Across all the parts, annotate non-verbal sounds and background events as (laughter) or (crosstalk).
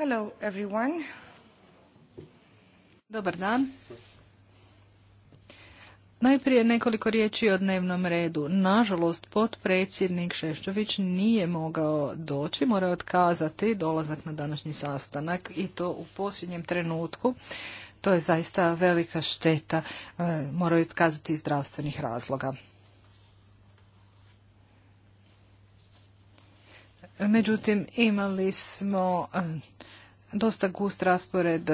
Hello everyone. Dobar dan. Najprije nekoliko riječi o dnevnom redu. Nažalost, potpredsjednik Šešćović nije mogao doći, mora otkazati dolazak na današnji sastanak i to u posljednjem trenutku. To je zaista velika šteta, e, mora otkazati iz zdravstvenih razloga. Međutim, imali smo eh, dosta gust raspored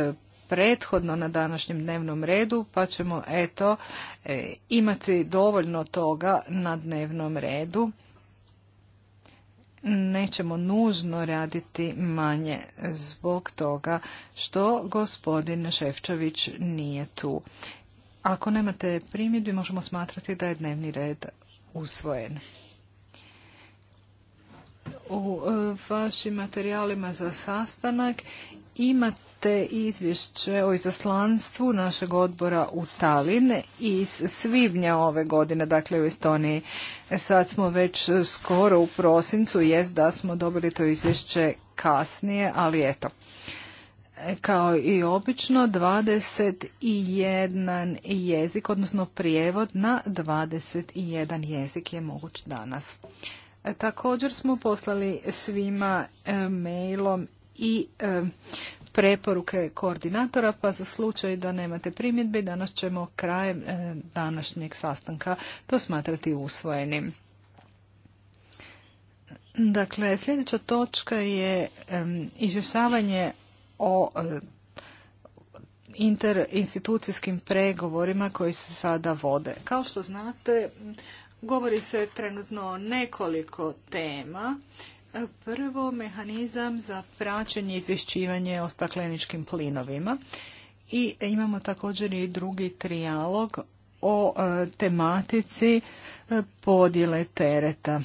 prethodno na današnjem dnevnom redu, pa ćemo eto eh, imati dovoljno toga na dnevnom redu. Nećemo nužno raditi manje zbog toga što gospodin Šefčević nije tu. Ako nemate primjedbi, možemo smatrati da je dnevni red usvojen. U e, vašim materijalima za sastanak imate izvješće o izaslanstvu našeg odbora u Talin iz svibnja ove godine, dakle u Estoniji. E, sad smo već skoro u prosincu, jest da smo dobili to izvješće kasnije, ali eto. E, kao i obično, 21 jezik, odnosno prijevod na 21 jezik je moguć danas. Također smo poslali svima e, mailom i e, preporuke koordinatora, pa za slučaj da nemate primjedbi, danas ćemo krajem e, današnjeg sastanka to smatrati usvojenim. Dakle, sljedeća točka je izvješavanje o interinstitucijskim pregovorima koji se sada vode. Kao što znate, Govori se trenutno o nekoliko tema. Prvo, mehanizam za praćenje i izvješćivanje o stakleničkim plinovima. I imamo također i drugi trijalog o e, tematici e, podjele tereta. E,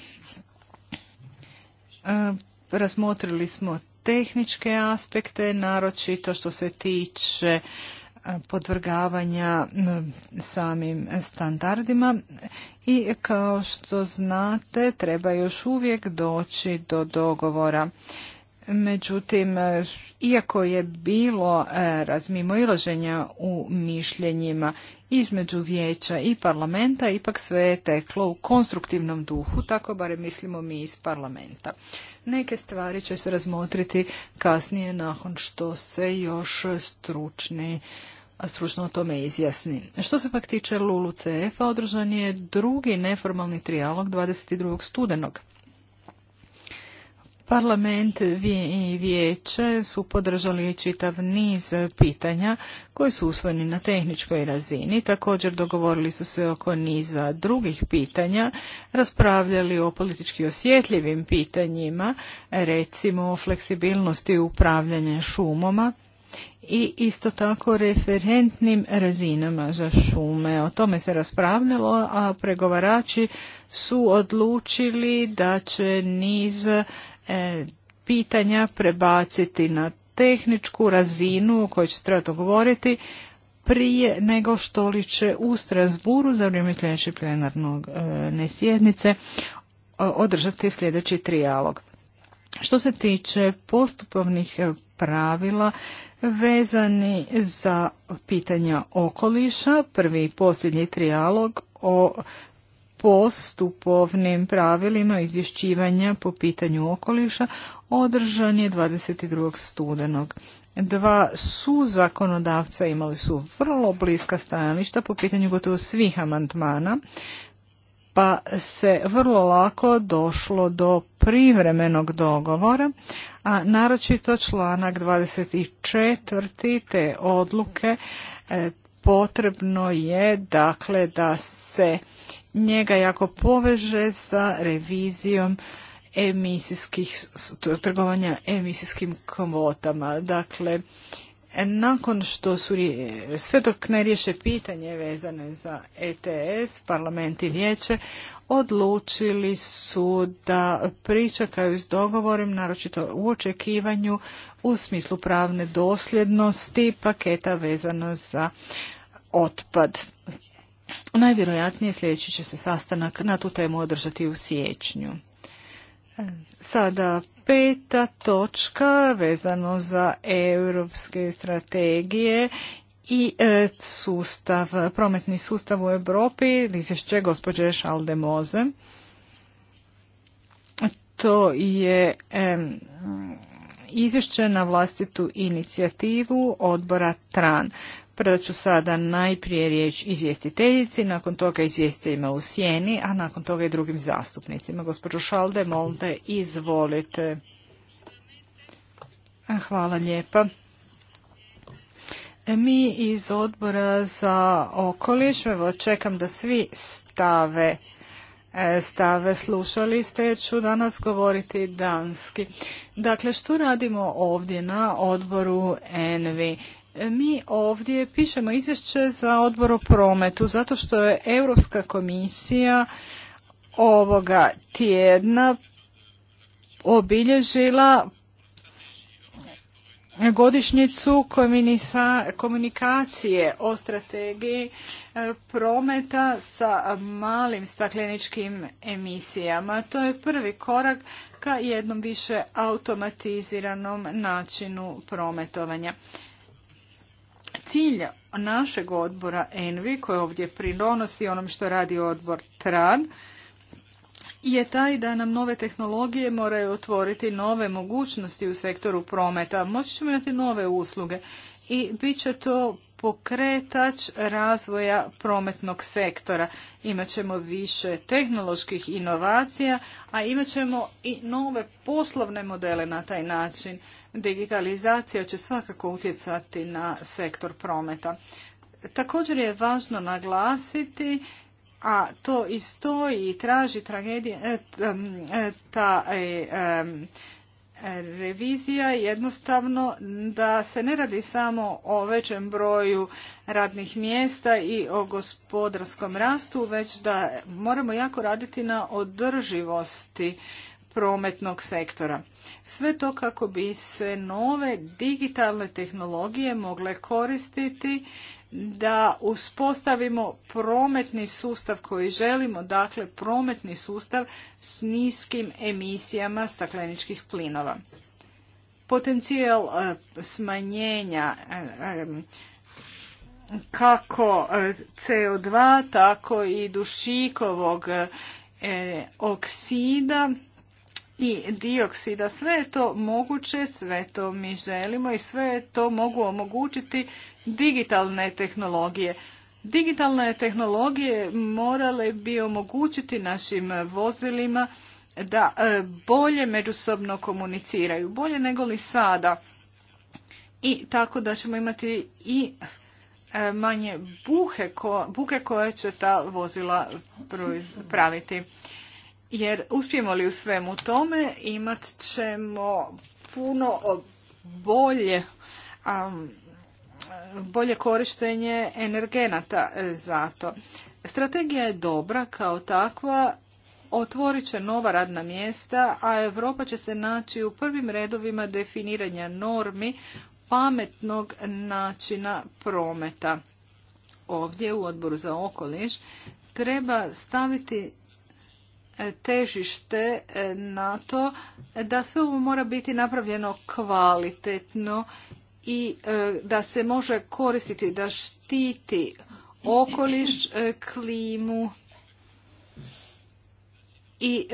razmotrili smo tehničke aspekte, naročito što se tiče podvrgavanja samim standardima i kao što znate treba još uvijek doći do dogovora. Međutim, iako je bilo e, razmimoilaženja u mišljenjima između vijeća i parlamenta, ipak sve je teklo u konstruktivnom duhu, tako barem mislimo mi iz parlamenta. Neke stvari će se razmotriti kasnije nakon što se još stručni stručno o tome izjasni. Što se pak tiče Lulu CF-a, održan je drugi neformalni trijalog 22. studenog. Parlament i vijeće su podržali čitav niz pitanja koji su usvojeni na tehničkoj razini. Također dogovorili su se oko niza drugih pitanja, raspravljali o politički osjetljivim pitanjima, recimo o fleksibilnosti upravljanja šumoma, i isto tako referentnim razinama za šume. O tome se raspravljalo, a pregovarači su odlučili da će niz e, pitanja prebaciti na tehničku razinu o kojoj će se trebati govoriti prije nego što li će u Strasburu za vrijeme sljedeće plenarnog e, sjednice e, održati sljedeći trijalog. Što se tiče postupovnih e, pravila, vezani za pitanja okoliša, prvi i posljednji trijalog o postupovnim pravilima izvješćivanja po pitanju okoliša održan je 22. studenog. Dva su zakonodavca imali su vrlo bliska stajališta po pitanju gotovo svih amandmana pa se vrlo lako došlo do privremenog dogovora, a naročito članak 24. te odluke e, potrebno je dakle da se njega jako poveže sa revizijom emisijskih trgovanja emisijskim kvotama. Dakle, nakon što su sve dok ne riješe pitanje vezane za ETS, parlament i vijeće, odlučili su da pričekaju s dogovorem, naročito u očekivanju u smislu pravne dosljednosti paketa vezano za otpad. Najvjerojatnije sljedeći će se sastanak na tu temu održati u siječnju. Sada peta točka vezano za europske strategije i e, sustav, prometni sustav u Europi, izvješće gospođe Moze, To je izvješće na vlastitu inicijativu odbora TRAN. Predat ću sada najprije riječ izvjestiteljici, nakon toga izvjestiteljima u sjeni, a nakon toga i drugim zastupnicima. Gospođo Šalde, molite, izvolite. Hvala lijepa. Mi iz odbora za okoliš, evo čekam da svi stave e, stave slušali ste, ću danas govoriti danski. Dakle, što radimo ovdje na odboru ENVI? Mi ovdje pišemo izvješće za odbor o prometu zato što je Europska komisija ovoga tjedna obilježila godišnjicu komunikacije o strategiji e, prometa sa malim stakleničkim emisijama. To je prvi korak ka jednom više automatiziranom načinu prometovanja. Cilj našeg odbora ENVI, koji ovdje pridonosi onom što radi odbor TRAN, je taj da nam nove tehnologije moraju otvoriti nove mogućnosti u sektoru prometa. Moći ćemo imati nove usluge i bit će to pokretač razvoja prometnog sektora. Imaćemo više tehnoloških inovacija, a imat ćemo i nove poslovne modele na taj način. Digitalizacija će svakako utjecati na sektor prometa. Također je važno naglasiti a to i stoji i traži tragedija, e, e, ta e, revizija jednostavno da se ne radi samo o većem broju radnih mjesta i o gospodarskom rastu, već da moramo jako raditi na održivosti prometnog sektora. Sve to kako bi se nove digitalne tehnologije mogle koristiti da uspostavimo prometni sustav koji želimo, dakle prometni sustav s niskim emisijama stakleničkih plinova. Potencijal e, smanjenja e, e, kako CO2, tako i dušikovog oksida i dioksida. Sve je to moguće, sve to mi želimo i sve to mogu omogućiti digitalne tehnologije. Digitalne tehnologije morale bi omogućiti našim vozilima da e, bolje međusobno komuniciraju, bolje nego li sada. I tako da ćemo imati i e, manje buke koje će ta vozila praviti jer uspijemo li u svemu tome imat ćemo puno bolje bolje korištenje energenata za to. Strategija je dobra kao takva, otvorit će nova radna mjesta, a Europa će se naći u prvim redovima definiranja normi pametnog načina prometa. Ovdje u odboru za okoliš treba staviti težište e, na to da sve ovo mora biti napravljeno kvalitetno i e, da se može koristiti, da štiti okoliš, e, klimu i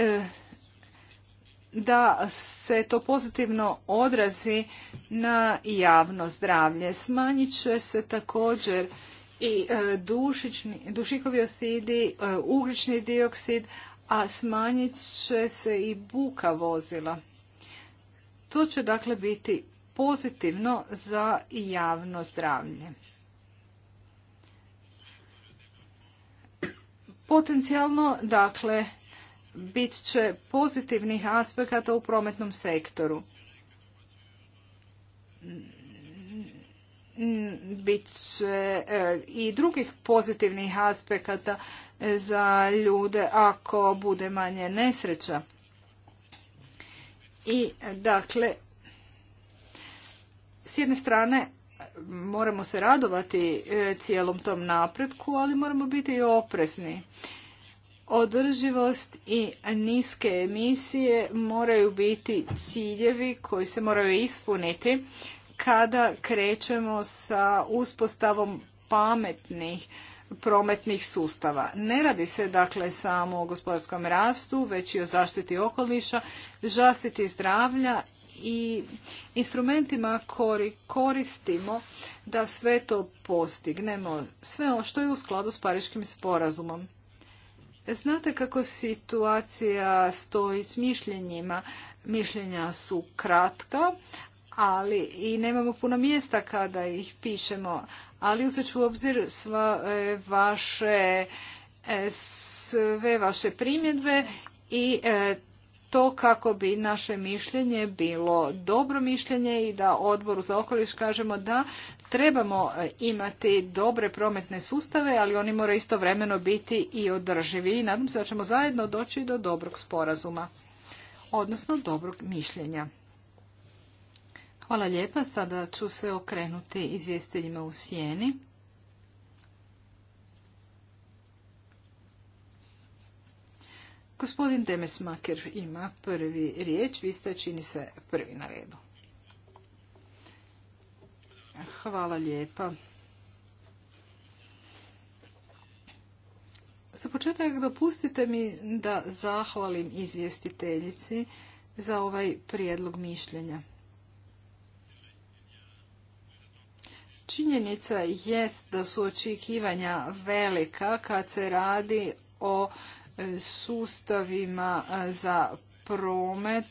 da se to pozitivno odrazi na javno zdravlje. Smanjit će se također i dušikovi osidi, ugrični dioksid, a smanjit će se i buka vozila. To će dakle biti pozitivno za javno zdravlje. Potencijalno, dakle, bit će pozitivnih aspekata u prometnom sektoru bit će e, i drugih pozitivnih aspekata za ljude ako bude manje nesreća. I dakle, s jedne strane moramo se radovati e, cijelom tom napretku, ali moramo biti i oprezni. Održivost i niske emisije moraju biti ciljevi koji se moraju ispuniti kada krećemo sa uspostavom pametnih prometnih sustava. Ne radi se dakle samo o gospodarskom rastu, već i o zaštiti okoliša, zaštiti zdravlja i instrumentima koji koristimo da sve to postignemo, sve ono što je u skladu s Pariškim sporazumom. Znate kako situacija stoji s mišljenjima? Mišljenja su kratka, ali i nemamo puno mjesta kada ih pišemo. Ali uzet ću u obzir sva e, vaše, e, sve vaše primjedbe i e, to kako bi naše mišljenje bilo dobro mišljenje i da odboru za okoliš kažemo da trebamo imati dobre prometne sustave, ali oni moraju istovremeno biti i održivi i nadam se da ćemo zajedno doći do dobrog sporazuma, odnosno dobrog mišljenja. Hvala lijepa. Sada ću se okrenuti izvjestiteljima u sjeni. Gospodin Demesmaker ima prvi riječ. Vi ste, čini se, prvi na redu. Hvala lijepa. Za početak dopustite mi da zahvalim izvjestiteljici za ovaj prijedlog mišljenja. Činjenica jest da su očekivanja velika kad se radi o e, sustavima e, za promet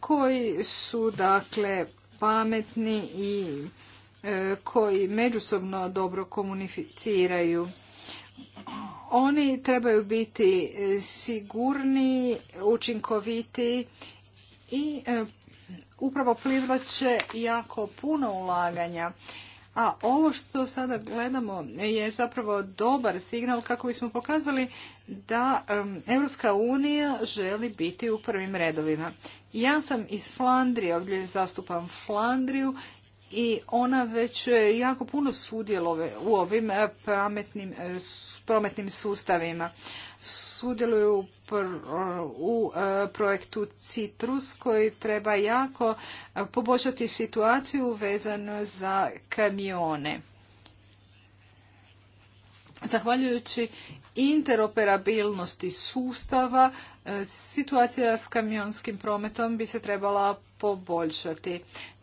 koji su dakle pametni i e, koji međusobno dobro komuniciraju. Oni trebaju biti sigurni, učinkoviti i upravo privlače jako puno ulaganja. A ovo što sada gledamo je zapravo dobar signal kako bismo pokazali da Europska unija želi biti u prvim redovima. Ja sam iz Flandrije, ovdje zastupam Flandriju i ona već jako puno sudjelove u ovim eh, pametnim eh, prometnim sustavima sudjeluju u e, projektu Citrus koji treba jako e, poboljšati situaciju vezano za kamione. Zahvaljujući interoperabilnosti sustava, e, situacija s kamionskim prometom bi se trebala poboljšati.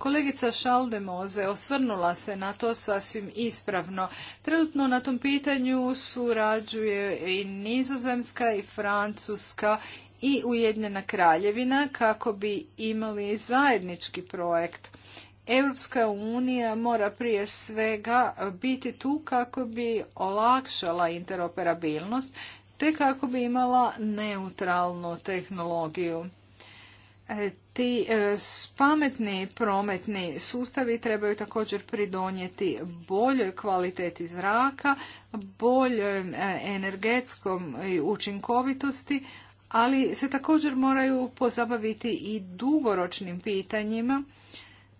Kolegica Šaldemoze osvrnula se na to sasvim ispravno. Trenutno na tom pitanju surađuje i Nizozemska i Francuska i Ujedinjena kraljevina kako bi imali zajednički projekt. Europska unija mora prije svega biti tu kako bi olakšala interoperabilnost te kako bi imala neutralnu tehnologiju. Ti e, spametni prometni sustavi trebaju također pridonijeti boljoj kvaliteti zraka, boljoj e, energetskom e, učinkovitosti, ali se također moraju pozabaviti i dugoročnim pitanjima,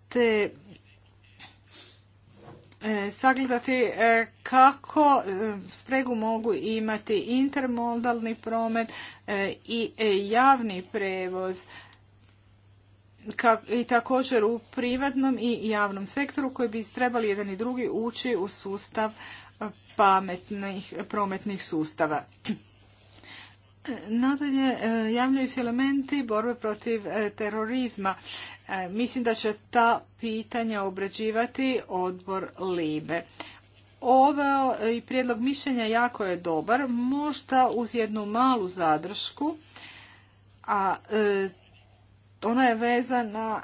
te sagledati kako spregu mogu imati intermodalni promet i javni prevoz, i također u privatnom i javnom sektoru koji bi trebali jedan i drugi ući u sustav e, pametnih prometnih sustava. (clears throat) Nadalje, e, javljaju se elementi borbe protiv e, terorizma. Mislim da će ta pitanja obrađivati odbor LIBE. Ovo i prijedlog mišljenja jako je dobar, možda uz jednu malu zadršku, a ona je vezana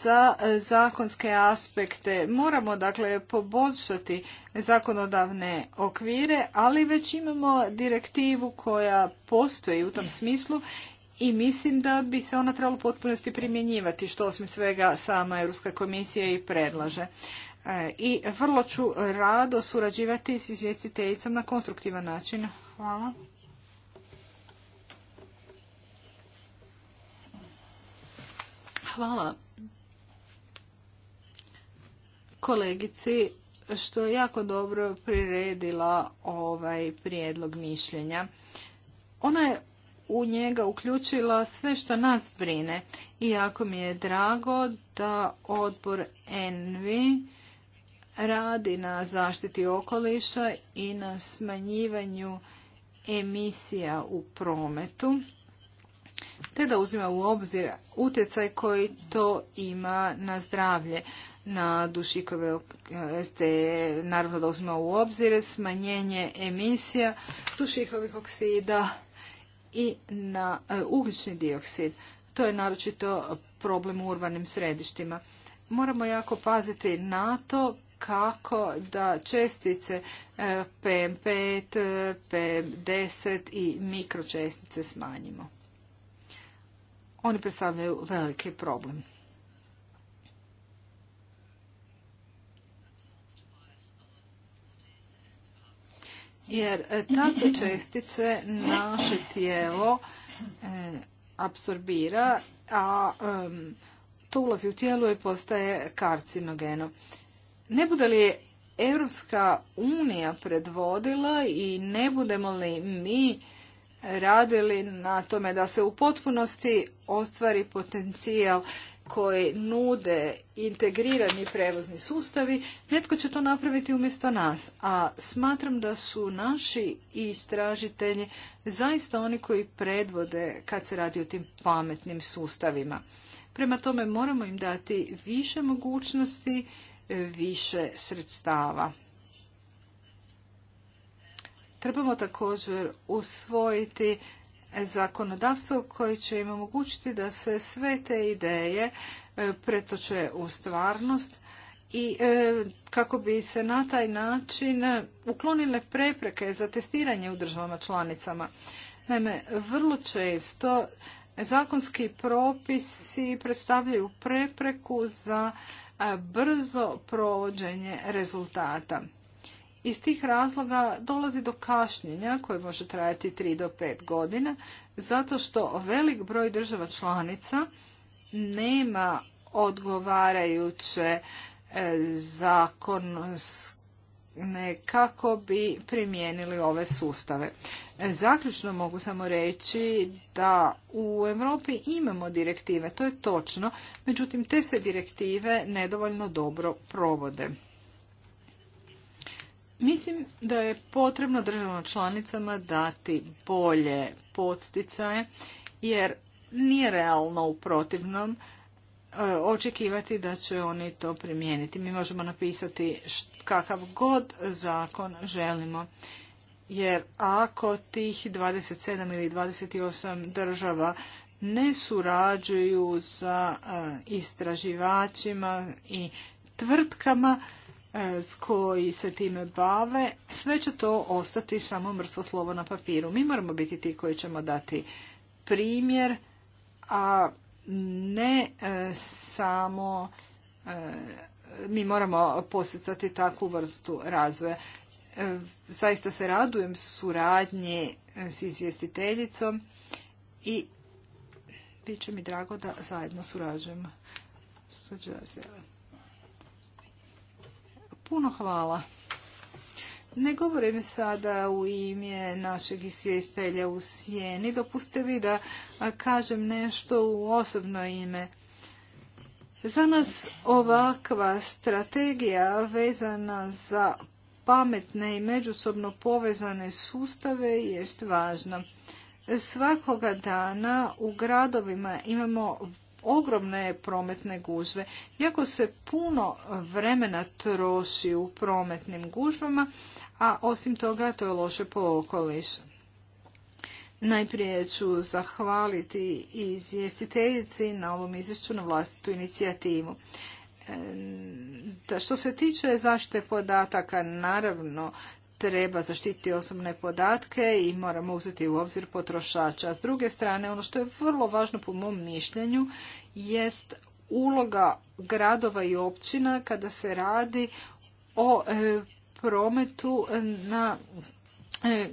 za e, zakonske aspekte. Moramo dakle poboljšati zakonodavne okvire, ali već imamo direktivu koja postoji u tom smislu i mislim da bi se ona trebala u potpunosti primjenjivati, što osim svega sama Europska komisija i predlaže. E, I vrlo ću rado surađivati s izvjestiteljicom na konstruktivan način. Hvala. Hvala kolegici što je jako dobro priredila ovaj prijedlog mišljenja. Ona je u njega uključila sve što nas brine i jako mi je drago da odbor ENVI radi na zaštiti okoliša i na smanjivanju emisija u prometu te da uzima u obzir utjecaj koji to ima na zdravlje na dušikove te naravno da uzima u obzir smanjenje emisija dušikovih oksida i na e, ugljični dioksid. To je naročito problem u urbanim središtima. Moramo jako paziti na to kako da čestice PM5, e, PM10 e, i mikročestice smanjimo. Oni predstavljaju veliki problem. Jer e, takve (clears throat) čestice naše tijelo e, apsorbira, a to ulazi u tijelo i postaje karcinogeno. Ne bude li Evropska unija predvodila i ne budemo li mi radili na tome da se u potpunosti ostvari potencijal koji nude integrirani prevozni sustavi, netko će to napraviti umjesto nas. A smatram da su naši istražitelji zaista oni koji predvode kad se radi o tim pametnim sustavima. Prema tome moramo im dati više mogućnosti, više sredstava. Trebamo također usvojiti zakonodavstvo koje će im omogućiti da se sve te ideje e, pretoče u stvarnost i e, kako bi se na taj način uklonile prepreke za testiranje u državama članicama. Naime, vrlo često zakonski propisi predstavljaju prepreku za e, brzo provođenje rezultata. Iz tih razloga dolazi do kašnjenja koje može trajati 3 do 5 godina zato što velik broj država članica nema odgovarajuće e, zakon kako bi primijenili ove sustave. E, zaključno mogu samo reći da u Europi imamo direktive, to je točno, međutim te se direktive nedovoljno dobro provode. Mislim da je potrebno državama članicama dati bolje podsticaje jer nije realno u protivnom e, očekivati da će oni to primijeniti. Mi možemo napisati kakav god zakon želimo. Jer ako tih 27 ili 28 država ne surađuju sa e, istraživačima i tvrtkama, E, koji se time bave, sve će to ostati samo mrtvo slovo na papiru. Mi moramo biti ti koji ćemo dati primjer, a ne e, samo e, mi moramo posjetati takvu vrstu razvoja. zaista se radujem suradnji s izvjestiteljicom i bit će mi drago da zajedno surađujemo. Sada ću Puno hvala. Ne govorim sada u ime našeg izvjestelja u Sjeni. Dopuste vi da kažem nešto u osobno ime. Za nas ovakva strategija vezana za pametne i međusobno povezane sustave jest važna. Svakoga dana u gradovima imamo ogromne prometne gužve. Iako se puno vremena troši u prometnim gužvama, a osim toga to je loše po okoliš. Najprije ću zahvaliti izvjestiteljici na ovom izvješću na vlastitu inicijativu. E, što se tiče zaštite podataka, naravno treba zaštititi osobne podatke i moramo uzeti u obzir potrošača. S druge strane, ono što je vrlo važno po mom mišljenju jest uloga gradova i općina kada se radi o e, prometu na e,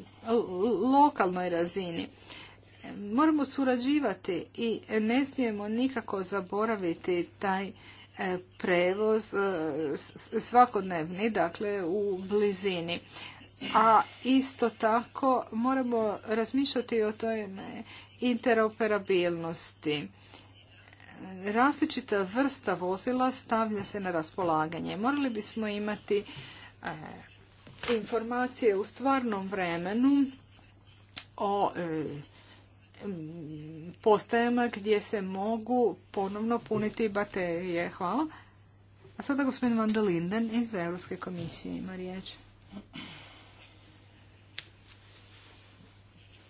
lokalnoj razini. Moramo surađivati i ne smijemo nikako zaboraviti taj e, prevoz svakodnevni, dakle u blizini a isto tako moramo razmišljati o toj interoperabilnosti. Različita vrsta vozila stavlja se na raspolaganje. Morali bismo imati e, informacije u stvarnom vremenu o e, postajama gdje se mogu ponovno puniti baterije. Hvala. A sada gospodin Van iz Europske komisije ima riječ.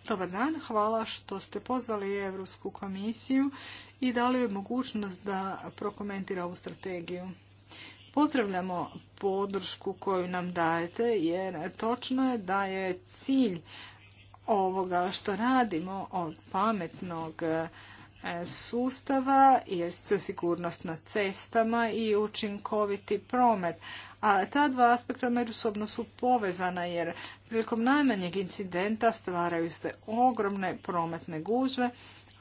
Dobar dan, hvala što ste pozvali Europsku komisiju i dali joj mogućnost da prokomentira ovu strategiju. Pozdravljamo podršku koju nam dajete jer točno je da je cilj ovoga što radimo od pametnog E, sustava jest sigurnost na cestama i učinkoviti promet. A ta dva aspekta međusobno su povezana jer prilikom najmanjeg incidenta stvaraju se ogromne prometne gužve,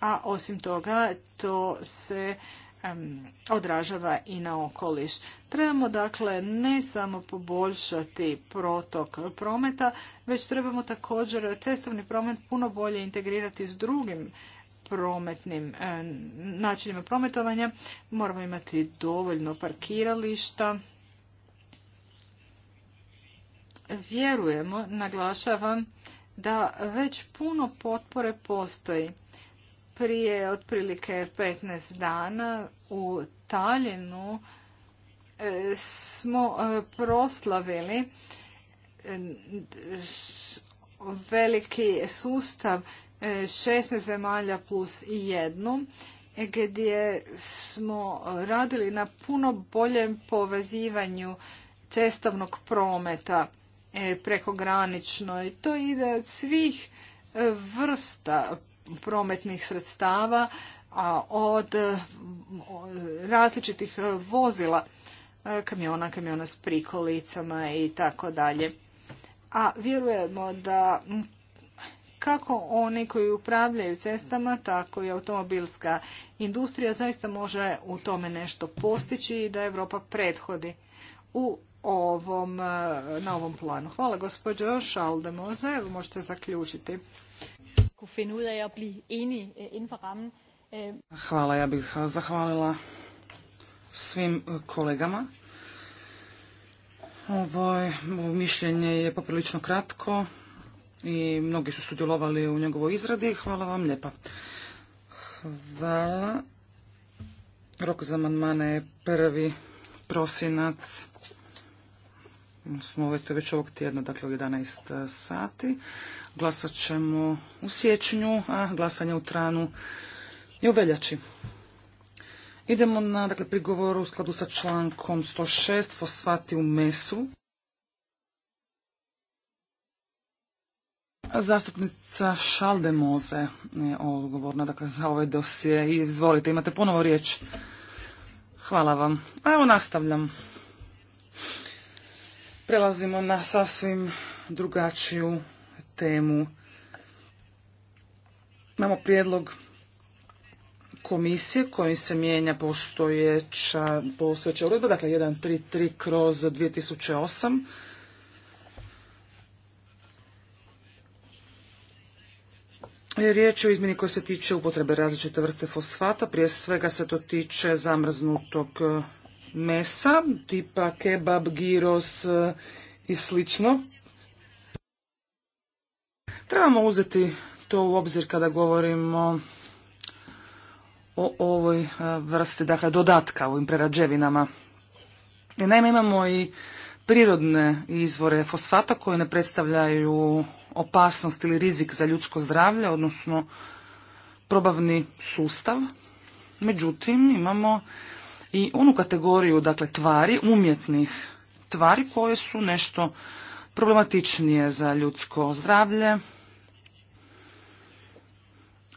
a osim toga to se odražava i na okoliš. Trebamo dakle ne samo poboljšati protok prometa, već trebamo također cestovni promet puno bolje integrirati s drugim prometnim e, načinima prometovanja. Moramo imati dovoljno parkirališta. Vjerujemo, naglašavam, da već puno potpore postoji. Prije otprilike 15 dana u Taljinu e, smo e, proslavili veliki sustav 16 zemalja plus jednu gdje smo radili na puno boljem povezivanju cestovnog prometa e, prekogranično i to ide od svih vrsta prometnih sredstava, a od e, različitih vozila, e, kamiona, kamiona s prikolicama i tako dalje. A vjerujemo da kako oni koji upravljaju cestama, tako i automobilska industrija zaista može u tome nešto postići i da Europa prethodi u ovom, eh, na ovom planu. Hvala gospođo Šaldemoze, evo možete zaključiti. Eh, eh, Hvala, ja bih zahvalila svim kolegama. Ovo, ovo mišljenje je poprilično kratko, i mnogi su sudjelovali u njegovoj izradi. Hvala vam lijepa. Hvala. Rok za Manmane je prvi prosinac. Smo ovaj, već ovog tjedna, dakle u 11 sati. Glasat ćemo u siječnju, a glasanje u tranu i u veljači. Idemo na dakle, prigovor u skladu sa člankom 106, fosfati u mesu. Zastupnica Šaldemoze je odgovorna dakle, za ovaj dosje i izvolite, imate ponovo riječ. Hvala vam. A evo nastavljam. Prelazimo na sasvim drugačiju temu. Imamo prijedlog komisije kojim se mijenja postojeća, postojeća uredba, dakle 133 kroz 2008 E, riječ je o izmjeni koja se tiče upotrebe različite vrste fosfata, prije svega se to tiče zamrznutog e, mesa, tipa kebab, giros e, i slično. Trebamo uzeti to u obzir kada govorimo o ovoj vrsti dakle, dodatka ovim prerađevinama. Naime, imamo i prirodne izvore fosfata koji ne predstavljaju opasnost ili rizik za ljudsko zdravlje, odnosno probavni sustav. Međutim, imamo i onu kategoriju dakle tvari, umjetnih tvari koje su nešto problematičnije za ljudsko zdravlje.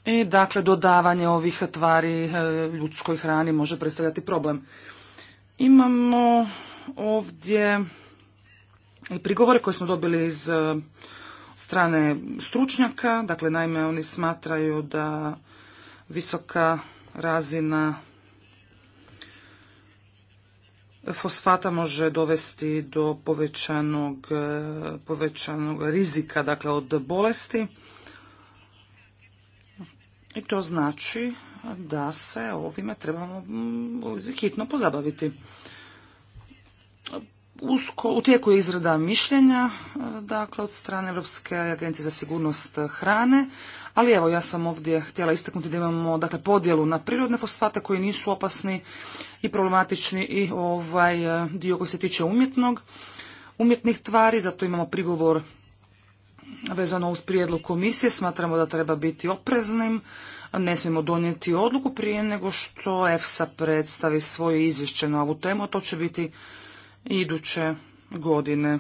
I dakle dodavanje ovih tvari eh, ljudskoj hrani može predstavljati problem. Imamo ovdje i prigovore koje smo dobili iz eh, strane stručnjaka, dakle naime oni smatraju da visoka razina fosfata može dovesti do povećanog, povećanog rizika dakle od bolesti. I to znači da se ovime trebamo mm, hitno pozabaviti usko, u tijeku je izrada mišljenja e, dakle, od strane Europske agencije za sigurnost hrane, ali evo ja sam ovdje htjela istaknuti da imamo dakle, podjelu na prirodne fosfate koji nisu opasni i problematični i ovaj e, dio koji se tiče umjetnog, umjetnih tvari, zato imamo prigovor vezano uz prijedlog komisije, smatramo da treba biti opreznim, ne smijemo donijeti odluku prije nego što EFSA predstavi svoje izvješće na ovu temu, to će biti iduće godine.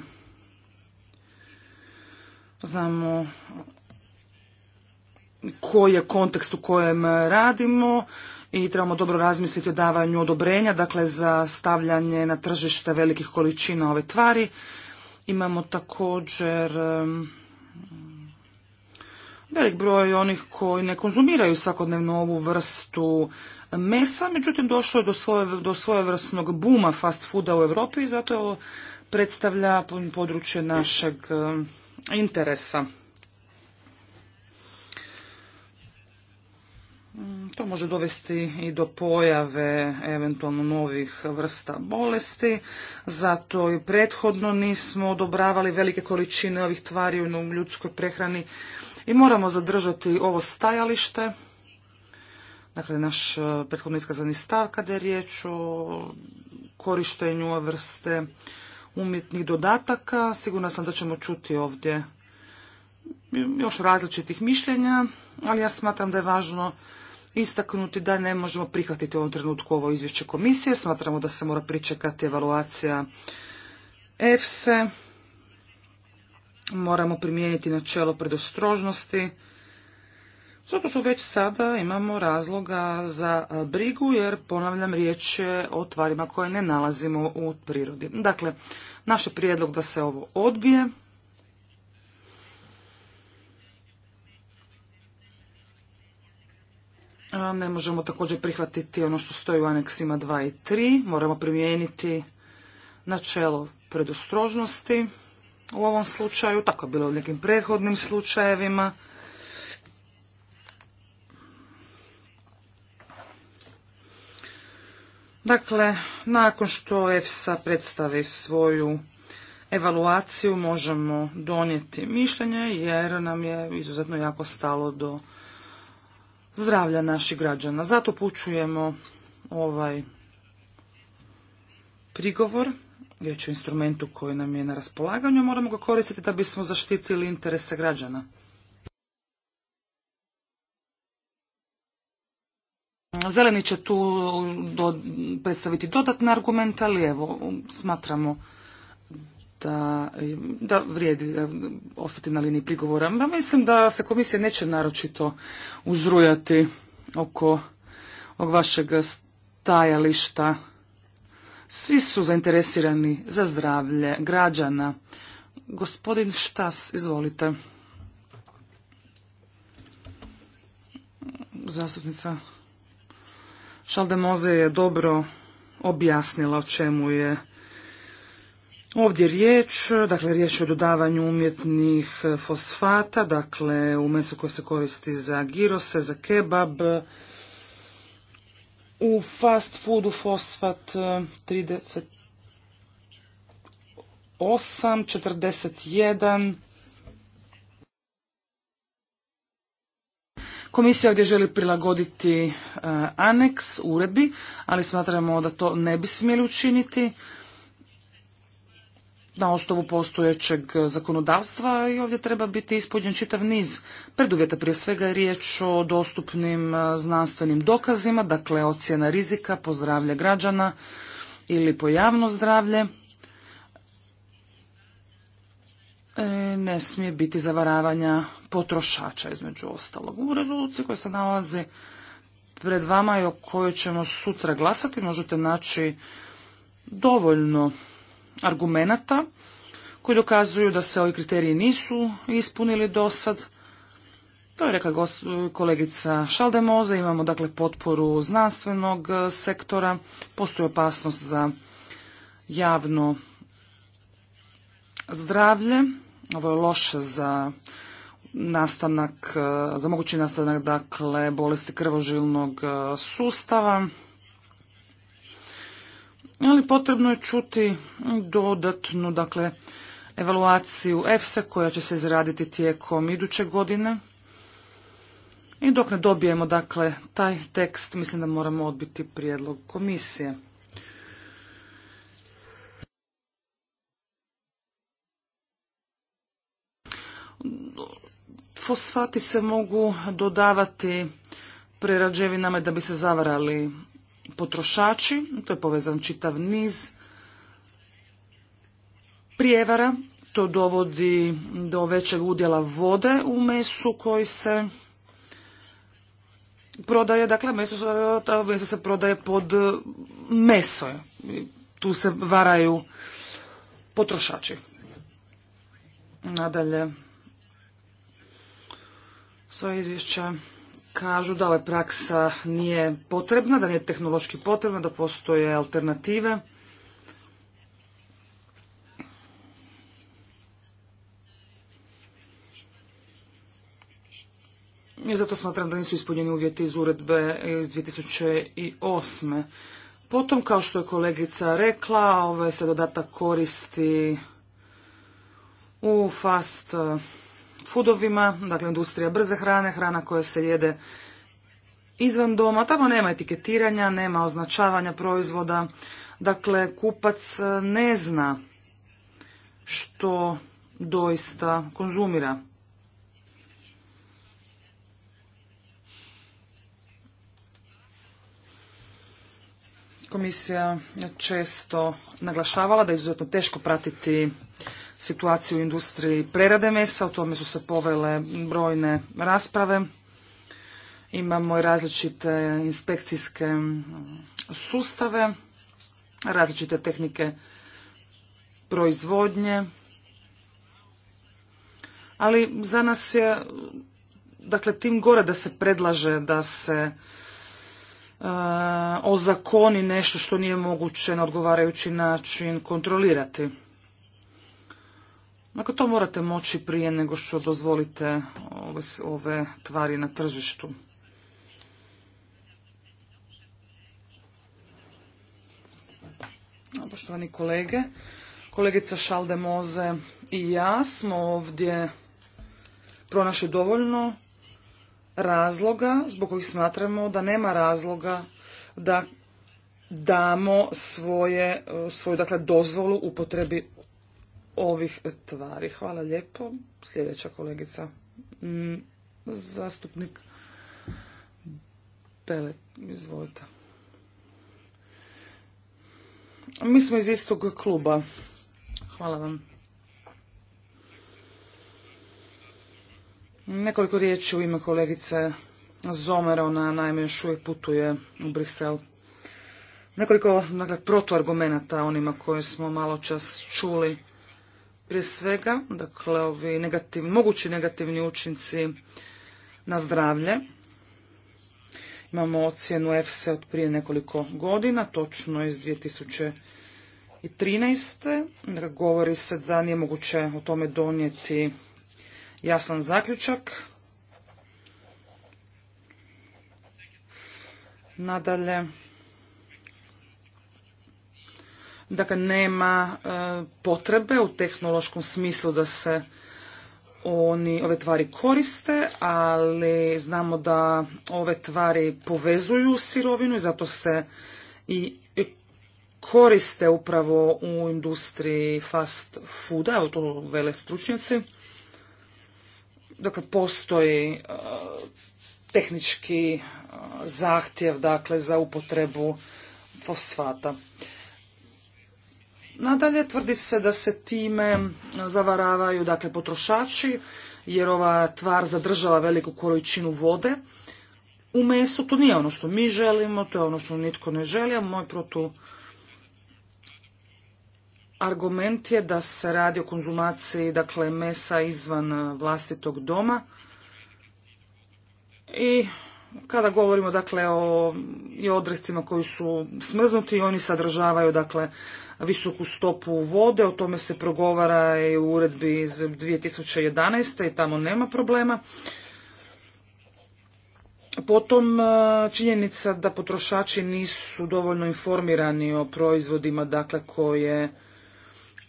Znamo koji je kontekst u kojem radimo i trebamo dobro razmisliti o davanju odobrenja, dakle za stavljanje na tržište velikih količina ove tvari. Imamo također velik broj onih koji ne konzumiraju svakodnevno ovu vrstu mesa, međutim došlo je do, svoje, do svojevrsnog buma fast fooda u Europi i zato ovo predstavlja područje našeg eh, interesa. Mm, to može dovesti i do pojave eventualno novih vrsta bolesti, zato i prethodno nismo odobravali velike količine ovih tvari u ljudskoj prehrani i moramo zadržati ovo stajalište dakle, naš e, prethodno iskazani stav kada je riječ o korištenju ove vrste umjetnih dodataka. Sigurna sam da ćemo čuti ovdje još različitih mišljenja, ali ja smatram da je važno istaknuti da ne možemo prihvatiti u ovom trenutku ovo izvješće komisije. Smatramo da se mora pričekati evaluacija EFSE. Moramo primijeniti načelo predostrožnosti zato što već sada imamo razloga za e, brigu jer, ponavljam, riječ je o tvarima koje ne nalazimo u prirodi. Dakle, naš je prijedlog da se ovo odbije. Ne možemo također prihvatiti ono što stoji u aneksima 2 i 3. Moramo primijeniti načelo predostrožnosti u ovom slučaju, tako je bilo u nekim prethodnim slučajevima. Dakle, nakon što EFSA predstavi svoju evaluaciju možemo donijeti mišljenje jer nam je izuzetno jako stalo do zdravlja naših građana. Zato pučujemo ovaj prigovor, riječ o instrumentu koji nam je na raspolaganju, moramo ga koristiti da bismo zaštitili interese građana. Zeleni će tu predstaviti dodatne argumente, ali evo, smatramo da, da vrijedi ostati na liniji prigovora. Ja mislim da se komisija neće naročito uzrujati oko ovog vašeg stajališta. Svi su zainteresirani za zdravlje građana. Gospodin Štas, izvolite. Zastupnica Šaldemoze je dobro objasnila o čemu je ovdje riječ. Dakle, riječ je o dodavanju umjetnih fosfata, dakle u mesu koje se koristi za girose, za kebab. U fast foodu fosfat 38, eh, 41, Komisija ovdje želi prilagoditi e, aneks uredbi, ali smatramo da to ne bi smjeli učiniti na osnovu postojećeg zakonodavstva i ovdje treba biti ispunjen čitav niz preduvjeta. Prije svega je riječ o dostupnim e, znanstvenim dokazima, dakle ocjena rizika, zdravlje građana ili pojavno zdravlje. E, ne smije biti zavaravanja potrošača između ostalog. U rezoluciji koja se nalazi pred vama i o kojoj ćemo sutra glasati možete naći dovoljno argumenata koji dokazuju da se ovi kriteriji nisu ispunili do sad. To je rekla kolegica Šaldemoza, imamo dakle potporu znanstvenog e, sektora, postoji opasnost za javno zdravlje. Ovo je loše za nastanak, e, za mogući nastanak dakle bolesti krvožilnog e, sustava. Ali potrebno je čuti dodatnu dakle evaluaciju EFSA koja će se izraditi tijekom iduće godine. I dok ne dobijemo dakle taj tekst, mislim da moramo odbiti prijedlog komisije. fosfati se mogu dodavati prerađevinama da bi se zavarali potrošači, to je povezan čitav niz prijevara, to dovodi do većeg udjela vode u mesu koji se prodaje, dakle meso, meso se prodaje pod meso. Tu se varaju potrošači. Nadalje, svoje izvješća kažu da ova praksa nije potrebna, da nije tehnološki potrebna, da postoje alternative. I zato smatram da nisu ispunjeni uvjeti iz uredbe iz 2008. Potom, kao što je kolegica rekla, ovaj se dodatak koristi u fast foodovima, dakle industrija brze hrane, hrana koja se jede izvan doma, tamo nema etiketiranja, nema označavanja proizvoda, dakle kupac e, ne zna što doista konzumira. Komisija često naglašavala da je izuzetno teško pratiti situaciju u industriji prerade mesa, o tome su se povele brojne rasprave. Imamo i različite inspekcijske sustave, različite tehnike proizvodnje, ali za nas je dakle tim gore da se predlaže da se e, ozakoni nešto što nije moguće na odgovarajući način kontrolirati. Dakle, to morate moći prije nego što dozvolite ove, ove tvari na tržištu. Poštovani kolege, kolegica Šalde Moze i ja smo ovdje pronašli dovoljno razloga zbog kojih smatramo da nema razloga da damo svoje, svoju dakle, dozvolu upotrebi ovih tvari. Hvala lijepo. Sljedeća kolegica. Mm, zastupnik Pelet, izvolite. Mi smo iz istog kluba. Hvala vam. Nekoliko riječi u ime kolegice Zomera, ona naime još uvijek putuje u Brisel. Nekoliko dakle, protuargumenata onima koje smo malo čas čuli. Prije svega, dakle, ovi mogući negativni učinci na zdravlje. Imamo ocjenu EFSE od prije nekoliko godina, točno iz 2013. Govori se da nije moguće o tome donijeti jasan zaključak. Nadalje, Dakle, nema e, potrebe u tehnološkom smislu da se oni ove tvari koriste, ali znamo da ove tvari povezuju sirovinu i zato se i koriste upravo u industriji fast fooda, evo to vele stručnjaci. Dakle, postoji e, tehnički e, zahtjev dakle, za upotrebu fosfata. Nadalje tvrdi se da se time zavaravaju dakle, potrošači jer ova tvar zadržava veliku količinu vode u mesu. To nije ono što mi želimo, to je ono što nitko ne želi, a moj protu argument je da se radi o konzumaciji dakle, mesa izvan vlastitog doma i kada govorimo dakle o i odrescima koji su smrznuti oni sadržavaju dakle visoku stopu vode, o tome se progovara i u uredbi iz 2011. i tamo nema problema. Potom e, činjenica da potrošači nisu dovoljno informirani o proizvodima dakle, koje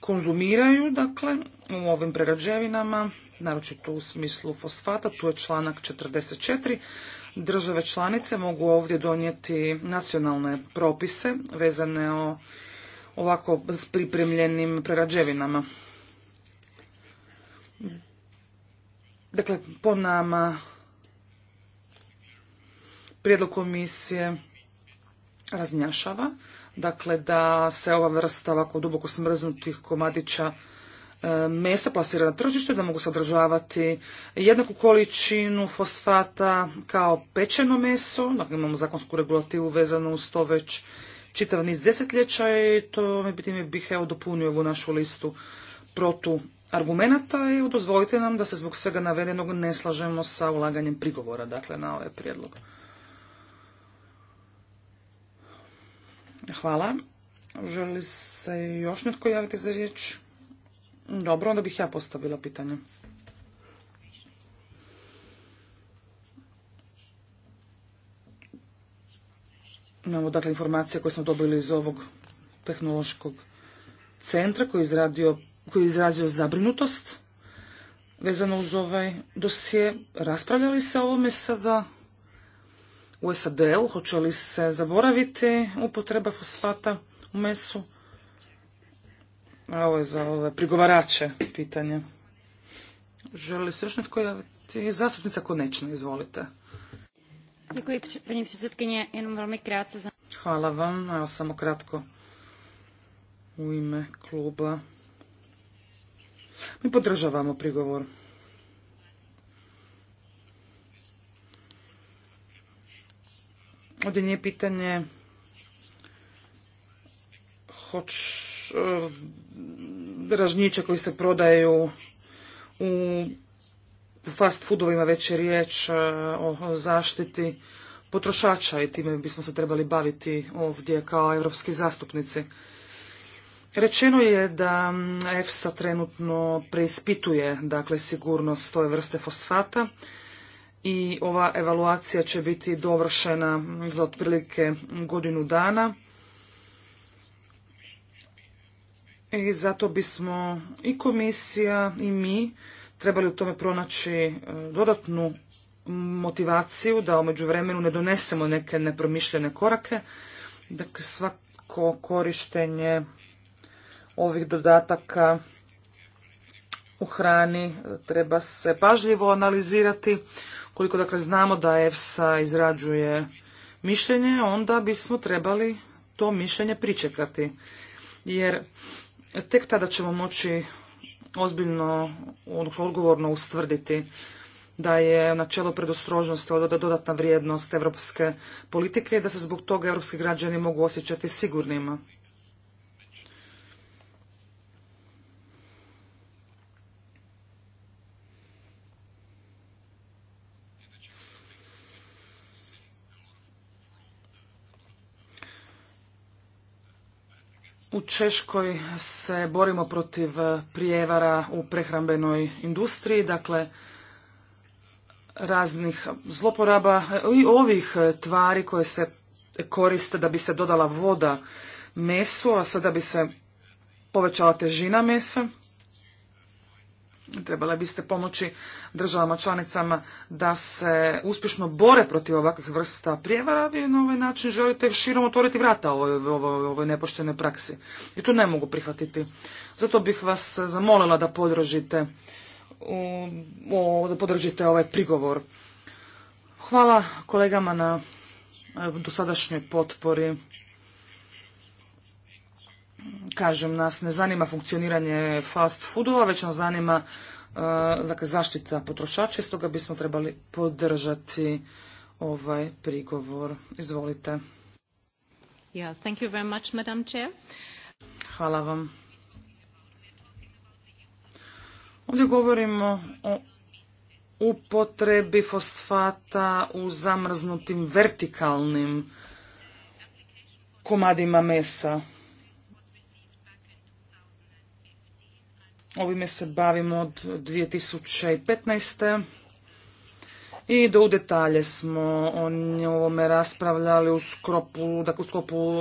konzumiraju dakle, u ovim prerađevinama, naročito u smislu fosfata, tu je članak 44. Države članice mogu ovdje donijeti nacionalne propise vezane o ovako s pripremljenim prerađevinama. Dakle, po nama prijedlog komisije raznjašava, dakle da se ova vrsta ovako duboko smrznutih komadića e, mesa plasira na tržište, da mogu sadržavati jednaku količinu fosfata kao pečeno meso, dakle imamo zakonsku regulativu vezanu uz to već čitav niz desetljeća i to time bih evo dopunio ovu našu listu protu argumenata i dozvolite nam da se zbog svega navedenog ne slažemo sa ulaganjem prigovora dakle, na ovaj prijedlog. Hvala. Želi se još netko javiti za riječ? Dobro, onda bih ja postavila pitanje. Imamo dakle informacije koje smo dobili iz ovog tehnološkog centra koji je izradio, koji je izrazio zabrinutost vezano uz ovaj dosje. Raspravljali se o ovome sada u SAD-u, hoće li se zaboraviti upotreba fosfata u mesu? A ovo je za ove prigovarače pitanje. Želi se još netko javiti? Zastupnica Konečna, izvolite. Hvala vam, evo samo kratko u ime kluba. Mi podržavamo prigovor. Ovdje nije pitanje hoć eh, ražnjića koji se prodaju u fast foodovima već je riječ e, o zaštiti potrošača i time bismo se trebali baviti ovdje kao europski zastupnici. Rečeno je da EFSA trenutno preispituje dakle, sigurnost ove vrste fosfata i ova evaluacija će biti dovršena za otprilike godinu dana. I zato bismo i komisija i mi trebali u tome pronaći e, dodatnu motivaciju da omeđu vremenu ne donesemo neke nepromišljene korake. Dakle, svako korištenje ovih dodataka u hrani e, treba se pažljivo analizirati. Koliko dakle znamo da EFSA izrađuje mišljenje, onda bismo trebali to mišljenje pričekati. Jer tek tada ćemo moći ozbiljno, odnosno odgovorno ustvrditi da je načelo predostrožnosti dodatna vrijednost europske politike i da se zbog toga europski građani mogu osjećati sigurnima. U Češkoj se borimo protiv prijevara u prehrambenoj industriji, dakle raznih zloporaba i ovih tvari koje se koriste da bi se dodala voda mesu, a sada da bi se povećala težina mesa. Trebali biste pomoći državama članicama da se uspješno bore protiv ovakvih vrsta prijevara, vi na ovaj način želite širom otvoriti vrata ovoj, ovoj, ovoj nepoštenoj praksi. I to ne mogu prihvatiti. Zato bih vas zamolila da podržite, da podržite ovaj prigovor. Hvala kolegama na e, dosadašnjoj potpori kažem, nas ne zanima funkcioniranje fast foodova, već nas zanima e, dakle, zaštita potrošača i stoga bismo trebali podržati ovaj prigovor. Izvolite. thank Hvala vam. Ovdje govorimo o upotrebi fosfata u zamrznutim vertikalnim komadima mesa. Ovime se bavimo od 2015. I do u detalje smo o ovome raspravljali u skopu dakle u sklopu e,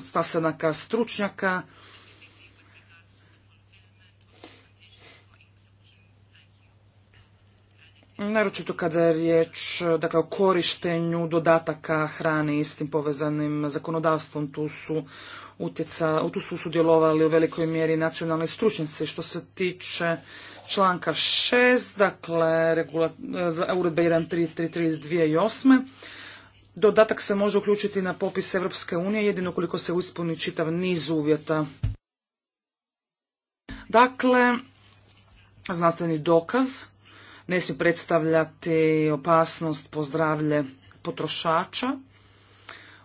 stasenaka stručnjaka. Naročito kada je riječ dakle, o korištenju dodataka hrane istim povezanim zakonodavstvom, tu su utjeca, tu su sudjelovali u velikoj mjeri nacionalne stručnjaci. Što se tiče članka 6, dakle, regula, uredbe 1.3.3.3 Dodatak se može uključiti na popis Europske unije, jedino koliko se ispuni čitav niz uvjeta. Dakle, znanstveni dokaz ne smije predstavljati opasnost po zdravlje potrošača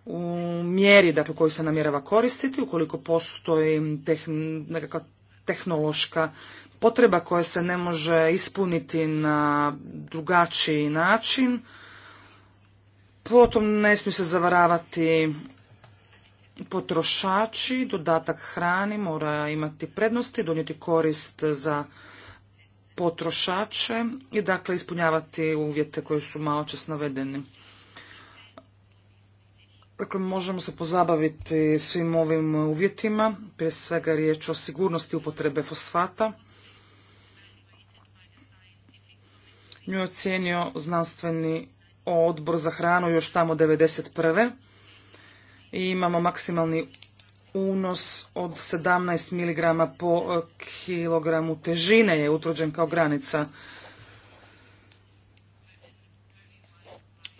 u mjeri dakle, koju se namjerava koristiti, ukoliko postoji nekakva tehnološka potreba koja se ne može ispuniti na drugačiji način, potom ne smiju se zavaravati potrošači, dodatak hrani mora imati prednosti, donijeti korist za potrošače i dakle ispunjavati uvjete koji su malo čas navedeni. Dakle, možemo se pozabaviti svim ovim uvjetima, prije svega riječ o sigurnosti upotrebe fosfata. Nju je ocijenio znanstveni odbor za hranu još tamo 1991. I imamo maksimalni unos od 17 mg po kilogramu težine je utvrđen kao granica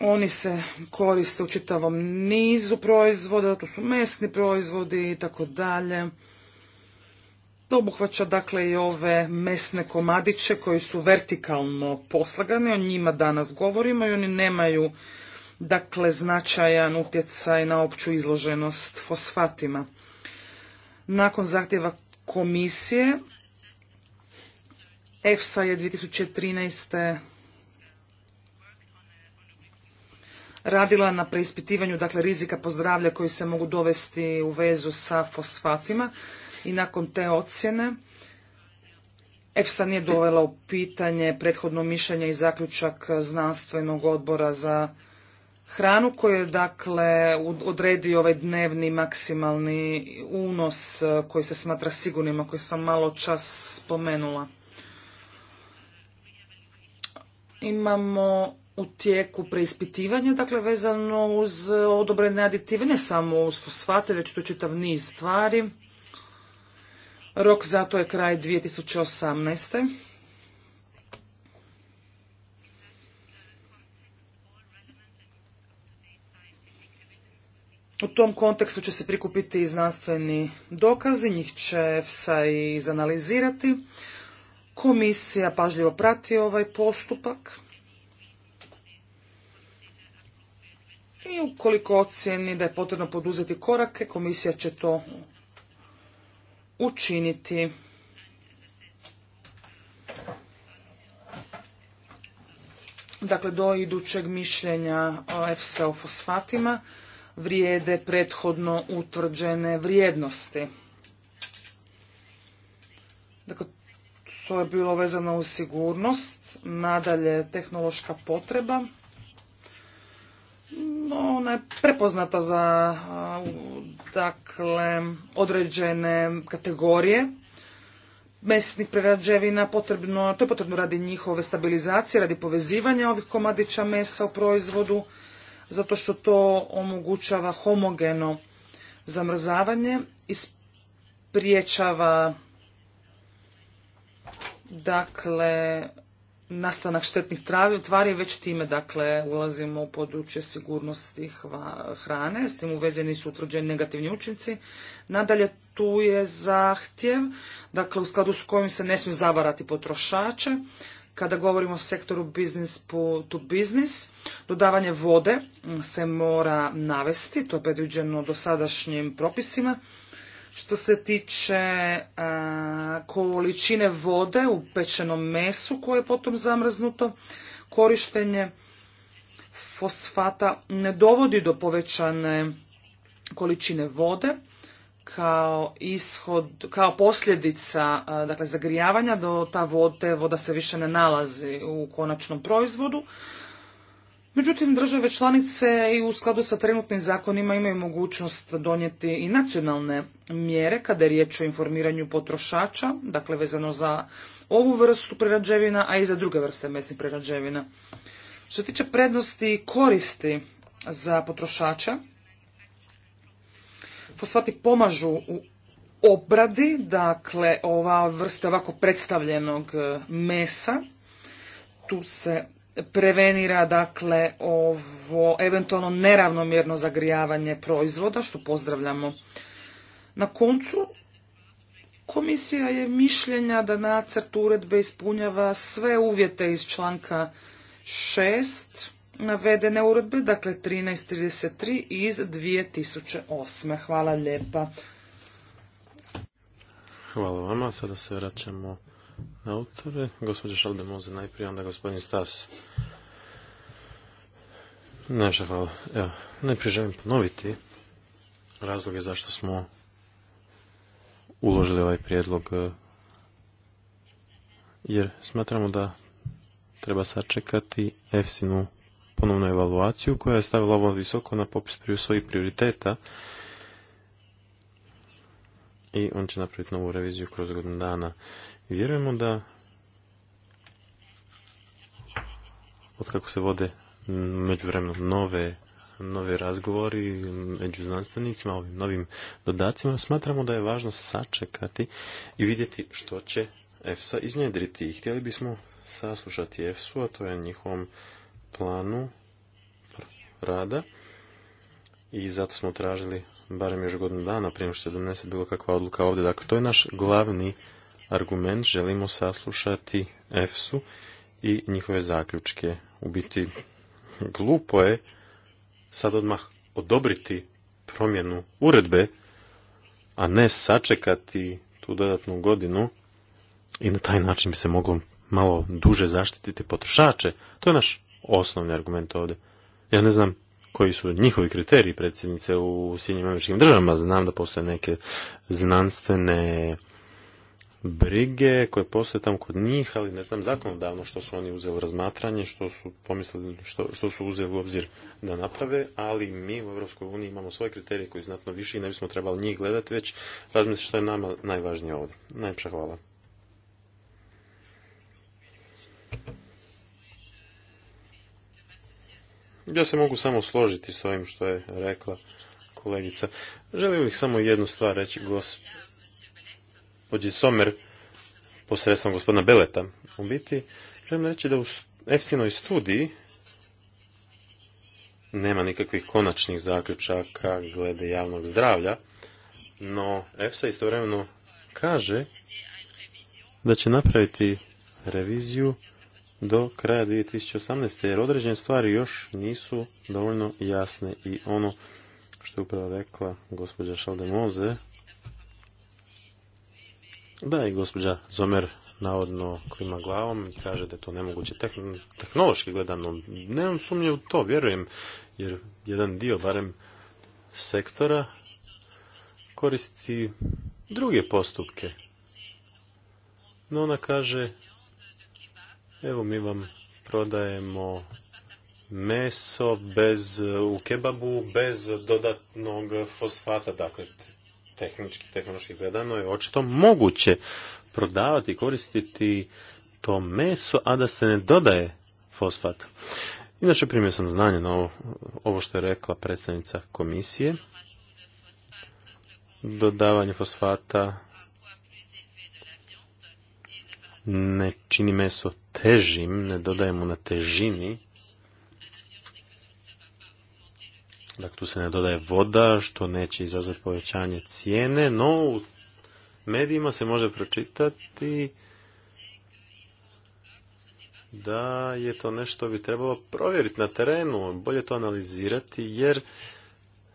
Oni se koriste u čitavom nizu proizvoda, to su mesni proizvodi i tako dalje. To obuhvaća dakle i ove mesne komadiće koji su vertikalno poslagani, o njima danas govorimo i oni nemaju dakle značajan utjecaj na opću izloženost fosfatima. Nakon zahtjeva komisije EFSA je 2013. radila na preispitivanju dakle, rizika po zdravlje koji se mogu dovesti u vezu sa fosfatima i nakon te ocjene EFSA nije dovela u pitanje prethodno mišljenje i zaključak znanstvenog odbora za hranu koji je dakle odredio ovaj dnevni maksimalni unos e, koji se smatra sigurnim, koji sam malo čas spomenula. Imamo u tijeku preispitivanja, dakle vezano uz odobrene aditive, ne samo uz fosfate, već tu čitav niz stvari. Rok za to je kraj 2018. U tom kontekstu će se prikupiti i znanstveni dokazi, njih će EFSA i izanalizirati. Komisija pažljivo prati ovaj postupak. i ukoliko ocjeni da je potrebno poduzeti korake, komisija će to učiniti. Dakle, do idućeg mišljenja EFSA o fosfatima vrijede prethodno utvrđene vrijednosti. Dakle, to je bilo vezano uz sigurnost, nadalje tehnološka potreba, ona je prepoznata za dakle, određene kategorije mesnih prerađevina, potrebno, to je potrebno radi njihove stabilizacije, radi povezivanja ovih komadića mesa u proizvodu, zato što to omogućava homogeno zamrzavanje i spriječava dakle nastanak štetnih travi, tvari, već time dakle ulazimo u područje sigurnosti hrane, s tim u su utvrđeni negativni učinci. Nadalje tu je zahtjev, dakle u skladu s kojim se ne smije zavarati potrošače, kada govorimo o sektoru business to business, dodavanje vode mm, se mora navesti, to je predviđeno dosadašnjim propisima, što se tiče količine vode u pečenom mesu koje je potom zamrznuto, korištenje fosfata ne dovodi do povećane količine vode kao ishod, kao posljedica dakle, zagrijavanja do ta vode, voda se više ne nalazi u konačnom proizvodu, Međutim, države članice i u skladu sa trenutnim zakonima imaju mogućnost donijeti i nacionalne mjere kada je riječ o informiranju potrošača, dakle vezano za ovu vrstu prerađevina, a i za druge vrste mesnih prerađevina. Što se tiče prednosti i koristi za potrošača, fosfati pomažu u obradi, dakle ova vrsta ovako predstavljenog mesa, tu se prevenira dakle ovo eventualno neravnomjerno zagrijavanje proizvoda što pozdravljamo. Na koncu komisija je mišljenja da nacrt uredbe ispunjava sve uvjete iz članka 6 navedene uredbe, dakle 1333 iz 2008. Hvala lijepa. Hvala vama. Sada se vraćamo na autore. Gospođa Moze, najprije, onda gospodin Stas. Najviše hvala. Evo, najprije želim ponoviti razloge zašto smo uložili ovaj prijedlog e, jer smatramo da treba sačekati EFSIN-u ponovnu evaluaciju koja je stavila ovo visoko na popis priju svojih prioriteta i on će napraviti novu reviziju kroz godinu dana. Vjerujemo da od kako se vode međuvremeno nove nove razgovori među znanstvenicima, ovim novim dodacima, smatramo da je važno sačekati i vidjeti što će EFSA iznjedriti. I htjeli bismo saslušati EFSU, a to je njihovom planu rada i zato smo tražili barem još godinu dana prije što se donese bilo kakva odluka ovdje. Dakle, to je naš glavni argument, želimo saslušati EFSU i njihove zaključke. U biti glupo je sad odmah odobriti promjenu uredbe, a ne sačekati tu dodatnu godinu i na taj način bi se moglo malo duže zaštititi potrošače. To je naš osnovni argument ovdje. Ja ne znam koji su njihovi kriteriji predsjednice u Sjednjim američkim državama. Znam da postoje neke znanstvene brige koje postoje tamo kod njih, ali ne znam zakonodavno što su oni uzeli razmatranje, što su pomislili, što, što su uzeli u obzir da naprave, ali mi u Europskoj uniji imamo svoje kriterije koji znatno više i ne bismo trebali njih gledati, već razmisliti što je nama najvažnije ovdje. Najpša hvala. Ja se mogu samo složiti s ovim što je rekla kolegica. Želim bih samo jednu stvar reći, gospodin pođi Somer posredstvom gospodina Beleta. U biti, želim reći da u EFSINoj studiji nema nikakvih konačnih zaključaka glede javnog zdravlja, no EFSA istovremeno kaže da će napraviti reviziju do kraja 2018. jer određene stvari još nisu dovoljno jasne i ono što je upravo rekla gospođa Šaldemoze da, i gospođa Zomer navodno klima glavom i kaže da je to nemoguće tehnološki gledano. Nemam sumnje u to, vjerujem, jer jedan dio, barem sektora, koristi druge postupke. No ona kaže, evo mi vam prodajemo meso bez, u kebabu bez dodatnog fosfata, dakle tehnički, tehnološki gledano je očito moguće prodavati i koristiti to meso, a da se ne dodaje fosfat. Inače primio sam znanje na ovo, ovo što je rekla predstavnica komisije. Dodavanje fosfata ne čini meso težim, ne dodajemo na težini, Dakle, tu se ne dodaje voda, što neće izazvati povećanje cijene, no u medijima se može pročitati da je to nešto bi trebalo provjeriti na terenu, bolje to analizirati, jer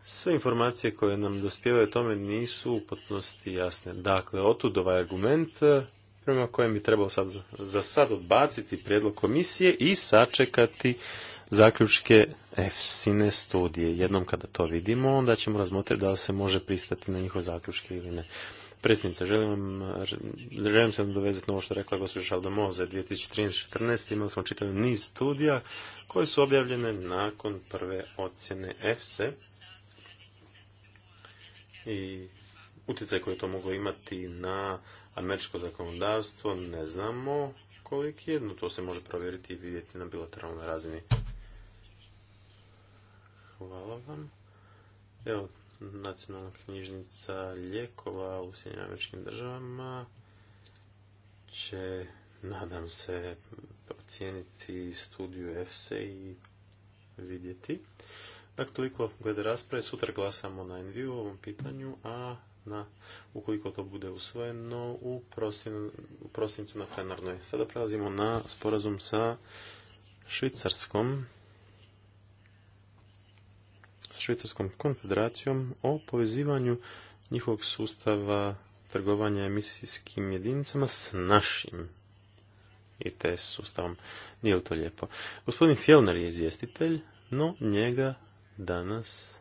sve informacije koje nam dospjevaju tome nisu u potpunosti jasne. Dakle, otud ovaj argument prema kojem bi trebalo sad, za sad odbaciti prijedlog komisije i sačekati zaključke EFSINE studije. Jednom kada to vidimo, onda ćemo razmotriti da li se može pristati na njihove zaključke ili ne. Predsjednica, želim, želim se dovezati na ovo što je rekla gospođa Šaldomoza 2013-2014. Imali smo čitav niz studija koje su objavljene nakon prve ocjene EFSE i utjecaj koji to moglo imati na američko zakonodavstvo ne znamo koliki je, no to se može provjeriti i vidjeti na bilateralnoj razini. Hvala vam. Evo, nacionalna knjižnica ljekova u Sjedinjavečkim državama će, nadam se, procijeniti studiju EFSE i vidjeti. Dakle, toliko glede rasprave. Sutra glasamo na NVU u ovom pitanju, a na, ukoliko to bude usvojeno u, prosin, u prosincu na plenarnoj. Sada prelazimo na sporazum sa Švicarskom. Švicarskom konfederacijom o povezivanju njihovog sustava trgovanja emisijskim jedinicama s našim ITS sustavom. Nije li to lijepo? Gospodin Fjellner je izvjestitelj, no njega danas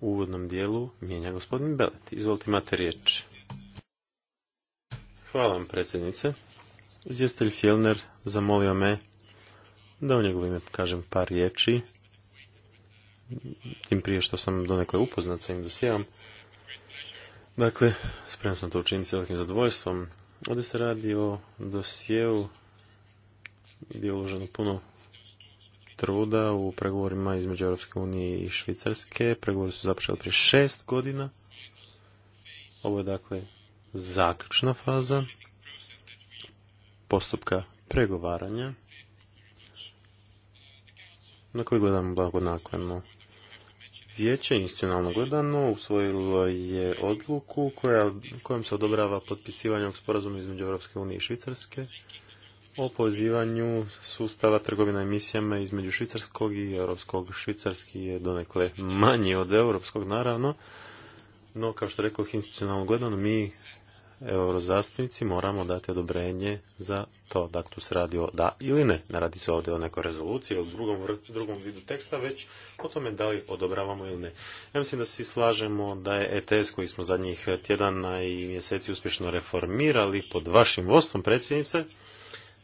u uvodnom dijelu mijenja gospodin Belet. Izvolite, imate riječ. Hvala vam, predsjednice. Izvjestitelj Fjellner zamolio me da u njegovo ime kažem par riječi tim prije što sam donekle upoznat sa dosijevom. Dakle, spreman sam to učiniti s velikim zadovoljstvom. Ovdje se radi o dosjeu gdje je uloženo puno truda u pregovorima između Europske unije i Švicarske. Pregovori su započeli prije šest godina. Ovo je dakle zaključna faza postupka pregovaranja na koji gledamo blagonakleno. Vijeće institucionalno gledano usvojilo je odluku koja, kojom se odobrava potpisivanje sporazuma između Europske unije i Švicarske o pozivanju sustava trgovina emisijama između švicarskog i europskog. Švicarski je donekle manji od europskog, naravno, no kao što rekao institucionalno gledano, mi eurozastupnici moramo dati odobrenje za to. da dakle, tu se radi o da ili ne. Ne radi se ovdje o nekoj rezoluciji ili drugom, drugom vidu teksta, već o tome da li odobravamo ili ne. Ja mislim da svi slažemo da je ETS koji smo zadnjih tjedana i mjeseci uspješno reformirali pod vašim vodstvom predsjednice,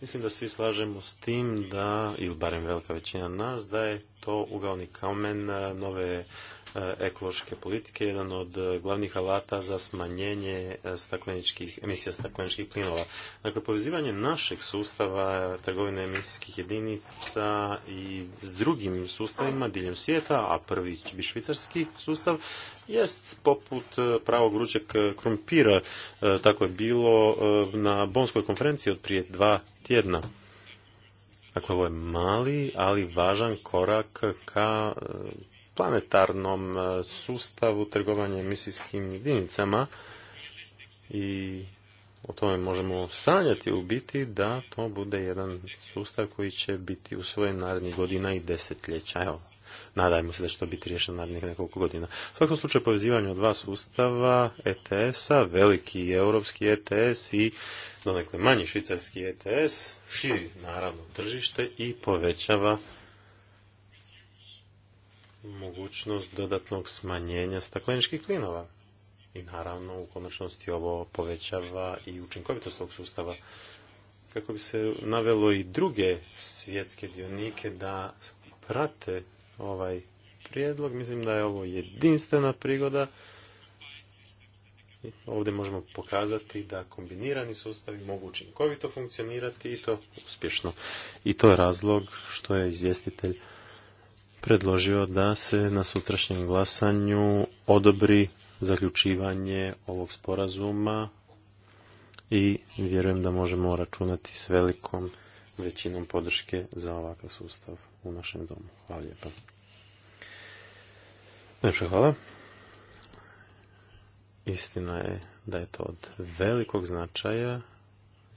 mislim da svi slažemo s tim da, ili barem velika većina nas, da je to ugalni kamen e, nove e, ekološke politike, jedan od e, glavnih alata za smanjenje stakleničkih, emisija stakleničkih plinova. Dakle, povezivanje našeg sustava trgovine emisijskih jedinica i s drugim sustavima diljem svijeta, a prvi će bi švicarski sustav, jest poput pravog ručeg krumpira. Tako je bilo na Bonskoj konferenciji od prije dva tjedna. Dakle, ovo je mali, ali važan korak ka e, planetarnom e, sustavu trgovanja emisijskim jedinicama i o tome možemo sanjati u biti da to bude jedan sustav koji će biti usvojen narednih godina i desetljeća. Evo, nadajmo se da će to biti riješeno narednih nekoliko godina. U svakom slučaju povezivanje od dva sustava ETS-a, veliki europski ETS i donekle manji švicarski ETS, širi naravno tržište i povećava mogućnost dodatnog smanjenja stakleničkih klinova. I naravno u konačnosti ovo povećava i učinkovitost tog sustava kako bi se navelo i druge svjetske dionike da prate ovaj prijedlog. Mislim da je ovo jedinstvena prigoda. Ovdje možemo pokazati da kombinirani sustavi mogu učinkovito funkcionirati i to uspješno. I to je razlog što je izvjestitelj predložio da se na sutrašnjem glasanju odobri zaključivanje ovog sporazuma i vjerujem da možemo računati s velikom većinom podrške za ovakav sustav u našem domu. Hvala lijepa. hvala. Istina je da je to od velikog značaja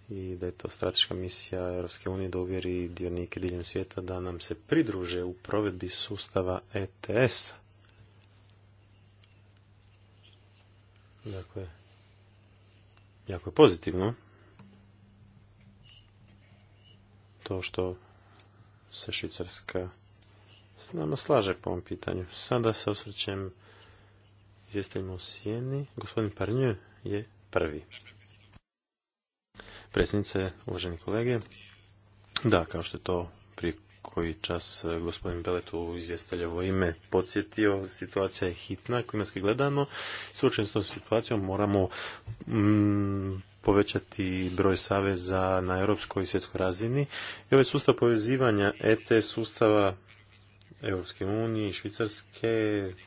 i da je to strateška misija Europske unije da uvjeri dionike diljem svijeta da nam se pridruže u provedbi sustava ETS. Dakle, jako je pozitivno to što se Švicarska s nama slaže po ovom pitanju. Sada se osvrćem izvjestiteljima u Sijeni. Gospodin Parnju je prvi. Predsjednice, uvaženi kolege, da, kao što je to pri koji čas e, gospodin Beletu u ovo ime podsjetio, situacija je hitna, klimatski gledano. Suočeni s tom situacijom moramo mm, povećati broj saveza na europskoj i svjetskoj razini. I ovaj sustav povezivanja ET sustava Europske unije i Švicarske,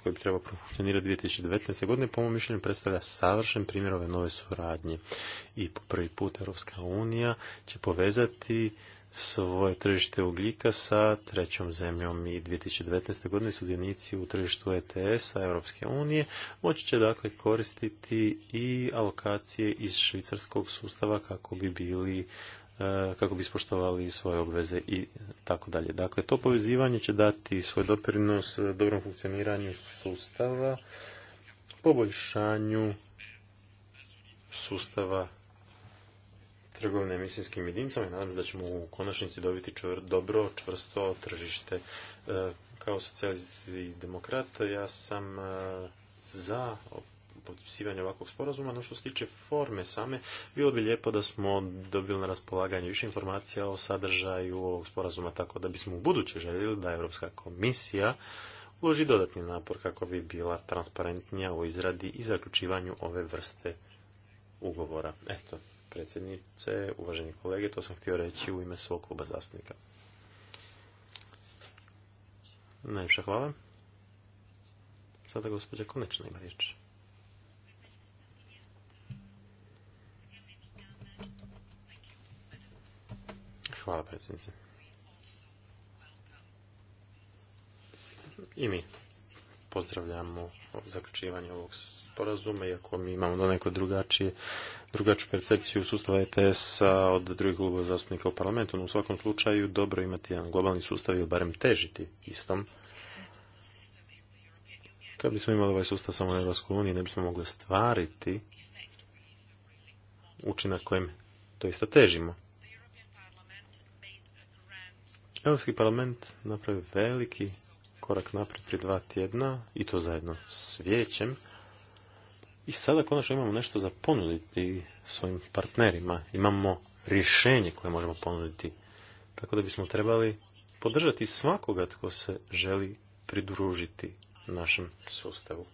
koji bi trebao profunkcionirati 2019. godine, po mom mišljenju predstavlja savršen primjer ove nove suradnje. I po prvi put Europska unija će povezati svoje tržište ugljika sa trećom zemljom i 2019. godine sudionici u tržištu ETS-a Europske unije moći će dakle koristiti i alokacije iz švicarskog sustava kako bi bili e, kako bi ispoštovali svoje obveze i tako dalje. Dakle, to povezivanje će dati svoj doprinos dobrom funkcioniranju sustava, poboljšanju sustava trgovine emisijskim jedinicama i nadam se da ćemo u konačnici dobiti čvr, dobro, čvrsto tržište. E, kao socijalisti i demokrat ja sam e, za potpisivanje ovakvog sporazuma, no što se tiče forme same, bilo bi lijepo da smo dobili na raspolaganje više informacija o sadržaju ovog sporazuma, tako da bismo u buduće željeli da Europska komisija uloži dodatni napor kako bi bila transparentnija u izradi i zaključivanju ove vrste ugovora. Eto, predsjednice, uvaženi kolege, to sam htio reći u ime svog kluba zastupnika. Najviše hvala. Sada gospođa Konečna ima riječ. Hvala predsjednice. I mi pozdravljamo zaključivanje ovog sporazuma, iako mi imamo donekle drugačije, drugačiju percepciju sustava ETS-a od drugih klubova zastupnika u parlamentu, no u svakom slučaju dobro imati jedan globalni sustav ili barem težiti istom. Kad bismo imali ovaj sustav samo na uniji ne bismo mogli stvariti učinak kojem doista težimo. Europski parlament napravi veliki korak naprijed prije dva tjedna i to zajedno s vijećem. I sada konačno imamo nešto za ponuditi svojim partnerima. Imamo rješenje koje možemo ponuditi. Tako da bismo trebali podržati svakoga tko se želi pridružiti našem sustavu.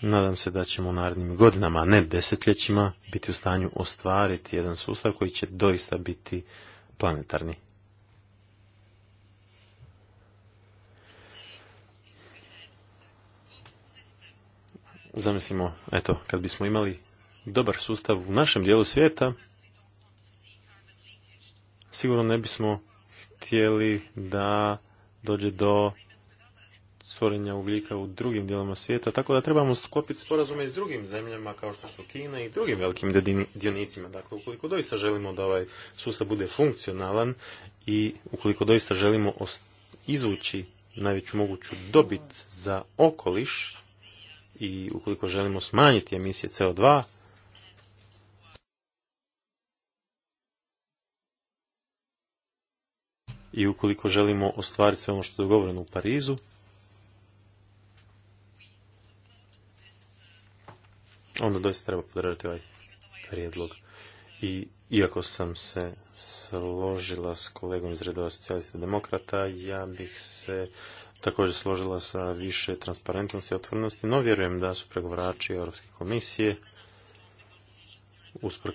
Nadam se da ćemo u narednim godinama, a ne desetljećima, biti u stanju ostvariti jedan sustav koji će doista biti planetarni. Zamislimo, eto, kad bismo imali dobar sustav u našem dijelu svijeta, sigurno ne bismo htjeli da dođe do stvorenja ugljika u drugim dijelama svijeta, tako da trebamo sklopiti sporazume s drugim zemljama kao što su Kina i drugim velikim dionicima. Dakle, ukoliko doista želimo da ovaj sustav bude funkcionalan i ukoliko doista želimo izvući najveću moguću dobit za okoliš, i ukoliko želimo smanjiti emisije CO2, i ukoliko želimo ostvariti sve ono što je dogovoreno u Parizu, onda doista treba podržati ovaj prijedlog. I iako sam se složila s kolegom iz redova socijalista demokrata, ja bih se također složila sa više transparentnosti i otvornosti, no vjerujem da su pregovarači Europske komisije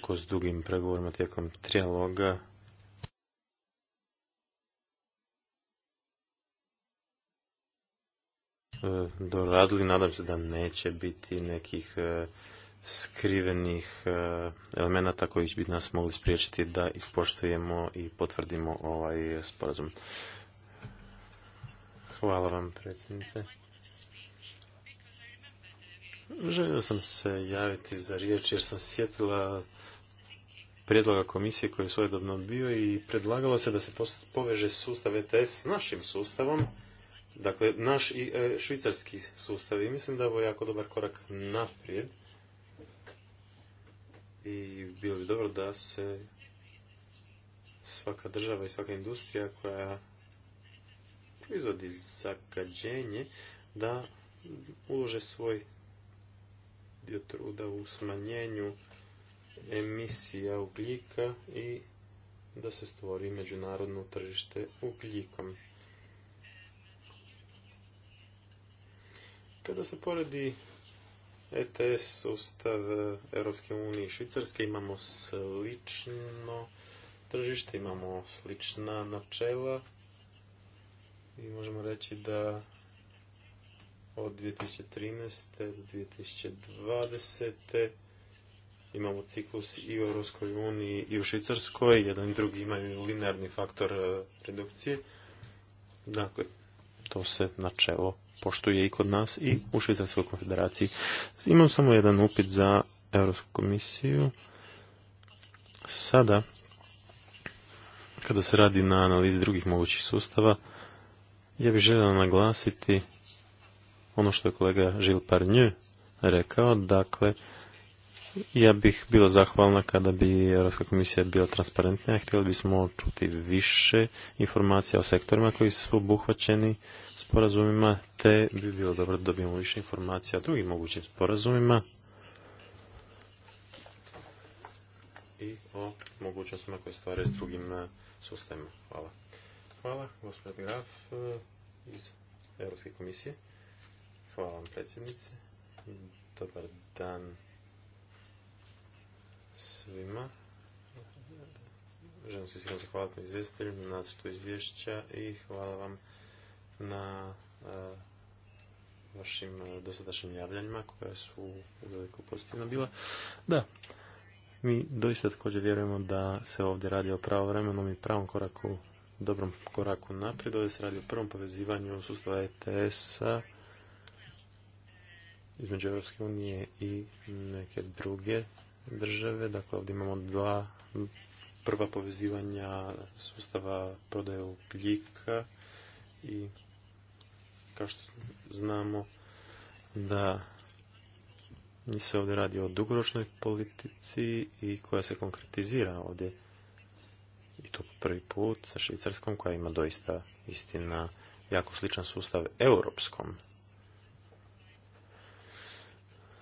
s dugim pregovorima tijekom trijaloga e, doradili. Nadam se da neće biti nekih e, skrivenih e, elemenata koji bi nas mogli spriječiti da ispoštujemo i potvrdimo ovaj sporazum. Hvala vam, predsjednice. Želio sam se javiti za riječ jer sam sjetila prijedloga komisije koji je svojedobno bio i predlagalo se da se poveže sustav ETS s našim sustavom, dakle naš i e, švicarski sustav i mislim da je ovo jako dobar korak naprijed i bilo bi dobro da se svaka država i svaka industrija koja proizvodi zagađenje da ulože svoj dio truda u smanjenju emisija ugljika i da se stvori međunarodno tržište ugljikom. Kada se poredi ETS sustav Europske unije i Švicarske imamo slično tržište, imamo slična načela i možemo reći da od 2013. do 2020. imamo ciklus i u Europskoj uniji i u Švicarskoj, jedan i drugi imaju linearni faktor e, redukcije. Dakle, to se načelo poštuje i kod nas i u Švicarskoj konfederaciji. Imam samo jedan upit za Europsku komisiju. Sada, kada se radi na analizi drugih mogućih sustava, ja bih želio naglasiti ono što je kolega Žil Parnju rekao, dakle, ja bih bila zahvalna kada bi Europska komisija bila transparentnija, htjeli bismo čuti više informacija o sektorima koji su obuhvaćeni sporazumima, te bi bilo dobro da dobijemo više informacija o drugim mogućim sporazumima i o mogućnostima koje stvaraju s drugim eh, sustavima. Hvala. Hvala, gospod Graf eh, iz Europske komisije. Hvala vam, predsjednice. Dobar dan svima. Želim se sigurno zahvaliti na izvjestitelju, na nacrtu izvješća i hvala vam na eh, vašim eh, dosadašnjim javljanjima koja su uveliko pozitivna bila. Da, mi doista također vjerujemo da se ovdje radi o pravovremenom i pravom koraku dobrom koraku naprijed. Ovdje se radi o prvom povezivanju sustava ETS-a između Europske unije i neke druge države. Dakle, ovdje imamo dva prva povezivanja sustava prodaje ugljika i kao što znamo da se ovdje radi o dugoročnoj politici i koja se konkretizira ovdje i to prvi put sa Švicarskom koja ima doista istina jako sličan sustav europskom.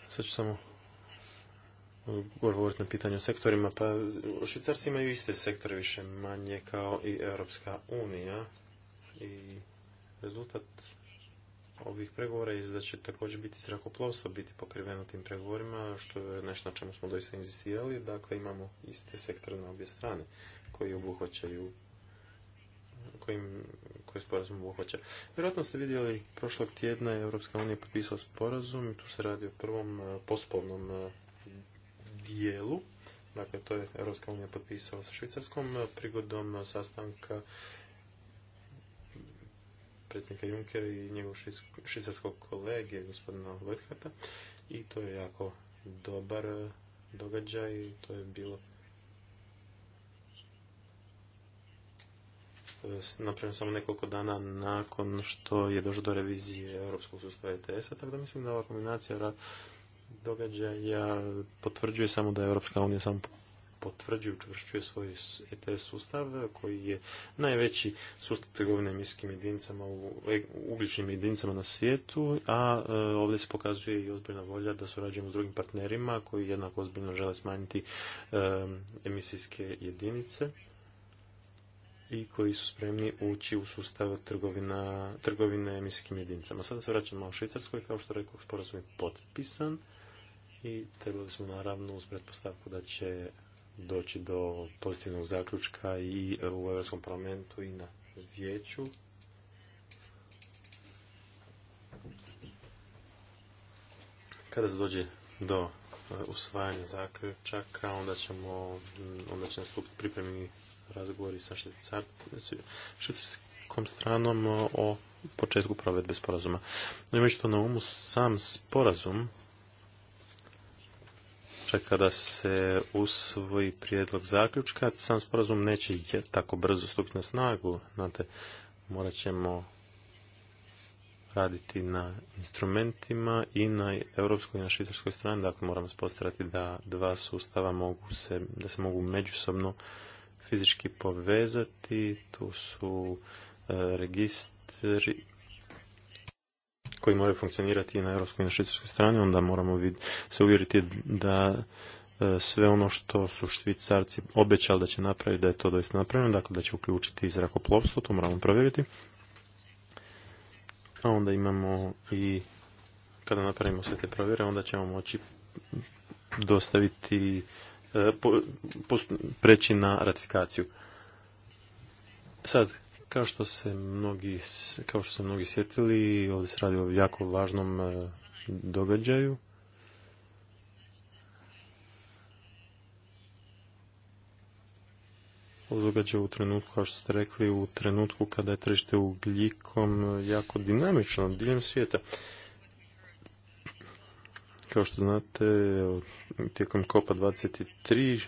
Sad ću samo govoriti na pitanju o sektorima. Pa Švicarci imaju iste sektore više manje kao i Europska unija i rezultat ovih pregovora je da će također biti zrakoplovstvo biti pokriveno tim pregovorima, što je nešto na čemu smo doista inzistirali. Dakle, imamo iste sektore na obje strane koji obuhvaćaju koji sporazum obuhvaća. Vjerojatno ste vidjeli, prošlog tjedna je Europska unija potpisala sporazum i tu se radi o prvom e, pospolnom e, dijelu. Dakle, to je Europska unija potpisala sa Švicarskom e, prigodom sastanka predsjednika Junckera i njegovog švicarskog kolege, gospodina Vojtkarta. I to je jako dobar e, događaj. To je bilo e, napravim samo nekoliko dana nakon što je došlo do revizije Europskog sustava ETS-a, tako da mislim da ova kombinacija događaja potvrđuje samo da je Europska unija samo potvrđuje, učvršćuje svoj ETS e, sustav koji je najveći sustav trgovine emisijskim jedinicama u e, ugljičnim jedinicama na svijetu, a e, ovdje se pokazuje i ozbiljna volja da surađujemo s drugim partnerima koji jednako ozbiljno žele smanjiti emisijske jedinice i koji su spremni ući u sustav trgovina, trgovine emisijskim jedinicama. Sada se vraćamo u Švicarskoj, kao što rekao, sporazum je potpisan i trebali smo naravno uz pretpostavku da će doći do pozitivnog zaključka i u Europskom parlamentu i na vijeću. Kada se dođe do e, usvajanja zaključaka, onda ćemo, mm, će nastupiti pripremni razgovori sa švicarskom stranom o početku provedbe sporazuma. imajući to na umu, sam sporazum čeka dakle, da se usvoji prijedlog zaključka, sam sporazum neće tako brzo stupiti na snagu. Znate, morat ćemo raditi na instrumentima i na europskoj i na švicarskoj strani. Dakle, moramo spostarati da dva sustava mogu se, da se mogu međusobno fizički povezati. Tu su e, registri koji moraju funkcionirati i na europskoj i na švicarskoj strani, onda moramo se uvjeriti da e, sve ono što su švicarci obećali da će napraviti, da je to doista napravljeno, dakle da će uključiti i zrakoplovstvo, to moramo provjeriti. A onda imamo i, kada napravimo sve te provjere, onda ćemo moći dostaviti, e, preći na ratifikaciju. Sad, kao što se mnogi, kao što se mnogi sjetili, ovdje se radi o jako važnom e, događaju. Ovo događa u trenutku, kao što ste rekli, u trenutku kada je tržište ugljikom e, jako dinamično diljem svijeta. Kao što znate, tijekom kopa 23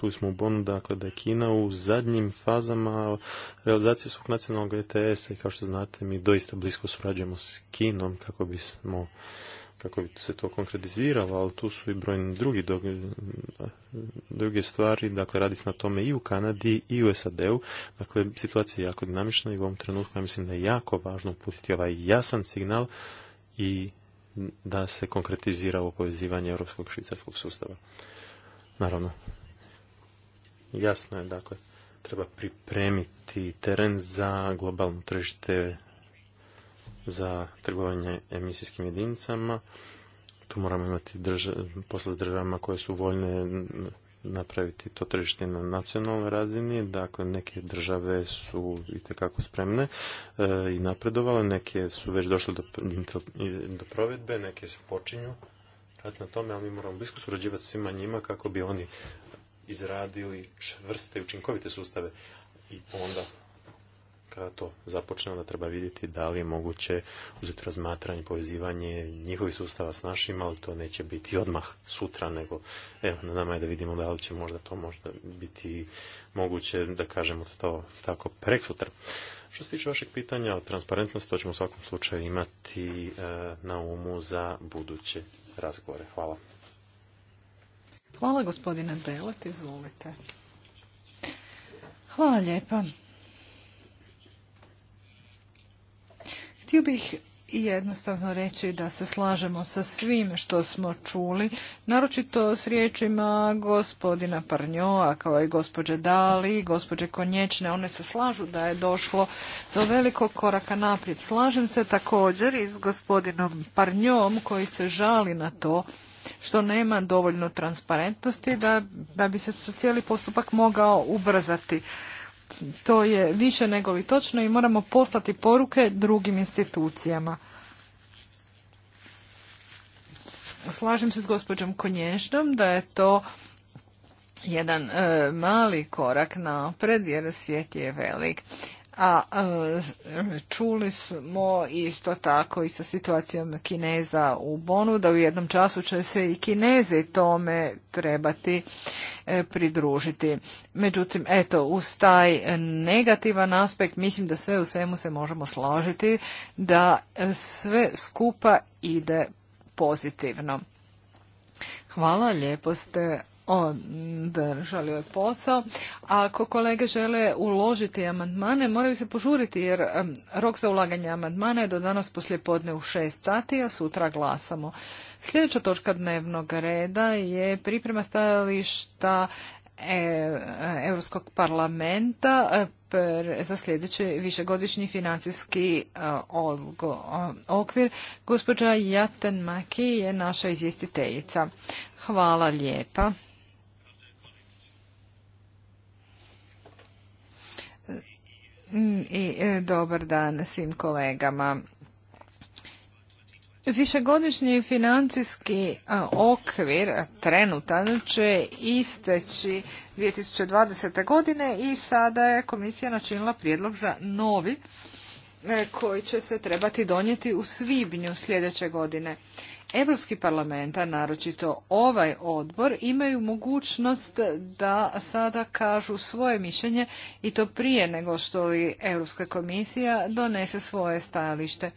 čuli smo u Bonu dakle, da je Kina u zadnjim fazama realizacije svog nacionalnog ETS-a i kao što znate mi doista blisko surađujemo s Kinom kako bismo kako bi se to konkretiziralo, ali tu su i brojni drugi druge stvari, dakle radi se na tome i u Kanadi i u SAD-u, dakle situacija je jako dinamična i u ovom trenutku ja mislim da je jako važno uputiti ovaj jasan signal i da se konkretizira ovo povezivanje europskog švicarskog sustava. Naravno, jasno je, dakle, treba pripremiti teren za globalno tržište za trgovanje emisijskim jedinicama. Tu moramo imati posla državama koje su voljne napraviti to tržište na nacionalnoj razini. Dakle, neke države su itekako spremne e, i napredovale, neke su već došle do, do provedbe, neke se počinju raditi na tome, ali mi moramo blisko surađivati svima njima kako bi oni izradili čvrste i učinkovite sustave i onda kada to započne, onda treba vidjeti da li je moguće uzeti razmatranje, povezivanje njihovih sustava s našim ali to neće biti odmah sutra, nego evo, na nama je da vidimo da li će možda to možda biti moguće, da kažemo to tako sutra. Što se tiče vašeg pitanja o transparentnosti, to ćemo u svakom slučaju imati e, na umu za buduće razgovore. Hvala. Hvala gospodine Belet, izvolite. Hvala lijepa. Htio bih jednostavno reći da se slažemo sa svim što smo čuli, naročito s riječima gospodina Parnjoa, kao i gospođe Dali, gospođe Konječne. One se slažu da je došlo do velikog koraka naprijed. Slažem se također i s gospodinom Parnjom koji se žali na to što nema dovoljno transparentnosti da, da bi se cijeli postupak mogao ubrzati to je više nego li točno i moramo poslati poruke drugim institucijama. Slažem se s gospođom Konješnom da je to jedan e, mali korak napred jer svijet je velik a e, čuli smo isto tako i sa situacijom Kineza u Bonu da u jednom času će se i Kinezi tome trebati e, pridružiti. Međutim, eto, uz taj negativan aspekt mislim da sve u svemu se možemo složiti da e, sve skupa ide pozitivno. Hvala, lijepo ste održali mm, ovaj posao. A ako kolege žele uložiti amandmane, moraju se požuriti jer rok za ulaganje amandmana je do danas poslijepodne u 6 sati, a sutra glasamo. Sljedeća točka dnevnog reda je priprema stajališta e, Europskog parlamenta e, za sljedeći višegodišnji financijski e, okvir. Gospođa Jaten Maki je naša izvjestiteljica. Hvala lijepa. i e, dobar dan svim kolegama. Višegodišnji financijski e, okvir trenutan će isteći 2020. godine i sada je komisija načinila prijedlog za novi e, koji će se trebati donijeti u svibnju sljedeće godine. Europski parlament, naročito ovaj odbor, imaju mogućnost da sada kažu svoje mišljenje i to prije nego što li Europska komisija donese svoje stajalište.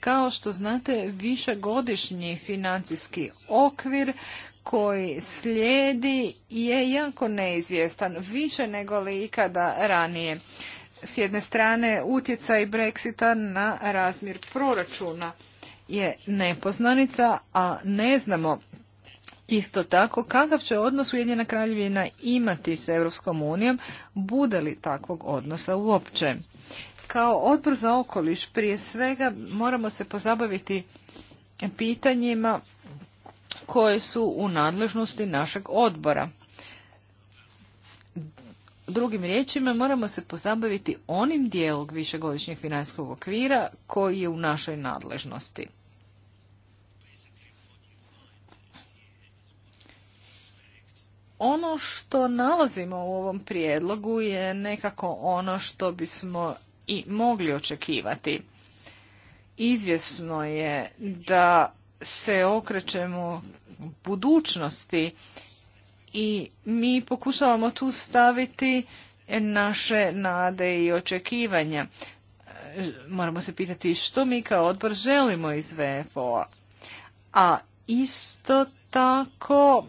Kao što znate, višegodišnji financijski okvir koji slijedi je jako neizvjestan, više nego li ikada ranije. S jedne strane utjecaj Brexita na razmjer proračuna je nepoznanica, a ne znamo Isto tako, kakav će odnos Ujedinjena kraljevina imati s Europskom unijom, bude li takvog odnosa uopće? Kao odbor za okoliš prije svega moramo se pozabaviti pitanjima koje su u nadležnosti našeg odbora. Drugim riječima moramo se pozabaviti onim dijelom višegodišnjeg financijskog okvira koji je u našoj nadležnosti. ono što nalazimo u ovom prijedlogu je nekako ono što bismo i mogli očekivati. Izvjesno je da se okrećemo budućnosti i mi pokušavamo tu staviti naše nade i očekivanja. Moramo se pitati što mi kao odbor želimo iz VFO-a. A isto tako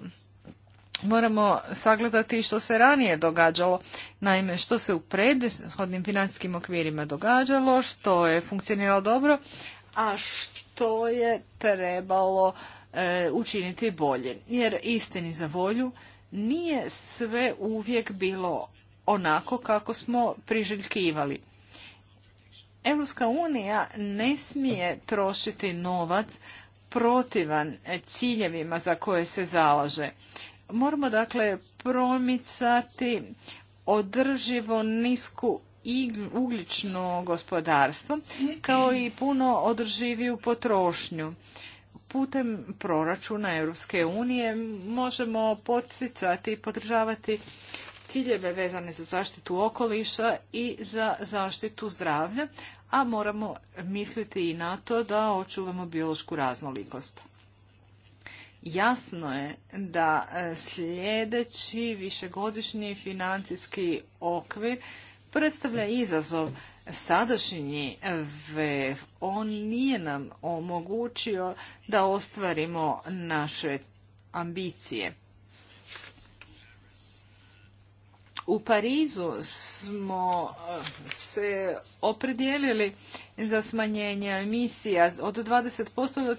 moramo sagledati što se ranije događalo. Naime, što se u prethodnim financijskim okvirima događalo, što je funkcioniralo dobro, a što je trebalo e, učiniti bolje. Jer istini za volju nije sve uvijek bilo onako kako smo priželjkivali. Europska unija ne smije trošiti novac protivan ciljevima za koje se zalaže. Moramo dakle promicati održivo nisku i ugljično gospodarstvo kao i puno održiviju potrošnju. Putem proračuna Europske unije možemo podsjecati i podržavati ciljeve vezane za zaštitu okoliša i za zaštitu zdravlja, a moramo misliti i na to da očuvamo biološku raznolikost jasno je da e, sljedeći višegodišnji financijski okvir predstavlja izazov sadašnji On nije nam omogućio da ostvarimo naše ambicije. U Parizu smo eh, se opredijelili za smanjenje emisija od 20% do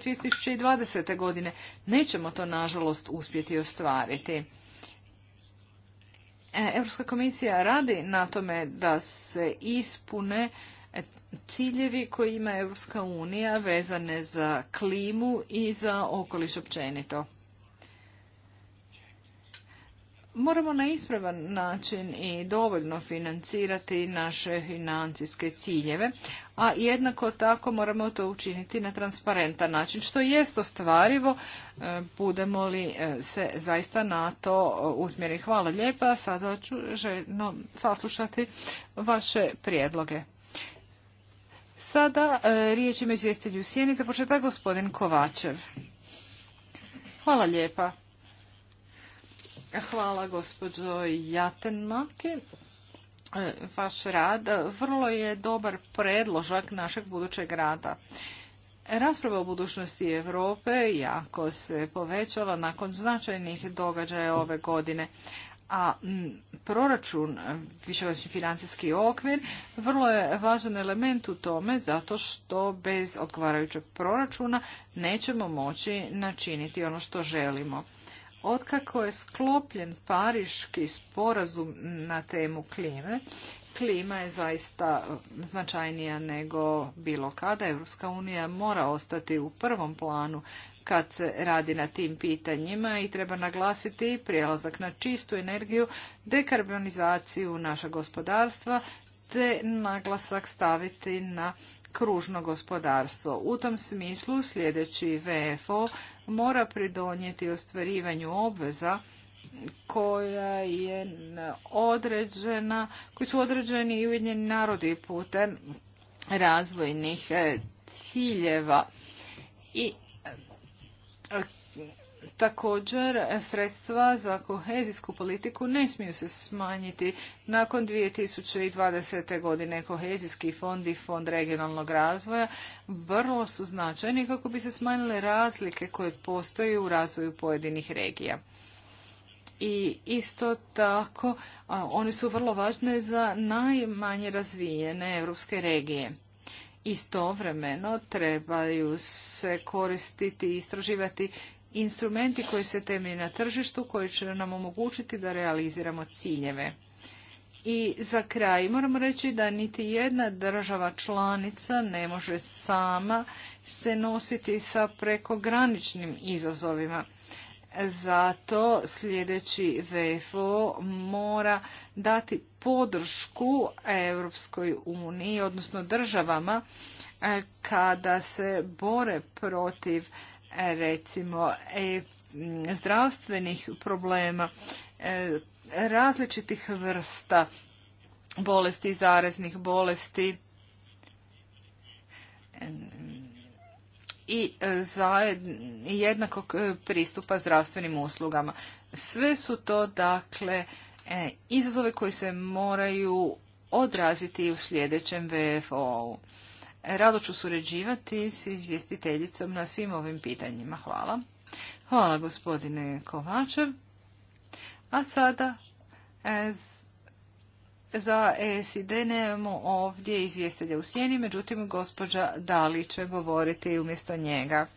2020. godine. Nećemo to, nažalost, uspjeti ostvariti. E, Europska komisija radi na tome da se ispune ciljevi koje ima Europska unija vezane za klimu i za okoliš općenito. Moramo na ispravan način i dovoljno financirati naše financijske ciljeve, a jednako tako moramo to učiniti na transparentan način, što jest ostvarivo, e, budemo li e, se zaista na to usmjeri. Hvala lijepa, sada ću željno saslušati vaše prijedloge. Sada e, riječ ima izvjestelju Sjeni, za početak gospodin Kovačev. Hvala lijepa. Hvala gospođo Jatenmaki. E, vaš rad vrlo je dobar predložak našeg budućeg rada. Rasprava o budućnosti Europe jako se povećala nakon značajnih događaja ove godine, a proračun, višegodišnji financijski okvir, vrlo je važan element u tome zato što bez odgovarajućeg proračuna nećemo moći načiniti ono što želimo. Otkako je sklopljen pariški sporazum na temu klime, klima je zaista značajnija nego bilo kada. Evropska unija mora ostati u prvom planu kad se radi na tim pitanjima i treba naglasiti prijelazak na čistu energiju, dekarbonizaciju našeg gospodarstva te naglasak staviti na kružno gospodarstvo. U tom smislu sljedeći VFO mora pridonijeti ostvarivanju obveza koja je određena, koji su određeni i Ujedinjeni narodi putem razvojnih eh, ciljeva i eh, Također, sredstva za kohezijsku politiku ne smiju se smanjiti. Nakon 2020. godine kohezijski fond i fond regionalnog razvoja vrlo su značajni kako bi se smanjile razlike koje postoje u razvoju pojedinih regija. I isto tako, oni su vrlo važne za najmanje razvijene europske regije. Istovremeno trebaju se koristiti i istraživati instrumenti koji se temelje na tržištu koji će nam omogućiti da realiziramo ciljeve. I za kraj moramo reći da niti jedna država članica ne može sama se nositi sa prekograničnim izazovima. Zato sljedeći VFO mora dati podršku Europskoj uniji, odnosno državama, e, kada se bore protiv E, recimo e, zdravstvenih problema, e, različitih vrsta bolesti, zareznih bolesti i jednakog pristupa zdravstvenim uslugama. Sve su to dakle izazove koji se moraju odraziti u sljedećem VFO-u. Rado ću surađivati s izvjestiteljicom na svim ovim pitanjima. Hvala. Hvala gospodine Kovačev. A sada e, za e SID nemamo ovdje izvjestelja u sjeni, međutim gospođa Dali će govoriti umjesto njega.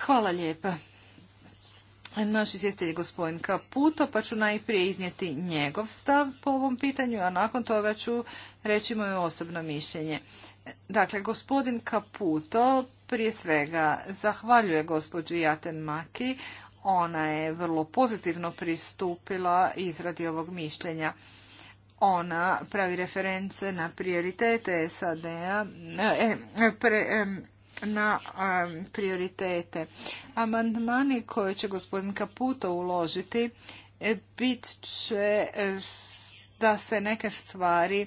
Hvala lijepa. Naš izvjestelj je gospodin Kaputo, pa ću najprije iznijeti njegov stav po ovom pitanju, a nakon toga ću reći moje osobno mišljenje. Dakle, gospodin Kaputo prije svega zahvaljuje gospođi Jaten Maki. Ona je vrlo pozitivno pristupila izradi ovog mišljenja. Ona pravi reference na prioritete SAD-a, e, na prioritete. Amandmani koje će gospodin Kaputo uložiti e, bit će da se neke stvari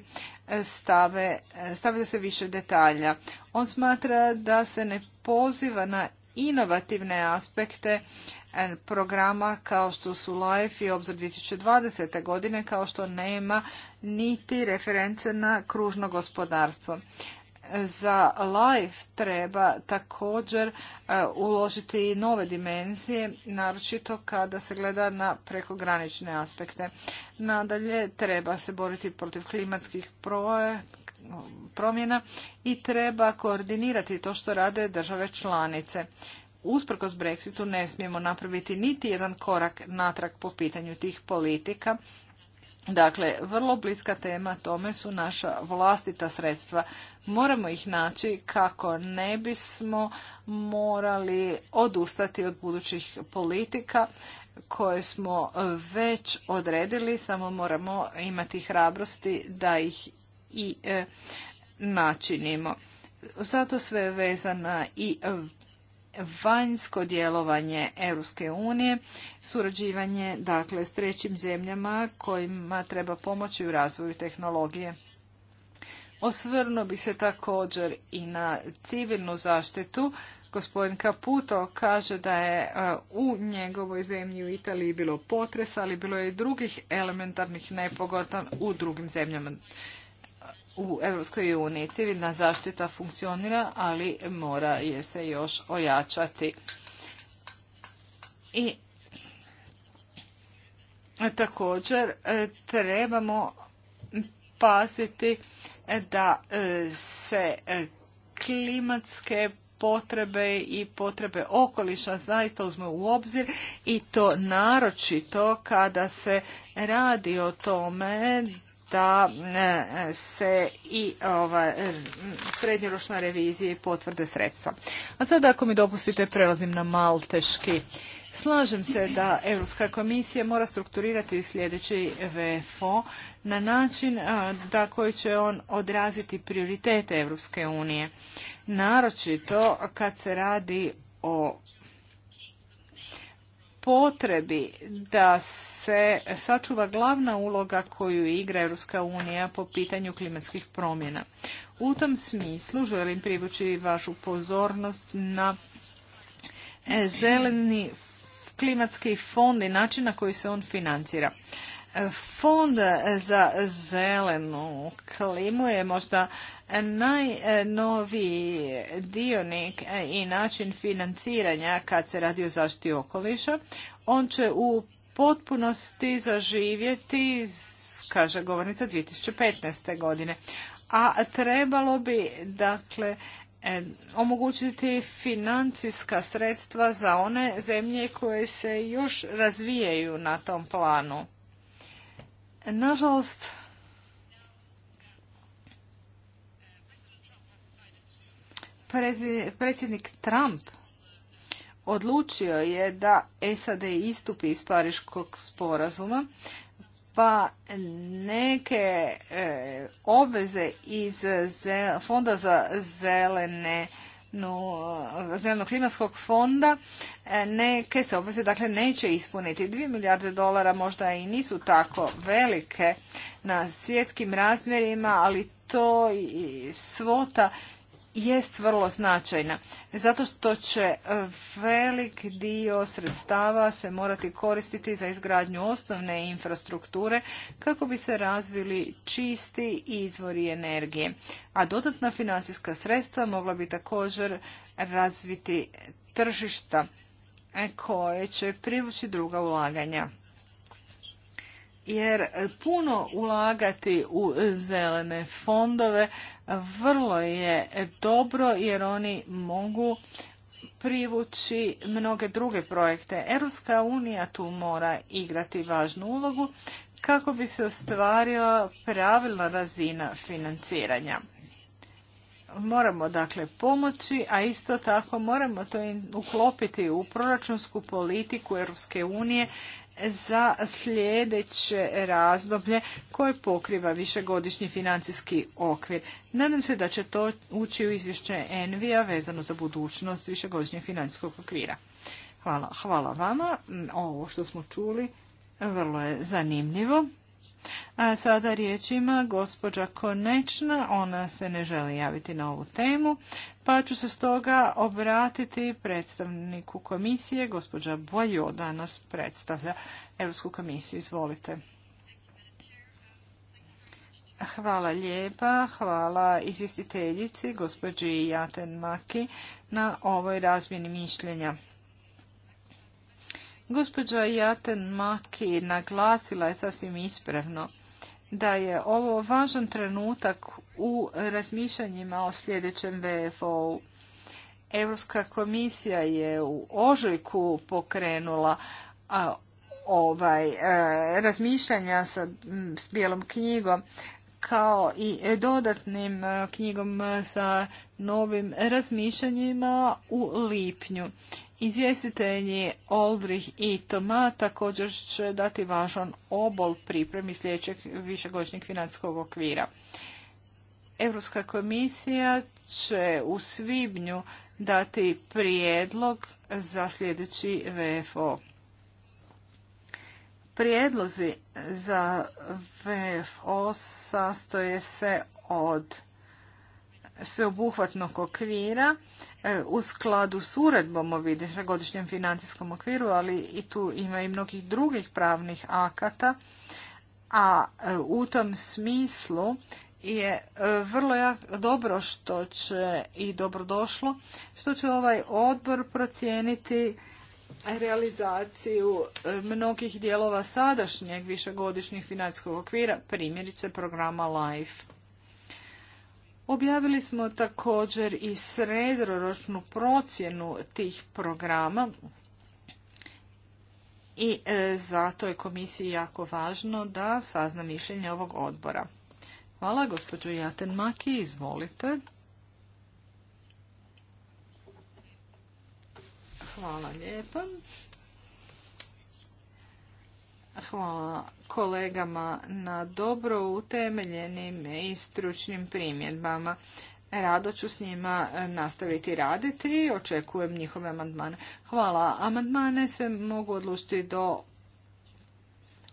stave, stavlja se više detalja. On smatra da se ne poziva na inovativne aspekte e, programa kao što su LIFE i Obzor 2020. godine, kao što nema niti reference na kružno gospodarstvo za life treba također e, uložiti i nove dimenzije, naročito kada se gleda na prekogranične aspekte. Nadalje, treba se boriti protiv klimatskih promjena i treba koordinirati to što rade države članice. Usprkos Brexitu ne smijemo napraviti niti jedan korak natrag po pitanju tih politika, Dakle, vrlo bliska tema tome su naša vlastita sredstva. Moramo ih naći kako ne bismo morali odustati od budućih politika koje smo već odredili, samo moramo imati hrabrosti da ih i e, načinimo. Zato sve je vezana i vanjsko djelovanje Europske unije, surađivanje dakle s trećim zemljama kojima treba pomoći u razvoju tehnologije. Osvrnuo bi se također i na civilnu zaštitu. Gospodin Caputo kaže da je e, u njegovoj zemlji u Italiji bilo potres, ali bilo je i drugih elementarnih nepogoda u drugim zemljama u Europskoj uniji. Civilna zaštita funkcionira, ali mora je se još ojačati. I također e, trebamo paziti e, da e, se klimatske potrebe i potrebe okoliša zaista uzme u obzir i to naročito kada se radi o tome da e, se i ova srednjoročna revizija potvrde sredstva. A sada ako mi dopustite prelazim na malteški. Slažem se da Europska komisija mora strukturirati sljedeći VFO na način da koji će on odraziti prioritete Europske unije. Naročito kad se radi o potrebi da se sačuva glavna uloga koju igra Europska unija po pitanju klimatskih promjena. U tom smislu želim privući vašu pozornost na zeleni klimatski fond i način na koji se on financira. Fond za zelenu klimu je možda Najnoviji dionik e, i način financiranja kad se radi o zaštiti okoliša, on će u potpunosti zaživjeti, kaže govornica, 2015. godine. A trebalo bi, dakle, e, omogućiti financijska sredstva za one zemlje koje se još razvijaju na tom planu. Nažalost, predsjednik Trump odlučio je da SAD istupi iz Pariškog sporazuma, pa neke e, obveze iz Fonda za zelene no, klimatskog fonda e, neke se obveze dakle neće ispuniti. 2 milijarde dolara možda i nisu tako velike na svjetskim razmjerima, ali to i svota jest vrlo značajna, zato što će velik dio sredstava se morati koristiti za izgradnju osnovne infrastrukture kako bi se razvili čisti izvori energije. A dodatna financijska sredstva mogla bi također razviti tržišta koje će privući druga ulaganja. Jer puno ulagati u zelene fondove vrlo je dobro jer oni mogu privući mnoge druge projekte. Europska unija tu mora igrati važnu ulogu kako bi se ostvarila pravilna razina financiranja. Moramo dakle pomoći, a isto tako moramo to uklopiti u proračunsku politiku Europske unije za sljedeće razdoblje koje pokriva višegodišnji financijski okvir. Nadam se da će to ući u izvješće Envija vezano za budućnost višegodišnjeg financijskog okvira. Hvala, hvala vama. Mm, Ovo što smo čuli vrlo je zanimljivo. A sada riječ ima gospođa Konečna, ona se ne želi javiti na ovu temu, pa ću se stoga obratiti predstavniku komisije, gospođa Bojo danas predstavlja Europsku komisiju. Izvolite. Hvala lijepa, hvala izvjestiteljici, gospođi Jaten Maki, na ovoj razmjeni mišljenja. Gospođa Jaten Maki naglasila je sasvim ispravno da je ovo važan trenutak u razmišljanjima o sljedećem VFO-u. Europska komisija je u ožujku pokrenula ovaj e, razmišljanja sa s bijelom knjigom kao i dodatnim e, knjigom e, sa novim razmišljanjima u lipnju. Izvjestitelji olbrih i Toma također će dati važan obol pripremi sljedećeg višegodišnjeg financijskog okvira. Europska komisija će u svibnju dati prijedlog za sljedeći VFO. Prijedlozi za VFO sastoje se od sveobuhvatnog okvira e, u skladu s uredbom o godišnjem financijskom okviru, ali i tu ima i mnogih drugih pravnih akata, a e, u tom smislu je e, vrlo dobro što će i dobrodošlo što će ovaj odbor procijeniti realizaciju e, mnogih dijelova sadašnjeg višegodišnjeg financijskog okvira, primjerice programa LIFE. Objavili smo također i sredoročnu procjenu tih programa i e, zato je komisiji jako važno da sazna mišljenje ovog odbora. Hvala, gospođo Jaten Maki, izvolite. Hvala lijepa. Hvala kolegama na dobro utemeljenim i stručnim primjedbama. Rado ću s njima nastaviti raditi i očekujem njihove amandmane. Hvala. Amandmane se mogu odlučiti do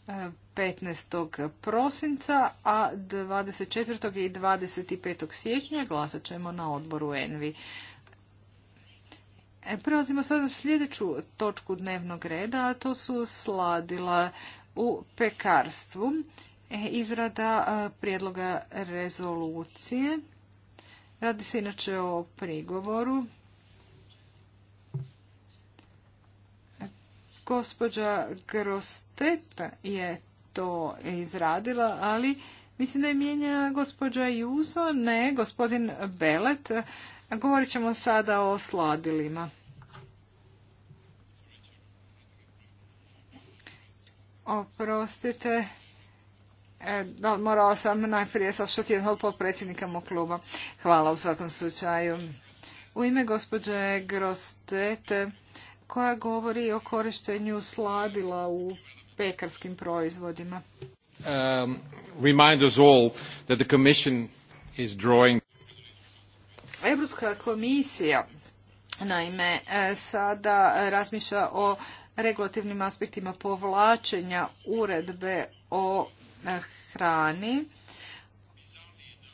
15. E, prosinca, a 24. i 25. siječnja glasat ćemo na odboru Envi. E, prelazimo sada na sljedeću točku dnevnog reda, a to su sladila u pekarstvu. E, izrada e, prijedloga rezolucije. Radi se inače o prigovoru. Gospođa Grosteta je to izradila, ali mislim da je mijenja gospođa Juzo, ne, gospodin Belet. Govorit ćemo sada o sladilima. Oprostite, e, morala sam najprije ti jednog od potpredsjednika mog kluba. Hvala u svakom slučaju. U ime gospođe Grostete, koja govori o korištenju sladila u pekarskim proizvodima. Um, remind us all that the Commission is drawing Europska komisija naime e, sada razmišlja o regulativnim aspektima povlačenja uredbe o e, hrani,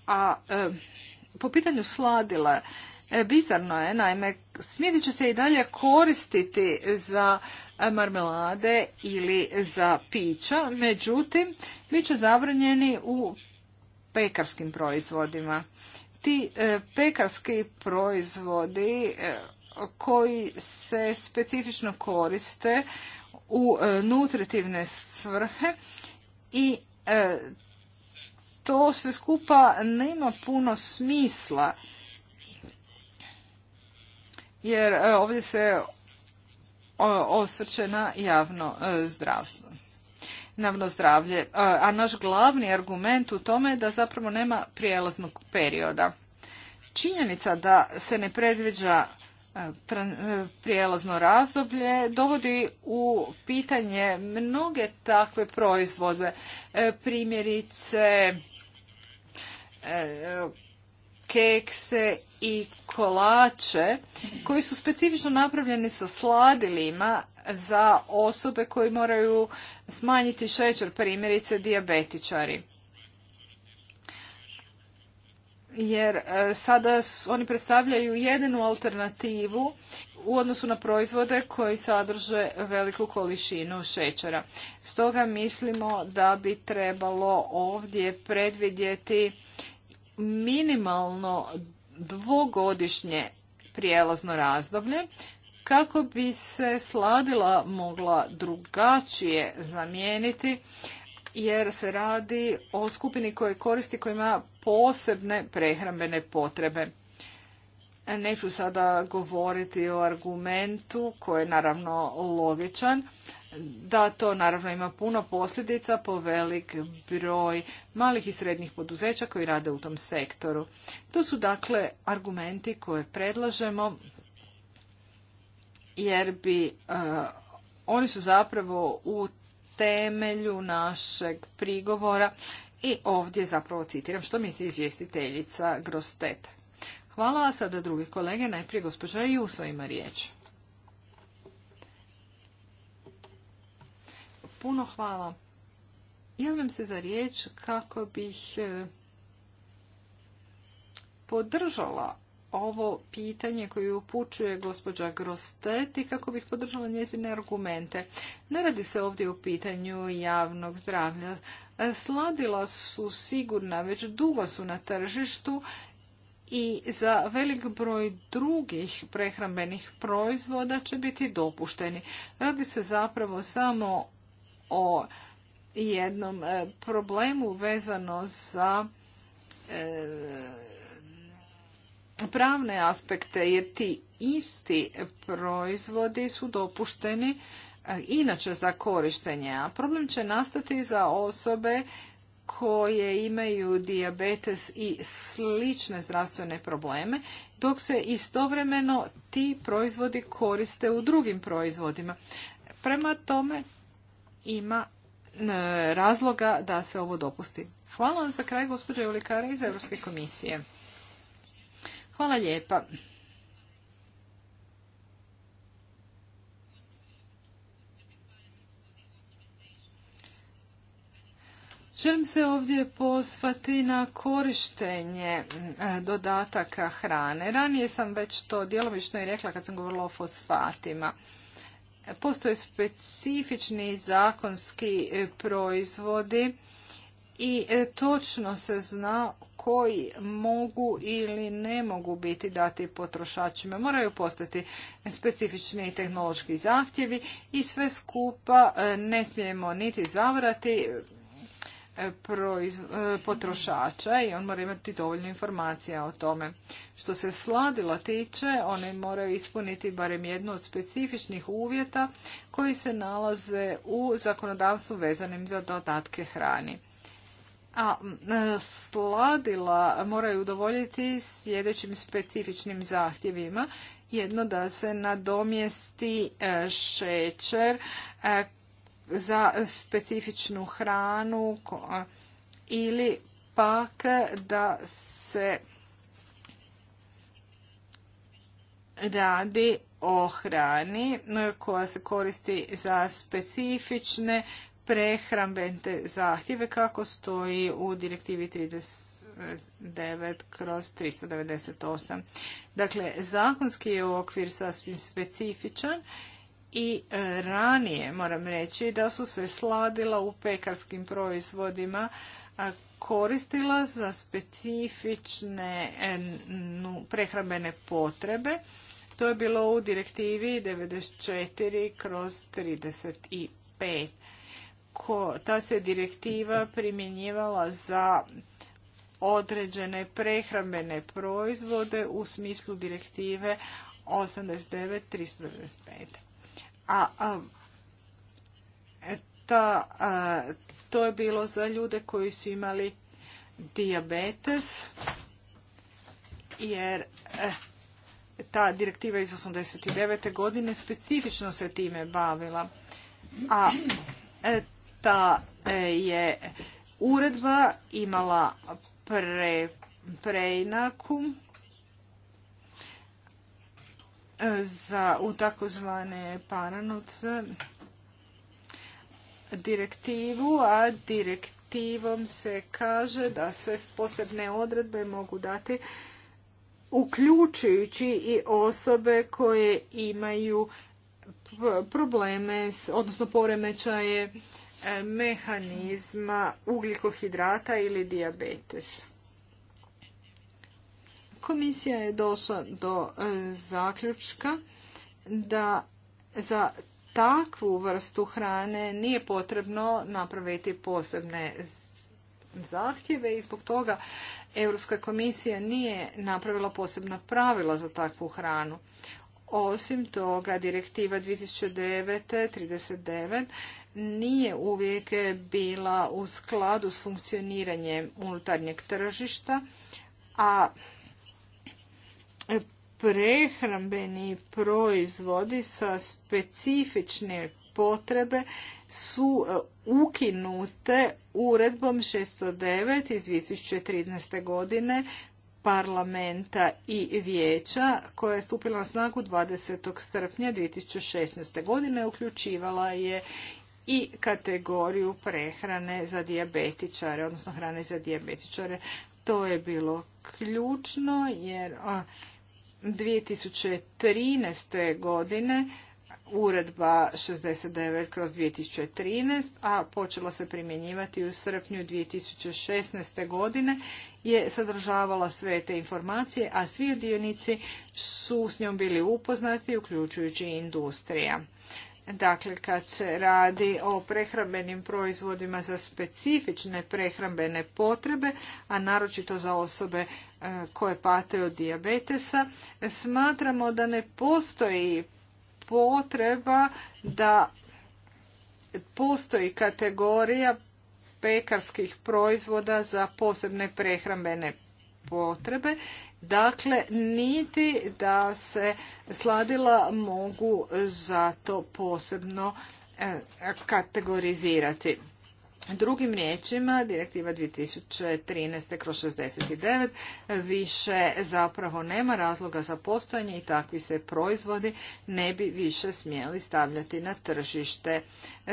a e, po pitanju sladila Bizarno je, naime, smjeti će se i dalje koristiti za marmelade ili za pića, međutim, bit će zabranjeni u pekarskim proizvodima ti e, pekarski proizvodi e, koji se specifično koriste u e, nutritivne svrhe i to sve skupa nema puno smisla jer ovdje se osvrće na javno zdravstvo javno zdravlje. E, a naš glavni argument u tome je da zapravo nema prijelaznog perioda. Činjenica da se ne predviđa e, e, prijelazno razdoblje dovodi u pitanje mnoge takve proizvode. Primjerice kekse i kolače koji su specifično napravljeni sa sladilima za osobe koji moraju smanjiti šećer, primjerice dijabetičari. Jer e, sada oni predstavljaju jedinu alternativu u odnosu na proizvode koji sadrže veliku količinu šećera. Stoga mislimo da bi trebalo ovdje predvidjeti minimalno dvogodišnje prijelazno razdoblje kako bi se sladila mogla drugačije zamijeniti jer se radi o skupini koje koristi koja ima posebne prehrambene potrebe. Neću sada govoriti o argumentu koji je naravno logičan, da to naravno ima puno posljedica po velik broj malih i srednjih poduzeća koji rade u tom sektoru. To su dakle argumenti koje predlažemo jer bi e, oni su zapravo u temelju našeg prigovora i ovdje zapravo citiram što misli izvjestiteljica Grostet. Hvala, a sada drugi kolege, najprije gospođa Juso ima riječ. Puno hvala. Javljam se za riječ kako bih e, podržala ovo pitanje koje upućuje gospođa Grosteti, kako bih podržala njezine argumente. Ne radi se ovdje o pitanju javnog zdravlja. Sladila su sigurna, već dugo su na tržištu i za velik broj drugih prehrambenih proizvoda će biti dopušteni. Radi se zapravo samo o jednom e, problemu vezano za e, pravne aspekte jer ti isti proizvodi su dopušteni e, inače za korištenje, a problem će nastati za osobe koje imaju dijabetes i slične zdravstvene probleme, dok se istovremeno ti proizvodi koriste u drugim proizvodima. Prema tome ima e, razloga da se ovo dopusti. Hvala vam za kraj gospođa Julikara iz Europske komisije. Hvala lijepa. Želim se ovdje posvati na korištenje e, dodataka hrane. Ranije sam već to djelomično i rekla kad sam govorila o fosfatima. Postoje specifični zakonski e, proizvodi i e, točno se zna koji mogu ili ne mogu biti dati potrošačima. Moraju postati specifični tehnološki zahtjevi i sve skupa e, ne smijemo niti zavrati e, e, potrošača i on mora imati dovoljno informacija o tome. Što se sladila tiče, one moraju ispuniti barem jednu od specifičnih uvjeta koji se nalaze u zakonodavstvu vezanim za dodatke hrani a e, sladila moraju udovoljiti sljedećim specifičnim zahtjevima. Jedno da se nadomjesti e, šećer e, za specifičnu hranu ili pak da se radi o hrani koja se koristi za specifične prehrambente zahtjeve kako stoji u direktivi 39 kroz 398. Dakle, zakonski je okvir sasvim specifičan i e, ranije moram reći da su se sladila u pekarskim proizvodima koristila za specifične e, prehrambene potrebe. To je bilo u direktivi 94 kroz 35 ta se direktiva primjenjivala za određene prehrambene proizvode u smislu direktive 89.395. A, a e, ta, a, to je bilo za ljude koji su imali diabetes, jer e, ta direktiva iz 89. godine specifično se time bavila. A e, ta e, je uredba imala preinaku e, za u takozvane paranoc direktivu, a direktivom se kaže da se posebne odredbe mogu dati uključujući i osobe koje imaju probleme, odnosno poremećaje E, mehanizma ugljikohidrata ili diabetes. Komisija je došla do e, zaključka da za takvu vrstu hrane nije potrebno napraviti posebne zahtjeve i zbog toga Europska komisija nije napravila posebna pravila za takvu hranu. Osim toga, direktiva 2009. 39 nije uvijek bila u skladu s funkcioniranjem unutarnjeg tržišta, a prehrambeni proizvodi sa specifične potrebe su e, ukinute uredbom 609 iz 2013. godine parlamenta i vijeća koja je stupila na snagu 20. srpnja 2016. godine uključivala je i kategoriju prehrane za dijabetičare, odnosno hrane za dijabetičare. To je bilo ključno jer 2013. godine uredba 69 kroz 2013, a počela se primjenjivati u srpnju 2016. godine, je sadržavala sve te informacije, a svi dionici su s njom bili upoznati, uključujući industrija. Dakle, kad se radi o prehrambenim proizvodima za specifične prehrambene potrebe, a naročito za osobe e, koje pate od dijabetesa, smatramo da ne postoji potreba da postoji kategorija pekarskih proizvoda za posebne prehrambene potrebe, dakle niti da se sladila mogu za to posebno e, kategorizirati. Drugim riječima, direktiva 2013. kroz 69 više zapravo nema razloga za postojanje i takvi se proizvodi ne bi više smjeli stavljati na tržište.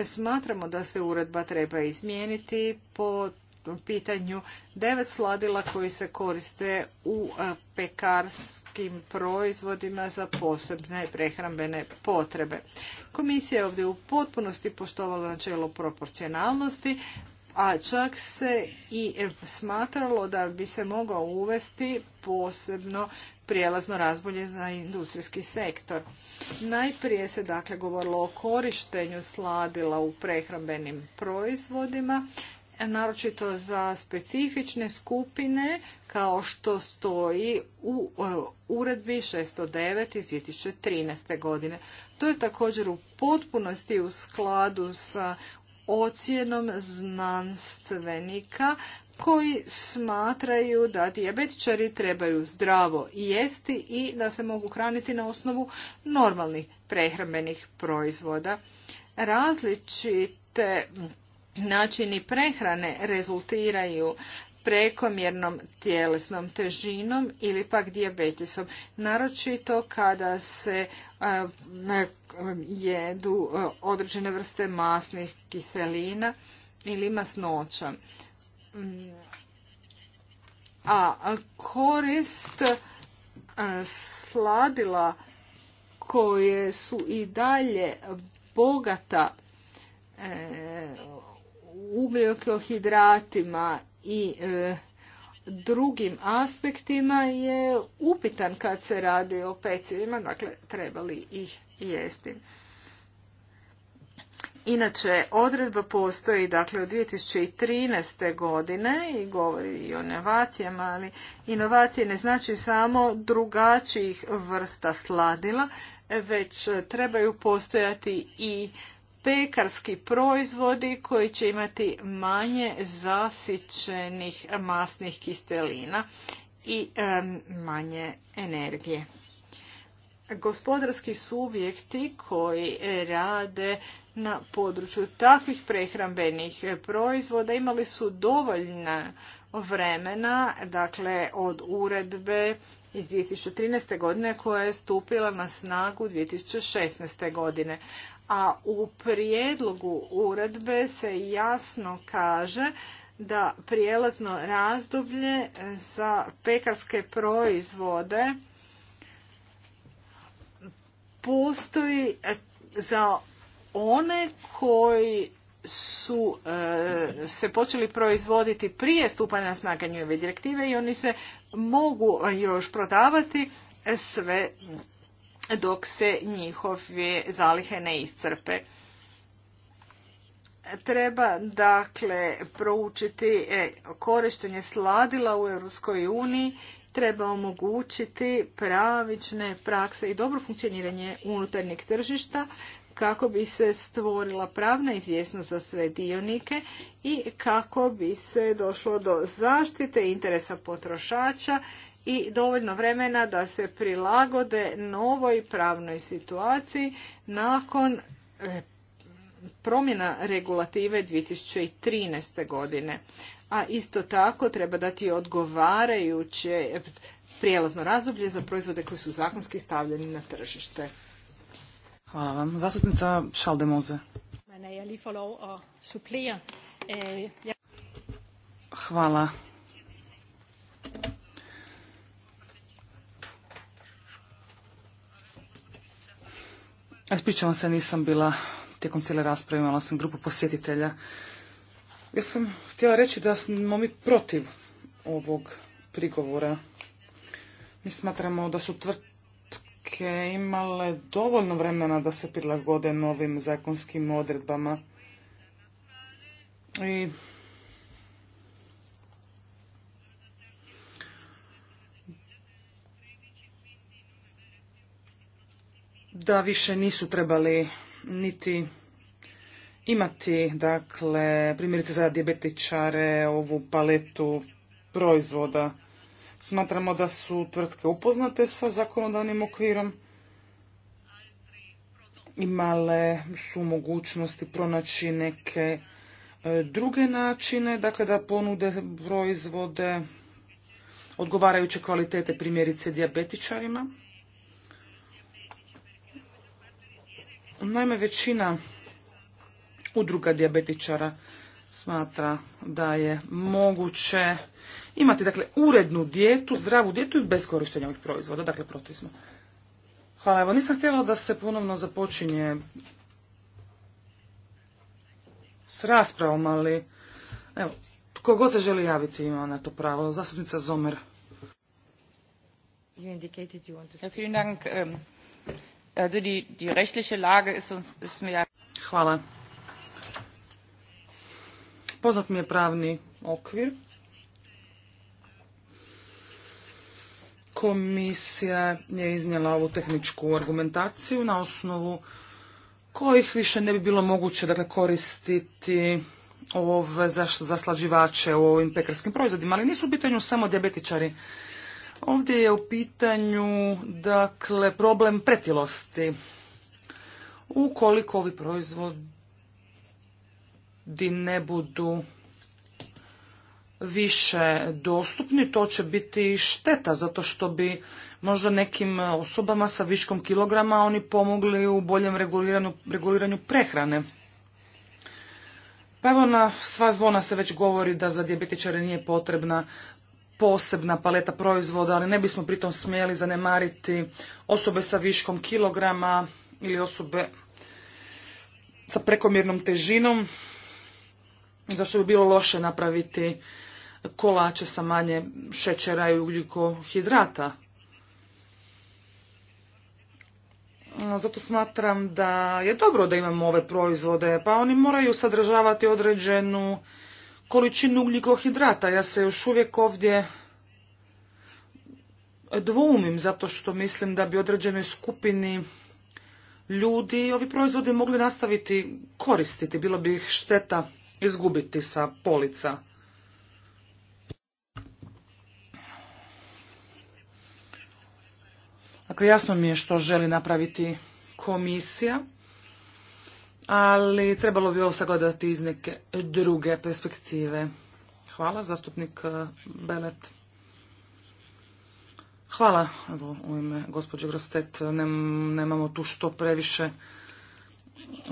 Smatramo da se uredba treba izmijeniti po pitanju devet sladila koji se koriste u e, pekarskim proizvodima za posebne prehrambene potrebe. Komisija je ovdje u potpunosti poštovala načelo proporcionalnosti, a čak se i smatralo da bi se mogao uvesti posebno prijelazno razbolje za industrijski sektor. Najprije se dakle govorilo o korištenju sladila u prehrambenim proizvodima naročito za specifične skupine kao što stoji u e, uredbi 609 iz 2013. godine. To je također u potpunosti u skladu sa ocjenom znanstvenika koji smatraju da dijabetičari trebaju zdravo jesti i da se mogu hraniti na osnovu normalnih prehrambenih proizvoda. Različite načini prehrane rezultiraju prekomjernom tjelesnom težinom ili pak dijabetisom. Naročito kada se e, jedu e, određene vrste masnih kiselina ili masnoća. A korist e, sladila koje su i dalje bogata ugljokohidratima i e, drugim aspektima je upitan kad se radi o pecivima, dakle trebali ih jesti. Inače, odredba postoji dakle, od 2013. godine i govori i o inovacijama, ali inovacije ne znači samo drugačijih vrsta sladila, već trebaju postojati i pekarski proizvodi koji će imati manje zasićenih masnih kistelina i manje energije. Gospodarski subjekti koji rade na području takvih prehrambenih proizvoda imali su dovoljna vremena, dakle od uredbe iz 2013. godine koja je stupila na snagu 2016. godine a u prijedlogu uredbe se jasno kaže da prijelazno razdoblje za pekarske proizvode postoji za one koji su e, se počeli proizvoditi prije stupanja na snaga njove direktive i oni se mogu još prodavati sve dok se njihove zalihe ne iscrpe. Treba dakle proučiti e, korištenje sladila u Europskoj uniji, treba omogućiti pravične prakse i dobro funkcioniranje unutarnjeg tržišta kako bi se stvorila pravna izvjesnost za sve dionike i kako bi se došlo do zaštite interesa potrošača i dovoljno vremena da se prilagode novoj pravnoj situaciji nakon e, promjena regulative 2013. godine. A isto tako treba dati odgovarajuće prijelazno razdoblje za proizvode koji su zakonski stavljeni na tržište. Hvala vam. Zastupnica Šaldemoze. Eh, Hvala. Ispričavam se, nisam bila tijekom cijele rasprave, imala sam grupu posjetitelja. Ja sam htjela reći da smo mi protiv ovog prigovora. Mi smatramo da su tvrtke imale dovoljno vremena da se prilagode novim zakonskim odredbama. I da više nisu trebali niti imati, dakle, primjerice za diabetičare ovu paletu proizvoda. Smatramo da su tvrtke upoznate sa zakonodavnim okvirom, imale su mogućnosti pronaći neke e, druge načine, dakle da ponude proizvode odgovarajuće kvalitete primjerice dijabetičarima. Naime, većina udruga dijabetičara smatra da je moguće imati dakle urednu dijetu, zdravu dijetu i bez korištenja ovih proizvoda, dakle protiv smo. Hvala, evo nisam htjela da se ponovno započinje s raspravom, ali evo, tko god se želi javiti ima na to pravo. Zastupnica Zomer. You Also die, die Hvala. Poznat mi je pravni okvir. Komisija je iznijela ovu tehničku argumentaciju na osnovu kojih više ne bi bilo moguće dakle, koristiti ove zaslađivače u ovim pekarskim proizvodima, ali nisu u pitanju samo diabetičari. Ovdje je u pitanju dakle, problem pretilosti. Ukoliko ovi proizvodi ne budu više dostupni, to će biti šteta, zato što bi možda nekim osobama sa viškom kilograma oni pomogli u boljem reguliranju, prehrane. Pa evo na sva zvona se već govori da za dijabetičare nije potrebna posebna paleta proizvoda, ali ne bismo pritom smjeli zanemariti osobe sa viškom kilograma ili osobe sa prekomjernom težinom. što bi bilo loše napraviti kolače sa manje šećera i ugljikohidrata. Zato smatram da je dobro da imamo ove proizvode, pa oni moraju sadržavati određenu količinu ugljikohidrata. Ja se još uvijek ovdje dvoumim zato što mislim da bi određenoj skupini ljudi ovi proizvodi mogli nastaviti koristiti. Bilo bi ih šteta izgubiti sa polica. Dakle, jasno mi je što želi napraviti komisija ali trebalo bi ovo sagledati iz neke druge perspektive. Hvala, zastupnik eh, Belet. Hvala, evo, u ime gospođe Grostet, eh, nemamo tu što previše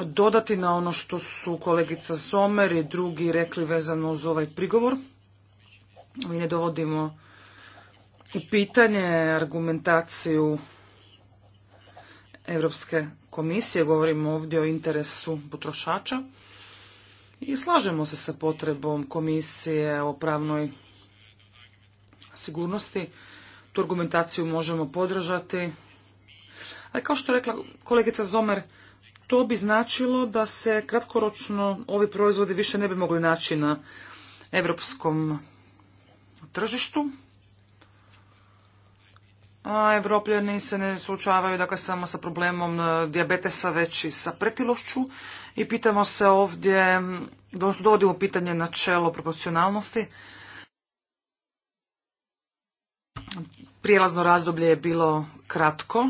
dodati na ono što su kolegica Somer i drugi rekli vezano uz ovaj prigovor. Mi ne dovodimo u pitanje argumentaciju Europske komisije, govorimo ovdje o interesu potrošača i slažemo se sa potrebom komisije o pravnoj sigurnosti. Tu argumentaciju možemo podržati. Ali kao što je rekla kolegica Zomer, to bi značilo da se kratkoročno ovi proizvodi više ne bi mogli naći na europskom tržištu a evropljani se ne suočavaju dakle samo sa problemom e, dijabetesa već i sa pretilošću i pitamo se ovdje, mm, dovodimo pitanje načelo proporcionalnosti. Prijelazno razdoblje je bilo kratko,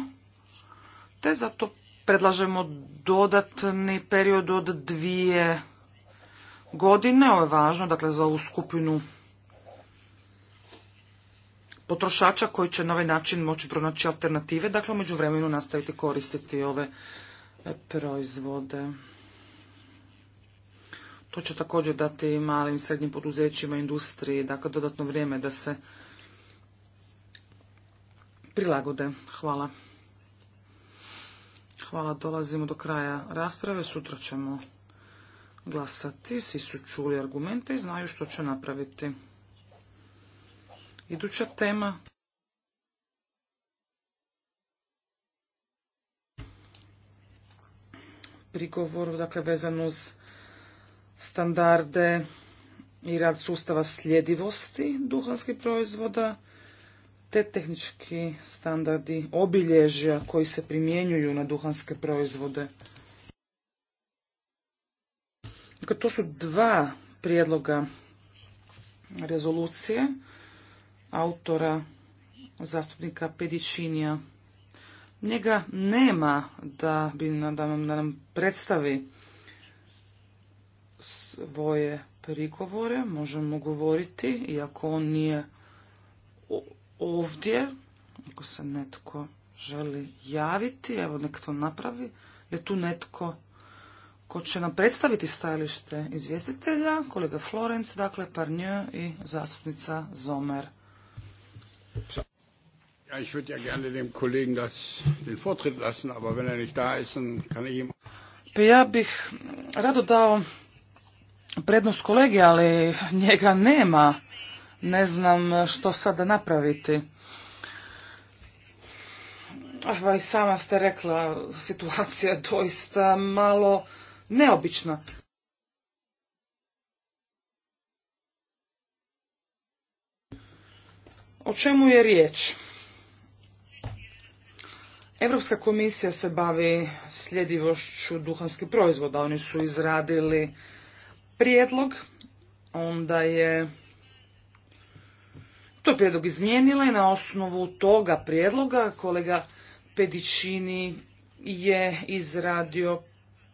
te zato predlažemo dodatni period od dvije godine. Ovo je važno, dakle, za ovu skupinu potrošača koji će na ovaj način moći pronaći alternative, dakle među vremenu nastaviti koristiti ove e, proizvode. To će također dati malim i srednjim poduzećima, industriji, dakle dodatno vrijeme da se prilagode. Hvala. Hvala, dolazimo do kraja rasprave. Sutra ćemo glasati. Svi su čuli argumente i znaju što će napraviti. Iduća tema. Prigovor, dakle, vezan uz standarde i rad sustava sljedivosti duhanskih proizvoda, te tehnički standardi obilježja koji se primjenjuju na duhanske proizvode. Dakle, to su dva prijedloga rezolucije autora zastupnika Pedičinija. Njega nema da, bi, da, nam, da nam predstavi svoje prigovore, možemo govoriti, iako on nije ovdje, ako se netko želi javiti, evo nek to napravi, je tu netko ko će nam predstaviti stajalište izvjestitelja, kolega Florenc, dakle Parnjö i zastupnica Zomer. Ja, ich würde ja gerne dem Kollegen das, den Vortritt lassen, aber wenn er nicht da ist, dann kann ich ihm... Pa ja bih rado dao prednost kolegi, ali njega nema. Ne znam što sada napraviti. Ah, i sama ste rekla, situacija je doista malo neobična. O čemu je riječ? Europska komisija se bavi sljedivošću duhanskih proizvoda. Oni su izradili prijedlog, onda je to prijedlog izmijenila i na osnovu toga prijedloga kolega Pedičini je izradio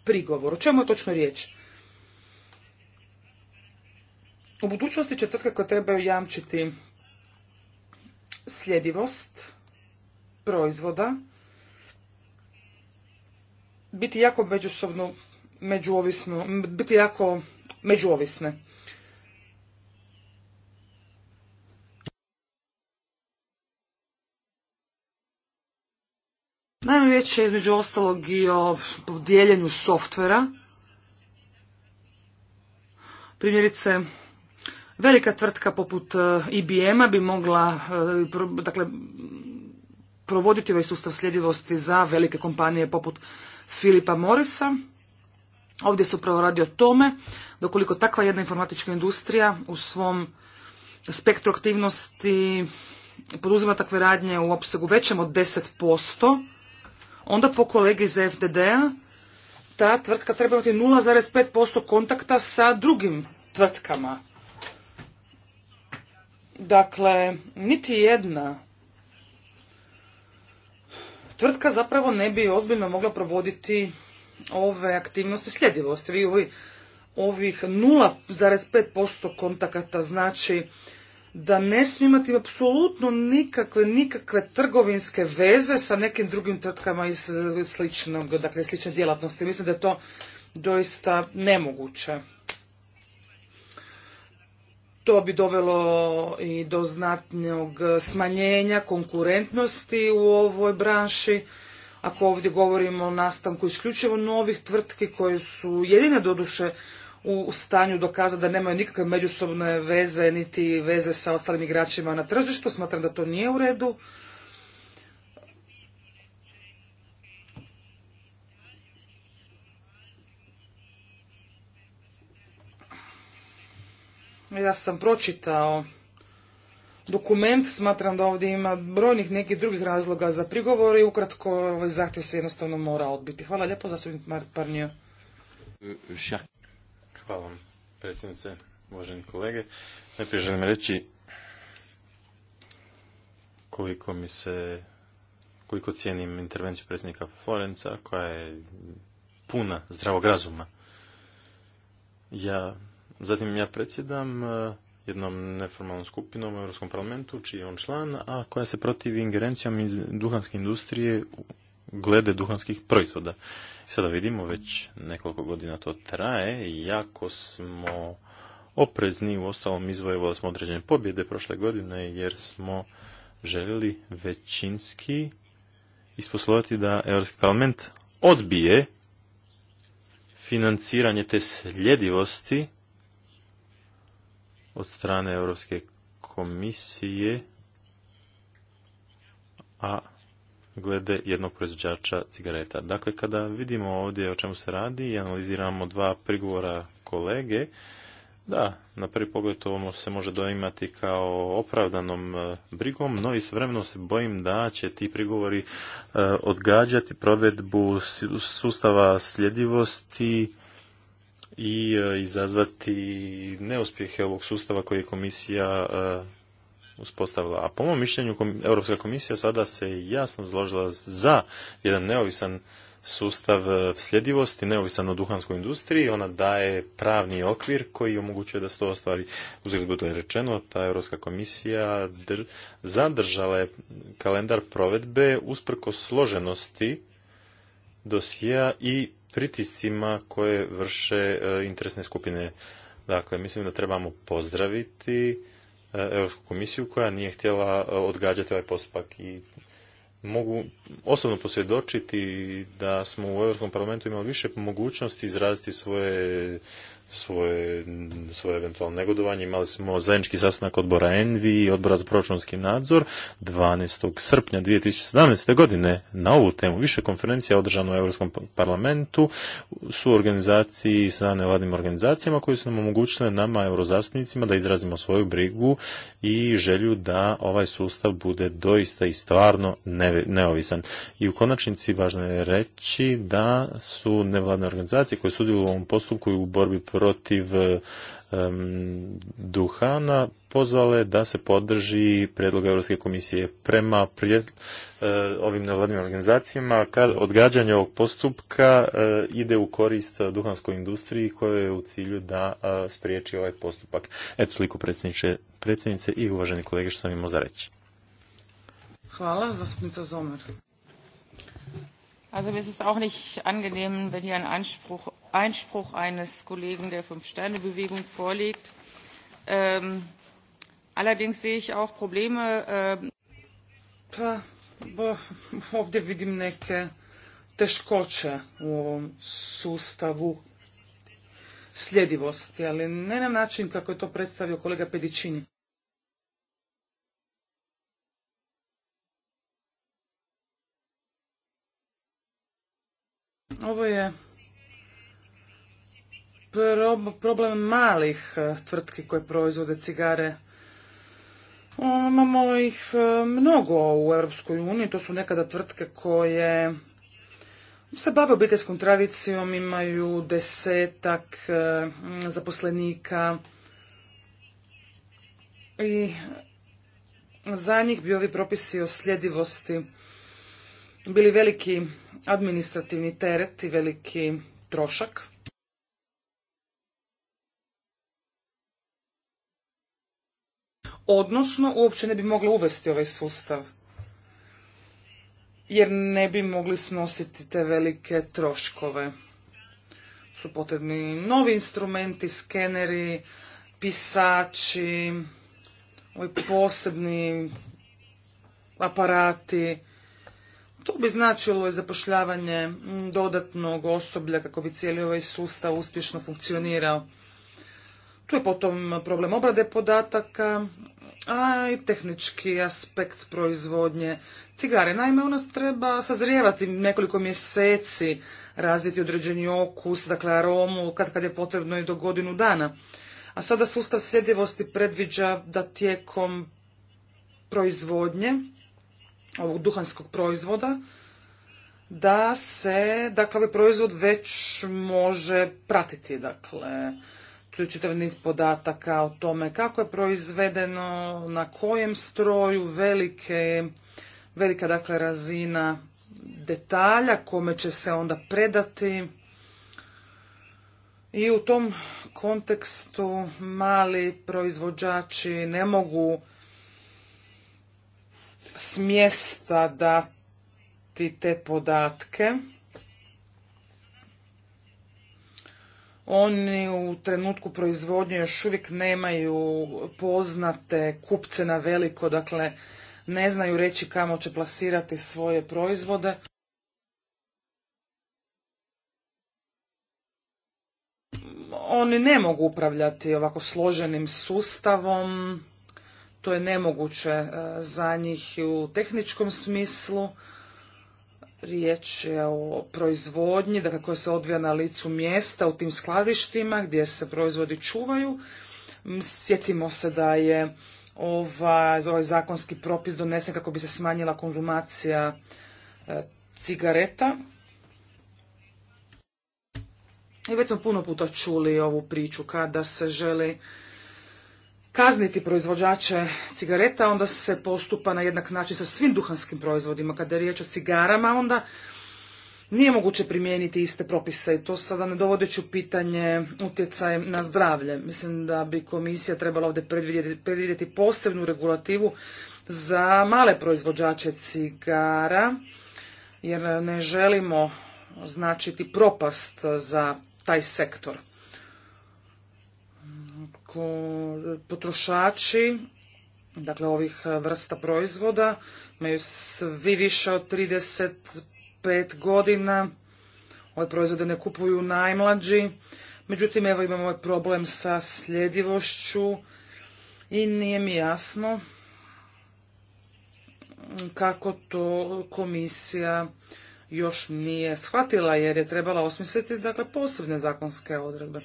prigovor. O čemu je točno riječ? U budućnosti će tvrtka koje trebaju jamčiti sljedivost proizvoda biti jako međusobno međuovisno, biti jako međuovisne. Najveće riječ je između ostalog i o dijeljenju softvera. Primjerice, Velika tvrtka poput IBM-a e, e bi mogla e, dakle, provoditi ovaj sustav sljedivosti za velike kompanije poput Filipa Morisa. Ovdje se upravo radi o tome da ukoliko takva jedna informatička industrija u svom spektru aktivnosti poduzima takve radnje u opsegu većem od 10%, onda po kolegi iz FDD-a ta tvrtka treba imati 0,5% kontakta sa drugim tvrtkama Dakle, niti jedna tvrtka zapravo ne bi ozbiljno mogla provoditi ove aktivnosti sljedivosti. Vi ovi, ovih 0,5% kontakata znači da ne smije imati apsolutno nikakve, nikakve trgovinske veze sa nekim drugim tvrtkama iz sličnog, dakle, slične djelatnosti. Mislim da je to doista nemoguće. To bi dovelo i do znatnog smanjenja konkurentnosti u ovoj branši. Ako ovdje govorimo o nastanku isključivo novih tvrtki koje su jedine doduše u stanju dokazati da nemaju nikakve međusobne veze niti veze sa ostalim igračima na tržištu, smatram da to nije u redu. Ja sam pročitao dokument, smatram da ovdje ima brojnih nekih drugih razloga za prigovor i ukratko ovaj zahtjev se jednostavno mora odbiti. Hvala lijepo, zastupnik Parnio. Hvala vam, predsjednice, uvaženi kolege. Najprije želim reći koliko mi se koliko cijenim intervenciju predsjednika Florenca koja je puna zdravog razuma. Ja Zatim ja predsjedam e, jednom neformalnom skupinom u Europskom parlamentu, čiji je on član, a koja se protivi ingerencijom iz duhanske industrije glede duhanskih proizvoda. Sada vidimo, već nekoliko godina to traje jako smo oprezni, u ostalom izvojevali smo određene pobjede prošle godine, jer smo željeli većinski isposlovati da Europski parlament odbije financiranje te sljedivosti od strane Europske komisije, a glede jednog proizvođača cigareta. Dakle, kada vidimo ovdje o čemu se radi i analiziramo dva prigovora kolege, da, na prvi pogled ono se može doimati kao opravdanom e, brigom, no istovremeno se bojim da će ti prigovori e, odgađati provedbu sustava sljedivosti i e, izazvati neuspjehe ovog sustava koji je komisija e, uspostavila. A po mom mišljenju, Europska komisija sada se jasno zložila za jedan neovisan sustav e, sljedivosti, neovisan o duhanskoj industriji. Ona daje pravni okvir koji omogućuje da se to ostvari. Uzgled budu je rečeno, ta Europska komisija zadržala je kalendar provedbe usprko složenosti dosija i pritiscima koje vrše e, interesne skupine. Dakle, mislim da trebamo pozdraviti e, Europsku komisiju koja nije htjela e, odgađati ovaj postupak i mogu osobno posvjedočiti da smo u Europskom parlamentu imali više mogućnosti izraziti svoje svoje, svoje eventualno negodovanje. Imali smo zajednički sastanak odbora Envi i odbora za proračunski nadzor 12. srpnja 2017. godine na ovu temu. Više konferencija održano u Europskom parlamentu su organizaciji sa nevladnim organizacijama koje su nam omogućile nama, eurozastupnicima, da izrazimo svoju brigu i želju da ovaj sustav bude doista i stvarno neovisan. I u konačnici važno je reći da su nevladne organizacije koje sudjeluju u ovom postupku i u borbi protiv protiv e, duhana pozvale da se podrži predlog Europske komisije prema e, ovim nevladnim organizacijama. Kad odgađanje ovog postupka e, ide u korist duhanskoj industriji koja je u cilju da spriječi ovaj postupak. Eto toliko predsjednice i uvaženi kolege što sam imao za reći. Hvala, zastupnica Zomer. Also mir ist auch nicht angenehm, wenn hier ein Anspruch Einspruch eines Kollegen der Fünf-Sterne-Bewegung vorliegt. Ähm, allerdings sehe ich auch Probleme. Ähm, pa, ovdje vidim neke teškoće u ovom sustavu sljedivosti, ali ne na način kako je to predstavio kolega Pedicini. Ovo je problem malih e, tvrtki koje proizvode cigare. Imamo ih e, mnogo u Europskoj uniji, to su nekada tvrtke koje se bave obiteljskom tradicijom, imaju desetak e, zaposlenika i za njih bi ovi propisi o sljedivosti bili veliki administrativni teret i veliki trošak. odnosno uopće ne bi mogli uvesti ovaj sustav jer ne bi mogli snositi te velike troškove. Su potrebni novi instrumenti, skeneri, pisači, ovi posebni aparati. To bi značilo i zapošljavanje dodatnog osoblja kako bi cijeli ovaj sustav uspješno funkcionirao. Tu je potom problem obrade podataka, a i tehnički aspekt proizvodnje cigare. Naime, ona treba sazrijevati nekoliko mjeseci, razviti određeni okus, dakle aromu, kad kad je potrebno i do godinu dana. A sada sustav sjedivosti predviđa da tijekom proizvodnje ovog duhanskog proizvoda, da se, dakle, ovaj proizvod već može pratiti, dakle, tu je čitav niz podataka o tome kako je proizvedeno, na kojem stroju, velike, velika dakle razina detalja kome će se onda predati. I u tom kontekstu mali proizvođači ne mogu smjesta dati te podatke. Oni u trenutku proizvodnje još uvijek nemaju poznate kupce na veliko, dakle ne znaju reći kamo će plasirati svoje proizvode. Oni ne mogu upravljati ovako složenim sustavom, to je nemoguće e, za njih u tehničkom smislu. Riječ je o proizvodnji, dakle koja se odvija na licu mjesta u tim skladištima gdje se proizvodi čuvaju. Sjetimo se da je ovaj, ovaj zakonski propis donesen kako bi se smanjila konzumacija e, cigareta. I već smo puno puta čuli ovu priču kada se želi kazniti proizvođače cigareta, onda se postupa na jednak način sa svim duhanskim proizvodima. Kada je riječ o cigarama, onda nije moguće primijeniti iste propise i to sada ne dovodeći u pitanje utjecaj na zdravlje. Mislim da bi komisija trebala ovdje predvidjeti, predvidjeti posebnu regulativu za male proizvođače cigara, jer ne želimo značiti propast za taj sektor potrošači dakle ovih vrsta proizvoda imaju svi više od 35 godina. Ove proizvode ne kupuju najmlađi. Međutim, evo imamo ovaj problem sa sljedivošću i nije mi jasno kako to komisija još nije shvatila jer je trebala osmisliti dakle posebne zakonske odredbe.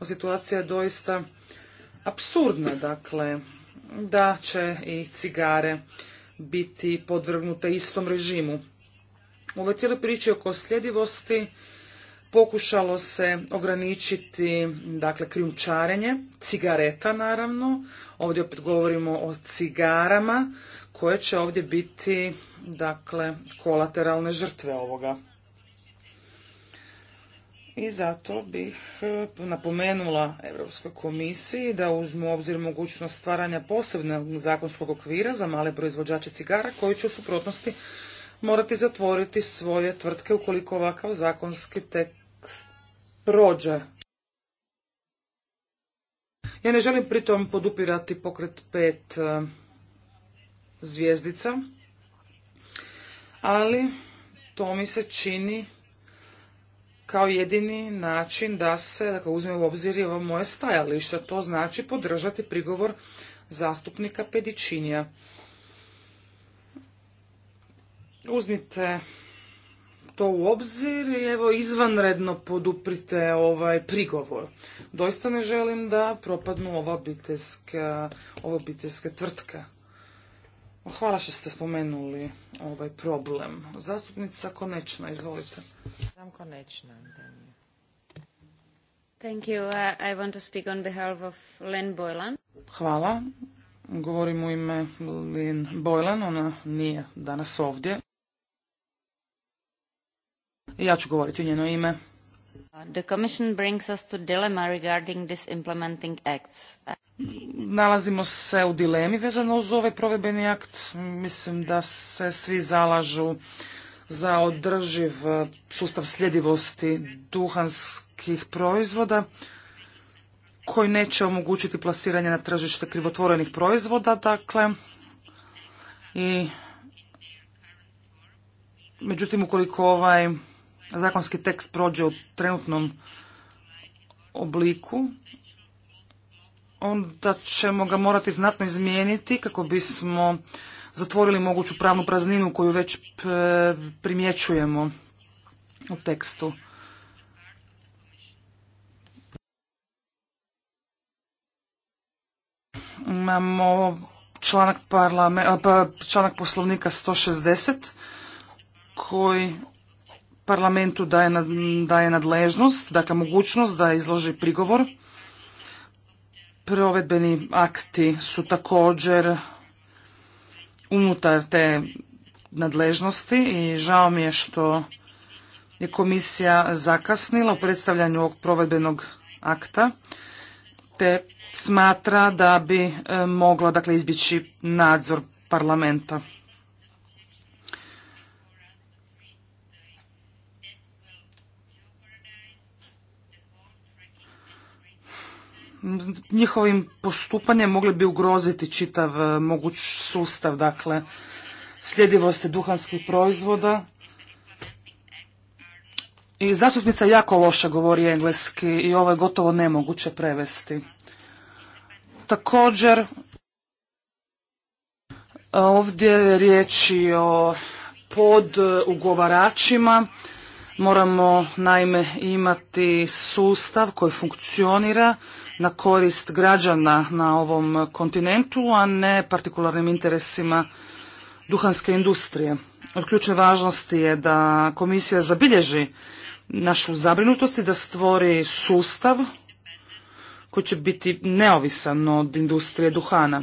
O situacija je doista apsurdno, dakle, da će i cigare biti podvrgnute istom režimu. U ovoj cijeloj priči oko sljedivosti pokušalo se ograničiti dakle krijumčarenje cigareta naravno ovdje opet govorimo o cigarama koje će ovdje biti dakle kolateralne žrtve ovoga i zato bih e, napomenula Europskoj komisiji da uzmu obzir mogućnost stvaranja posebnog zakonskog okvira za male proizvođače cigara koji će u suprotnosti morati zatvoriti svoje tvrtke ukoliko ovakav zakonski tekst prođe. Ja ne želim pritom podupirati pokret pet e, zvijezdica, ali to mi se čini kao jedini način da se dakle, uzme u obzir ovo moje stajalište. To znači podržati prigovor zastupnika Pedičinija. Uzmite to u obzir i evo izvanredno poduprite ovaj prigovor. Doista ne želim da propadnu ova obiteljska, ova obiteljska tvrtka. Hvala što ste spomenuli ovaj problem. Zastupnica Konečna, izvolite. Sam Konečna, Thank you. Uh, I want to speak on behalf of Len Boylan. Hvala. Govorim u ime Lynn Boylan, ona nije danas ovdje. Ja ću govoriti u njeno ime. The Commission brings us to dilemma regarding implementing acts. Nalazimo se u dilemi vezano uz ovaj provedbeni akt. Mislim da se svi zalažu za održiv e, sustav sljedivosti duhanskih proizvoda koji neće omogućiti plasiranje na tržište krivotvorenih proizvoda, dakle, i međutim ukoliko ovaj zakonski tekst prođe u trenutnom obliku, onda ćemo ga morati znatno izmijeniti kako bismo zatvorili moguću pravnu prazninu koju već primjećujemo u tekstu. Imamo članak, pa, članak poslovnika 160 koji parlamentu daje, daje nadležnost, dakle mogućnost da izloži prigovor. Provedbeni akti su također unutar te nadležnosti i žao mi je što je komisija zakasnila u predstavljanju ovog provedbenog akta te smatra da bi e, mogla dakle izbjeći nadzor parlamenta. njihovim postupanjem mogli bi ugroziti čitav e, moguć sustav, dakle, sljedivosti duhanskih proizvoda. I zastupnica jako loše govori engleski i ovo je gotovo nemoguće prevesti. Također, ovdje je riječ i o podugovaračima. Moramo naime imati sustav koji funkcionira na korist građana na ovom kontinentu, a ne partikularnim interesima duhanske industrije. Od ključne važnosti je da komisija zabilježi našu zabrinutost i da stvori sustav koji će biti neovisan od industrije duhana.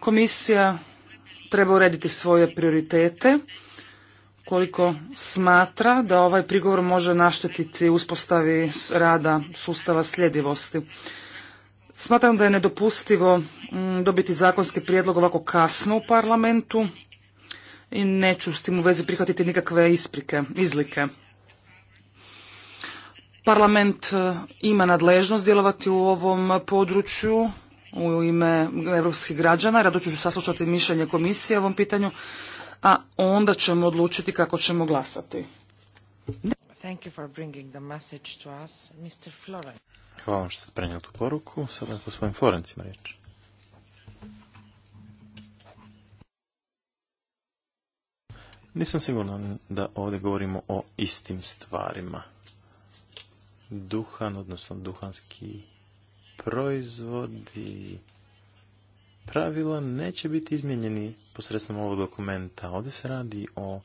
Komisija treba urediti svoje prioritete koliko smatra da ovaj prigovor može naštetiti uspostavi rada sustava sljedivosti. Smatram da je nedopustivo mm, dobiti zakonski prijedlog ovako kasno u parlamentu i neću s tim u vezi prihvatiti nikakve isprike, izlike. Parlament e, ima nadležnost djelovati u ovom području u ime europskih građana. Rado ću saslušati mišljenje komisije o ovom pitanju a onda ćemo odlučiti kako ćemo glasati. Thank you for bringing the message to us. Mr. Hvala vam što ste prenijeli tu poruku. Sada gospodin Florenc ima riječ. Nisam siguran da ovdje govorimo o istim stvarima. Duhan, odnosno duhanski proizvodi pravila neće biti izmijenjeni posredstvom ovog dokumenta. Ovdje se radi o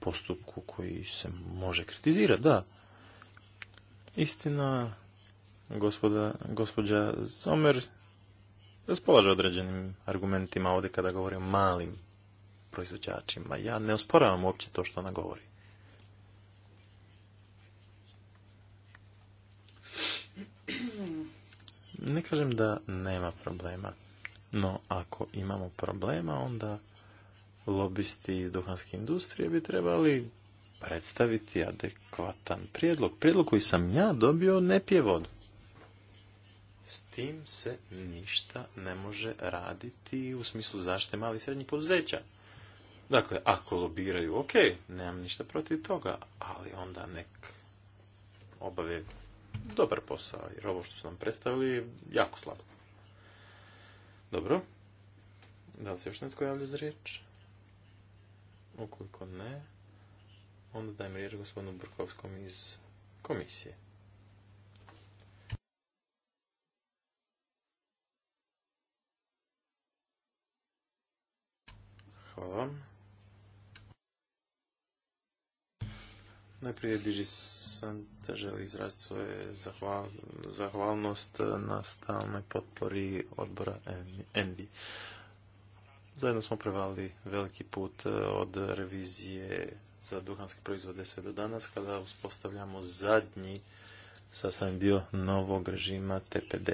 postupku koji se može kritizirati, da. Istina, gospoda, gospođa Zomer raspolaže određenim argumentima ovdje kada govori o malim proizvođačima. Ja ne osporavam uopće to što ona govori. Ne kažem da nema problema. No, ako imamo problema, onda lobisti iz duhanske industrije bi trebali predstaviti adekvatan prijedlog. Prijedlog koji sam ja dobio ne pije vodu. S tim se ništa ne može raditi u smislu zaštite malih i srednjih poduzeća. Dakle, ako lobiraju, ok, nemam ništa protiv toga, ali onda nek obave dobar posao, jer ovo što su nam predstavili je jako slabo. Dobro. Da li se još netko javlja za riječ? Ukoliko ne, onda dajem riječ gospodinu Burkovskom iz komisije. Hvala vam. Najprije diži Santa želi izraziti svoje zahvalnost na stalnoj potpori odbora Envi. Zajedno smo prevali veliki put e, od revizije za duhanske proizvode sve do danas kada uspostavljamo zadnji sastavni dio novog režima TPD.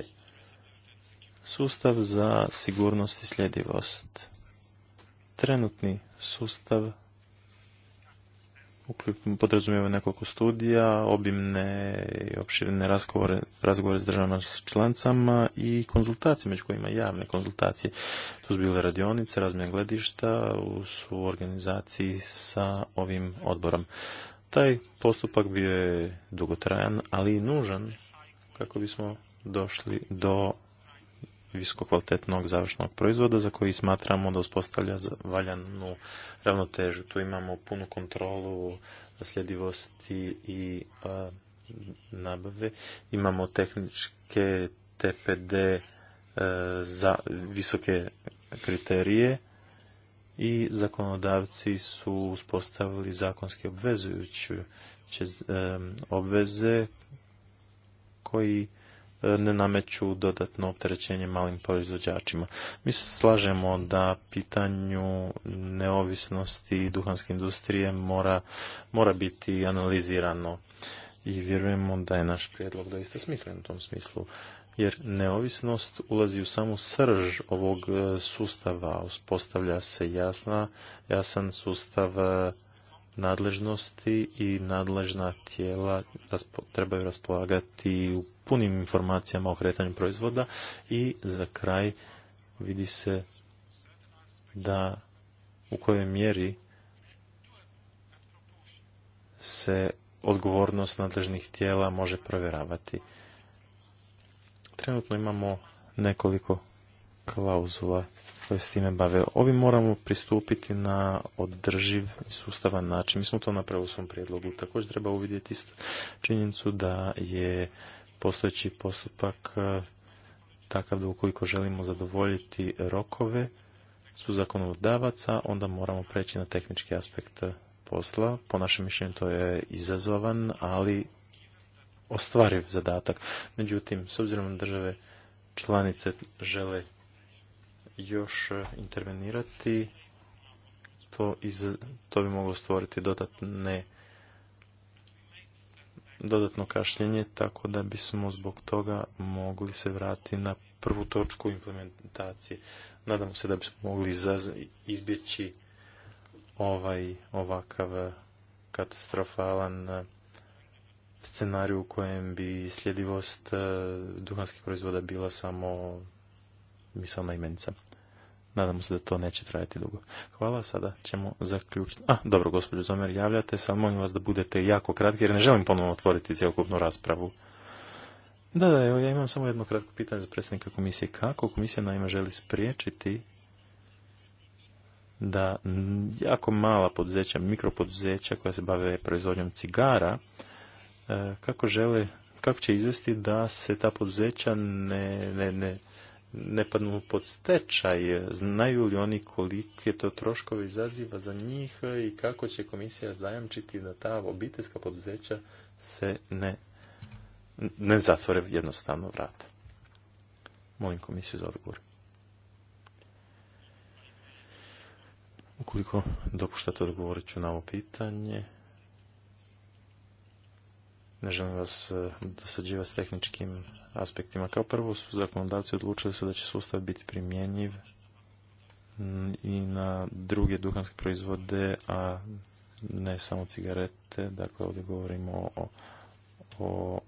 Sustav za sigurnost i sljedivost. Trenutni sustav podrazumijeva nekoliko studija, obimne i opširne razgovore, s državama člancama i konzultacije, među kojima javne konzultacije. Tu su bile radionice, razmjena gledišta u organizaciji sa ovim odborom. Taj postupak bio je dugotrajan, ali i nužan kako bismo došli do visokokvalitetnog završnog proizvoda za koji smatramo da uspostavlja valjanu ravnotežu. Tu imamo punu kontrolu sljedivosti i nabave. Imamo tehničke TPD e, za visoke kriterije i zakonodavci su uspostavili zakonski obvezujuće e, obveze koji ne nameću dodatno opterećenje malim proizvođačima. Mi se slažemo da pitanju neovisnosti duhanske industrije mora, mora biti analizirano i vjerujemo da je naš prijedlog doista smislen u tom smislu jer neovisnost ulazi u samu srž ovog e, sustava, uspostavlja se jasna, jasan sustav e, nadležnosti i nadležna tijela trebaju raspolagati u punim informacijama o kretanju proizvoda i za kraj vidi se da u kojoj mjeri se odgovornost nadležnih tijela može provjeravati. Trenutno imamo nekoliko klauzula koje se time bave. Ovi moramo pristupiti na održiv i sustavan način. Mi smo to napravili u svom prijedlogu. Također treba uvidjeti činjenicu da je postojeći postupak e, takav da ukoliko želimo zadovoljiti rokove su zakonodavaca, onda moramo preći na tehnički aspekt posla. Po našem mišljenju to je izazovan, ali ostvariv zadatak. Međutim, s obzirom na države članice žele još e, intervenirati, to, iz, to bi moglo stvoriti dodatne dodatno kašljenje, tako da bismo zbog toga mogli se vratiti na prvu točku implementacije. Nadamo se da bismo mogli izbjeći ovaj ovakav katastrofalan e, scenarij u kojem bi sljedivost e, duhanskih proizvoda bila samo misalna imenica. Nadamo se da to neće trajati dugo. Hvala, sada ćemo zaključiti. A, dobro, gospođo Zomer, javljate se, ali molim vas da budete jako kratki, jer ne želim ponovno otvoriti cjelokupnu raspravu. Da, da, evo, ja imam samo jedno kratko pitanje za predsjednika komisije. Kako komisija naime želi spriječiti da jako mala poduzeća, mikropoduzeća koja se bave proizvodnjom cigara, e, kako žele, kako će izvesti da se ta poduzeća ne, ne, ne ne padnu pod stečaj, znaju li oni kolike to troškovi izaziva za njih i kako će komisija zajamčiti da ta obiteljska poduzeća se ne, ne zatvore jednostavno vrata. Molim komisiju za odgovor. Ukoliko dopuštate odgovorit ću na ovo pitanje ne želim vas e, dosađivati s tehničkim aspektima. Kao prvo su zakonodavci odlučili su da će sustav biti primjenjiv i na druge duhanske proizvode, a ne samo cigarete. Dakle, ovdje govorimo o, o,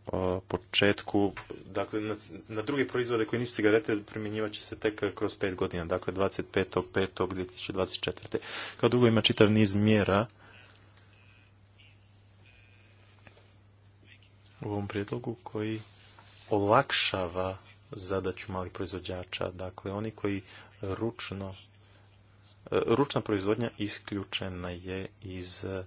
početku. Dakle, na, druge proizvode koji nisu cigarete primjenjivat će se tek kroz pet godina. Dakle, 25.5.2024. Kao drugo ima čitav niz mjera u ovom prijedlogu koji olakšava zadaću malih proizvođača, dakle oni koji ručno e, ručna proizvodnja isključena je iz e,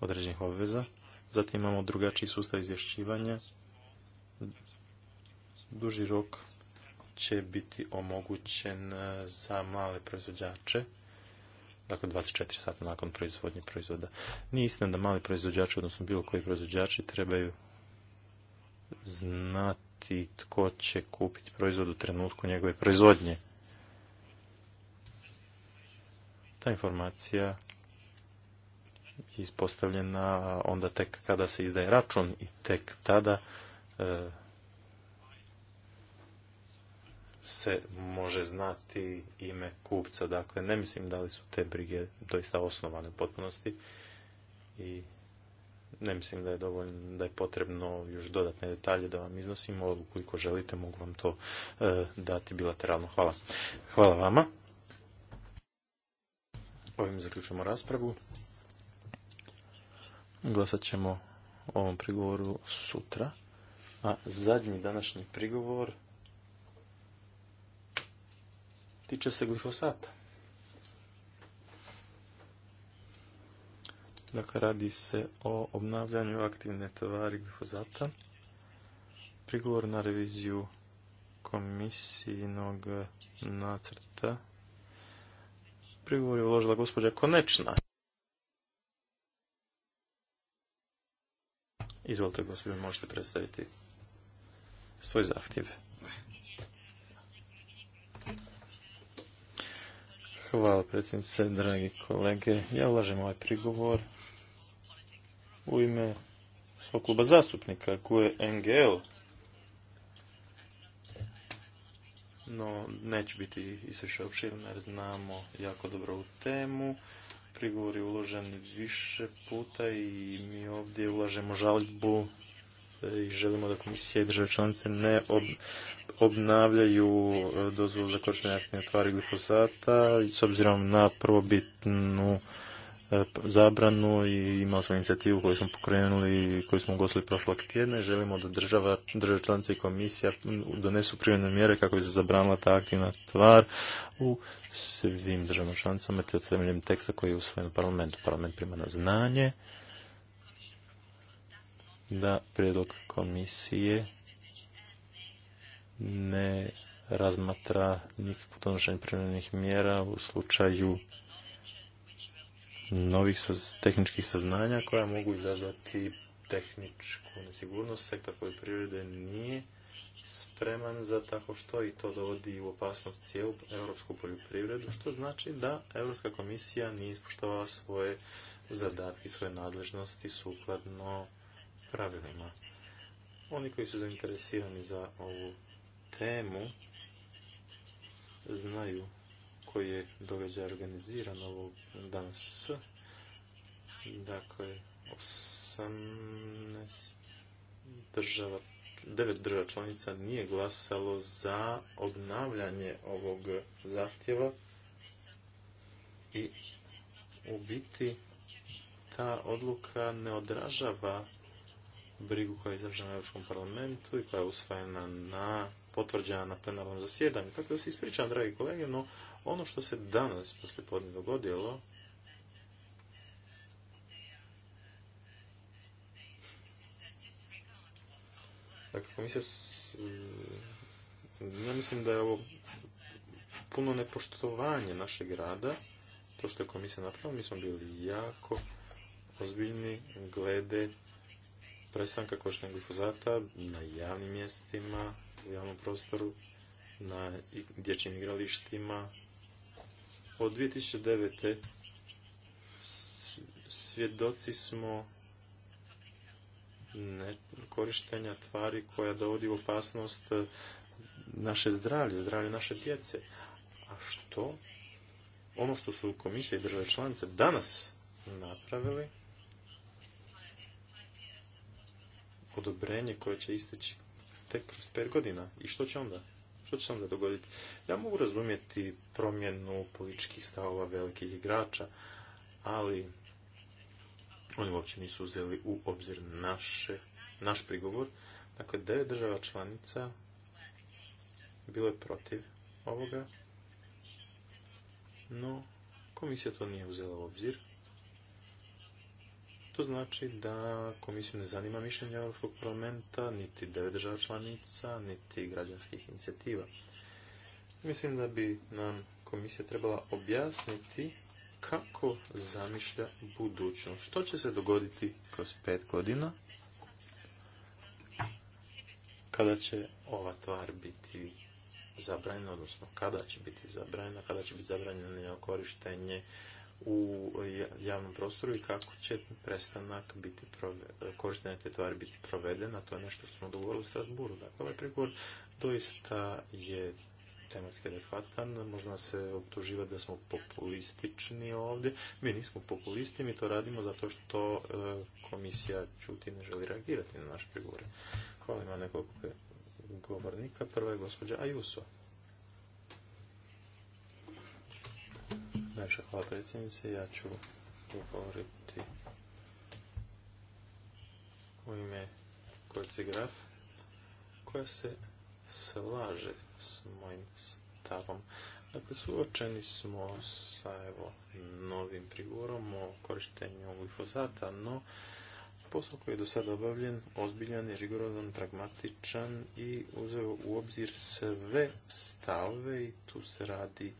određenih obveza. Zatim imamo drugačiji sustav izvješćivanja. Duži rok će biti omogućen e, za male proizvođače dakle 24 sata nakon proizvodnje proizvoda. Nije istina da mali proizvođači, odnosno bilo koji proizvođači, trebaju znati tko će kupiti proizvod u trenutku njegove proizvodnje. Ta informacija je ispostavljena onda tek kada se izdaje račun i tek tada e, se može znati ime kupca. Dakle, ne mislim da li su te brige doista osnovane u potpunosti i ne mislim da je dovoljno, da je potrebno još dodatne detalje da vam iznosim, ali ukoliko želite mogu vam to e, dati bilateralno. Hvala. Hvala vama. Ovim zaključujemo raspravu. Glasat ćemo o ovom prigovoru sutra. A zadnji današnji prigovor tiče se glifosata. Dakle, radi se o obnavljanju aktivne tvari glifosata. Prigovor na reviziju komisijinog nacrta. Prigovor je uložila gospođa Konečna. Izvolite, gospođa, možete predstaviti svoj zahtjev. Hvala predsjednice, dragi kolege. Ja ulažem ovaj prigovor u ime svog kluba zastupnika koje je NGL. No, neće biti isviše opširno jer znamo jako dobro u temu. Prigovor je uložen više puta i mi ovdje ulažemo žalbu i želimo da komisija i države članice ne obnavljaju e, dozvolu za korištenje aktivne tvari glifosata s obzirom na prvobitnu e, zabranu i imali smo inicijativu koju smo pokrenuli i koju smo ugostili prošlog tjedna. Želimo da država, države članice i komisija donesu privremene mjere kako bi se zabranila ta aktivna tvar u svim državama članicama te temeljem teksta koji je usvojen u parlamentu. Parlament prima na znanje da prijedlog komisije ne razmatra nikakvo donošenje privremenih mjera u slučaju novih tehničkih saznanja koja mogu izazvati tehničku nesigurnost. Sektor poljoprivrede nije spreman za tako što i to dovodi u opasnost cijelu europsku poljoprivredu, što znači da Europska komisija nije ispoštovala svoje zadatke, svoje nadležnosti sukladno pravilima. Oni koji su zainteresirani za ovu temu znaju koji je događaj organiziran ovo danas. Dakle, država, devet država članica nije glasalo za obnavljanje ovog zahtjeva i u biti ta odluka ne odražava brigu koja je izražena u Europskom parlamentu i koja je usvojena na, potvrđena na plenarnom zasjedanju. Tako da se ispričam, dragi kolege, no ono što se danas poslijepodne dogodilo, Dakle, komisija, ja mislim da je ovo puno nepoštovanje našeg rada, to što je komisija napravila, mi smo bili jako ozbiljni glede prestanka košnjeg glifozata na javnim mjestima, u javnom prostoru, na dječjim igralištima. Od 2009. svjedoci smo korištenja tvari koja dovodi u opasnost naše zdravlje, zdravlje naše djece. A što? Ono što su komisije i države članice danas napravili, odobrenje koje će isteći tek kroz pet godina. I što će onda? Što će se onda dogoditi? Ja mogu razumjeti promjenu političkih stavova velikih igrača, ali oni uopće nisu uzeli u obzir naše, naš prigovor. Dakle, devet država članica bilo je protiv ovoga, no komisija to nije uzela u obzir to znači da komisiju ne zanima mišljenje Europskog parlamenta, niti devet država članica, niti građanskih inicijativa. Mislim da bi nam komisija trebala objasniti kako zamišlja budućnost. Što će se dogoditi kroz pet godina kada će ova tvar biti zabranjena, odnosno kada će biti zabranjena, kada će biti zabranjeno korištenje u javnom prostoru i kako će prestanak biti korištenja te tvari biti provedena, a to je nešto što smo dogovorili u Strasburu. Dakle, ovaj prigovor doista je tematski adekvatan, možda se optuživati da smo populistični ovdje. Mi nismo populisti, mi to radimo zato što e, komisija čuti ne želi reagirati na naše prigovore. Hvala, ima nekoliko govornika. Prva je gospođa Ajuso. Najviše hvala predsjednice, ja ću govoriti u ime kolegice Graf, koja se slaže s mojim stavom. Dakle, suočeni smo sa evo, novim prigovorom o korištenju glifosata, no posao koji je do sada obavljen ozbiljan je rigorozan, pragmatičan i uzeo u obzir sve stave i tu se radi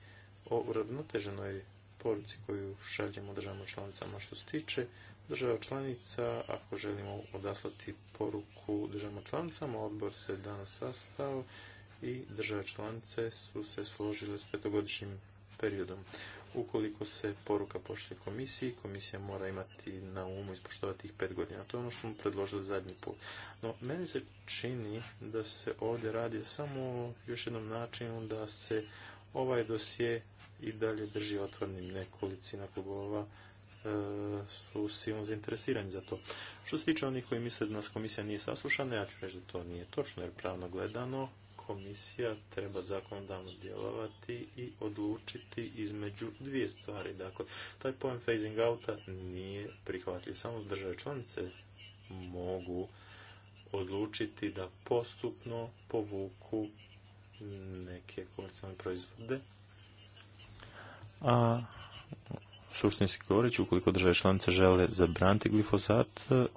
o uravnoteženoj poruci koju šaljemo državama članicama što se tiče država članica, ako želimo odaslati poruku državama članicama, odbor se danas sastao i države članice su se složile s petogodišnjim periodom. Ukoliko se poruka pošle komisiji, komisija mora imati na umu ispoštovati ih pet godina. To je ono što smo predložili zadnji put. No, meni se čini da se ovdje radi samo još jednom načinu da se ovaj dosje i dalje drži otvornim nekolicina klubova e, su silno zainteresirani za to. Što se tiče onih koji misle da nas komisija nije saslušana, ja ću reći da to nije točno, jer pravno gledano komisija treba zakonodavno djelovati i odlučiti između dvije stvari. Dakle, taj pojem phasing outa nije prihvatljiv. Samo države članice mogu odlučiti da postupno povuku neke komercijalne proizvode. A suštinski govoreći, ukoliko države članice žele zabraniti glifosat,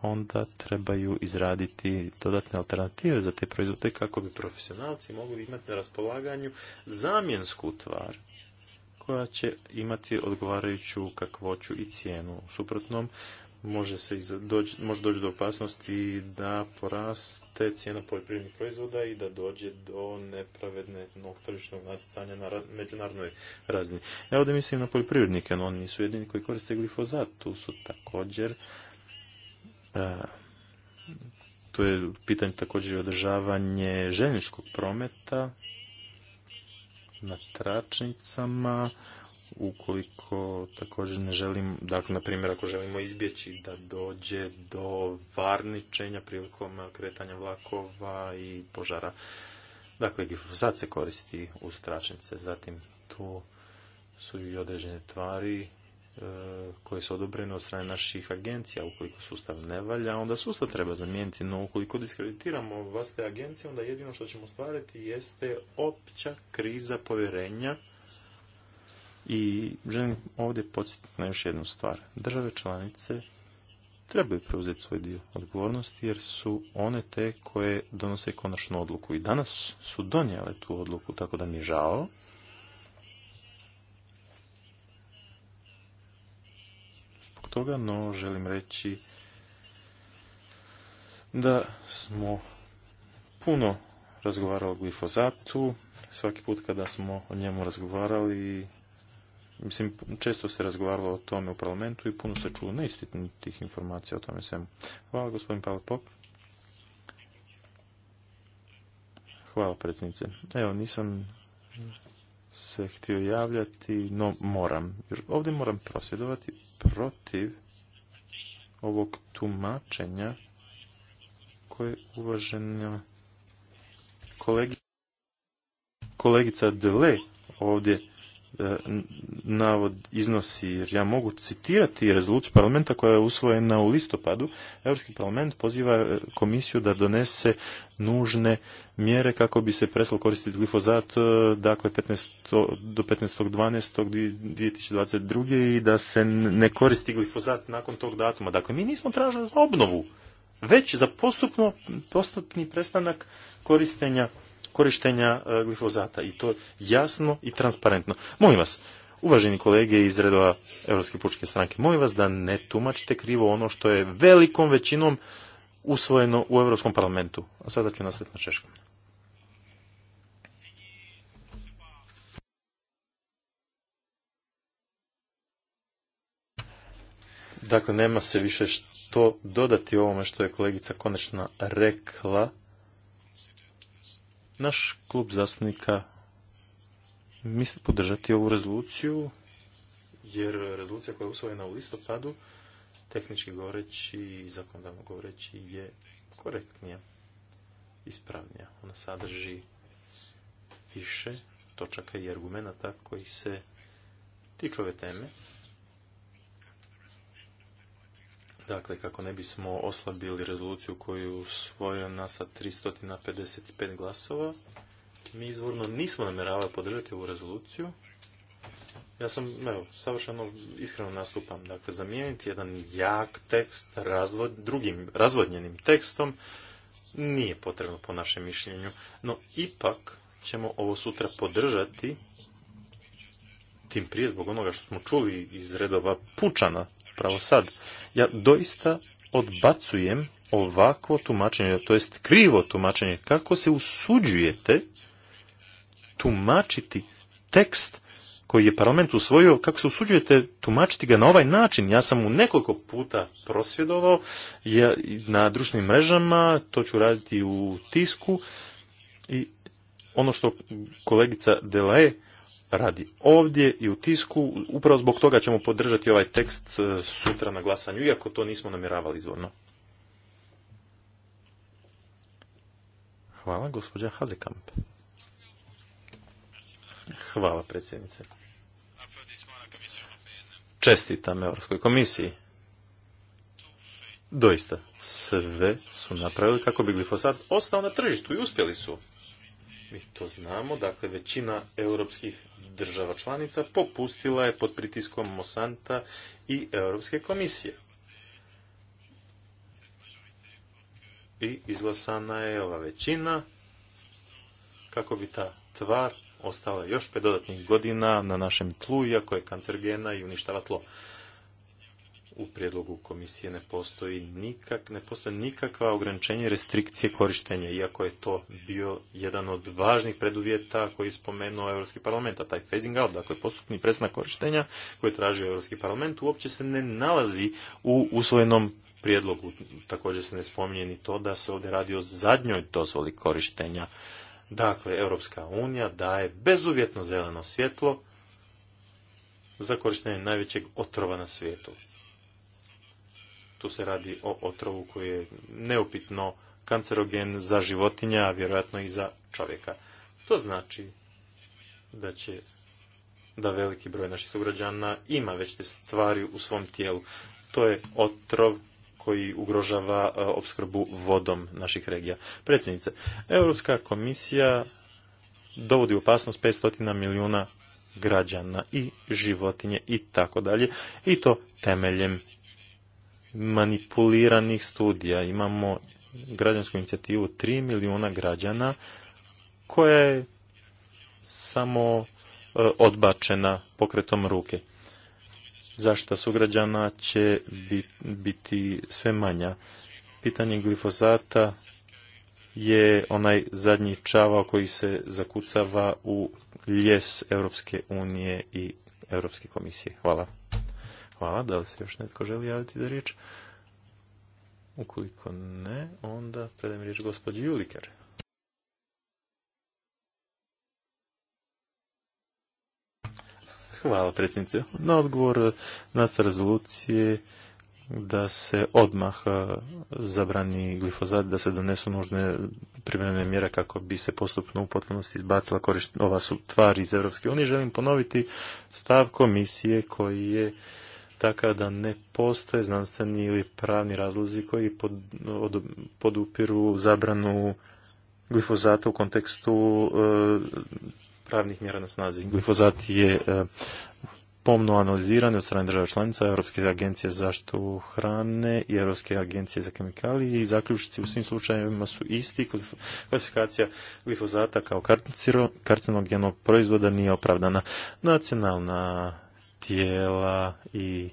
onda trebaju izraditi dodatne alternative za te proizvode kako bi profesionalci mogli imati na raspolaganju zamjensku tvar koja će imati odgovarajuću kakvoću i cijenu. U suprotnom, može se doći, može doći do opasnosti da poraste cijena poljoprivrednih proizvoda i da dođe do nepravedne tržišnog natjecanja na međunarodnoj razini. Ja ovdje mislim na poljoprivrednike, no oni nisu jedini koji koriste glifozat, tu su također e, To je pitanje također i održavanje željezničkog prometa na tračnicama, ukoliko također ne želim, dakle, na primjer, ako želimo izbjeći da dođe do varničenja prilikom kretanja vlakova i požara. Dakle, glifosat se koristi u stračnice, zatim tu su i određene tvari e, koje su odobrene od strane naših agencija. Ukoliko sustav ne valja, onda sustav treba zamijeniti. No, ukoliko diskreditiramo te agencije, onda jedino što ćemo stvariti jeste opća kriza povjerenja i želim ovdje podsjetiti na još jednu stvar. Države članice trebaju preuzeti svoj dio odgovornosti jer su one te koje donose konačnu odluku. I danas su donijele tu odluku, tako da mi je žao toga, no želim reći da smo puno razgovarali o glifozatu. Svaki put kada smo o njemu razgovarali, Mislim, često se razgovaralo o tome u parlamentu i puno se čulo tih informacija o tome svemu. Hvala, gospodin Pavel Pop. Hvala, predsjednice. Evo, nisam se htio javljati, no moram. Jer ovdje moram prosvjedovati protiv ovog tumačenja koje uvažena kolegica Dele ovdje E, navod iznosi, jer ja mogu citirati rezoluciju parlamenta koja je usvojena u listopadu. Europski parlament poziva e, komisiju da donese nužne mjere kako bi se prestalo koristiti glifozat e, dakle 15, do 15.12.2022. i da se ne koristi glifozat nakon tog datuma. Dakle, mi nismo tražili za obnovu, već za postupno, postupni prestanak koristenja korištenja e, glifozata i to jasno i transparentno. Molim vas, uvaženi kolege iz redova Europske pučke stranke, molim vas da ne tumačite krivo ono što je velikom većinom usvojeno u Europskom parlamentu. A sada ću nastaviti na češkom. Dakle, nema se više što dodati ovome što je kolegica konačna rekla. Naš klub zastupnika misli podržati ovu rezoluciju, jer rezolucija koja je usvojena u listopadu, tehnički govoreći i zakonodavno govoreći, je korektnija, ispravnija. Ona sadrži više točaka i argumenta koji se tiču ove teme Dakle, kako ne bismo oslabili rezoluciju koju usvojio nas sa 355 glasova, mi izvorno nismo namjeravali podržati ovu rezoluciju. Ja sam, evo, savršeno iskreno nastupam. Dakle, zamijeniti jedan jak tekst drugim razvodnjenim tekstom nije potrebno po našem mišljenju. No, ipak ćemo ovo sutra podržati tim prije zbog onoga što smo čuli iz redova pučana upravo sad. Ja doista odbacujem ovakvo tumačenje, to jest krivo tumačenje. Kako se usuđujete tumačiti tekst koji je parlament usvojio, kako se usuđujete tumačiti ga na ovaj način? Ja sam mu nekoliko puta prosvjedovao ja, na društvenim mrežama, to ću raditi u tisku i ono što kolegica uh, radi ovdje i u tisku. Upravo zbog toga ćemo podržati ovaj tekst e, sutra na glasanju, iako to nismo namjeravali izvorno. Hvala, gospođa Hazekamp. Hvala, predsjednice. Čestitam Europskoj komisiji. Doista, sve su napravili kako bi glifosat ostao na tržištu i uspjeli su. Mi to znamo, dakle većina europskih država članica popustila je pod pritiskom Mosanta i Europske komisije. I izglasana je ova većina kako bi ta tvar ostala još pet dodatnih godina na našem tlu, iako je kancergena i uništava tlo u prijedlogu komisije ne postoji nikak, ne postoje nikakva ograničenja i restrikcije korištenja, iako je to bio jedan od važnih preduvjeta koji je spomenuo Europski parlament, a taj phasing out, dakle postupni prestanak korištenja koji je tražio Europski parlament, uopće se ne nalazi u usvojenom prijedlogu. Također se ne spominje ni to da se ovdje radi o zadnjoj dozvoli korištenja. Dakle, Europska unija daje bezuvjetno zeleno svjetlo za korištenje najvećeg otrova na svijetu. Tu se radi o otrovu koji je neupitno kancerogen za životinja, a vjerojatno i za čovjeka. To znači da će da veliki broj naših sugrađana ima već te stvari u svom tijelu. To je otrov koji ugrožava e, opskrbu vodom naših regija. Predsjednice, Europska komisija dovodi opasnost 500 milijuna građana i životinje i tako dalje i to temeljem manipuliranih studija. Imamo građansku inicijativu 3 milijuna građana koja je samo e, odbačena pokretom ruke. su sugrađana će biti sve manja. Pitanje glifosata je onaj zadnji čavao koji se zakucava u ljes Europske unije i Europske komisije. Hvala. Hvala. Da li se još netko želi javiti za riječ? Ukoliko ne, onda predajem riječ gospođi Juliker. Hvala predsjednice. Na odgovor nasa rezolucije da se odmah e, zabrani glifozat, da se donesu nužne privremene mjere kako bi se postupno u potpunosti izbacila ova su tvar iz Europske unije. Želim ponoviti stav komisije koji je takav da ne postoje znanstveni ili pravni razlozi koji podupiru zabranu glifozata u kontekstu e, pravnih mjera na snazi. Glifozat je e, pomno analiziran od strane država članica, Europske agencije za zaštitu hrane i Europske agencije za kemikalije i zaključci u svim slučajevima su isti. Klasifikacija glifozata kao karcinogenog proizvoda nije opravdana. Nacionalna tijela i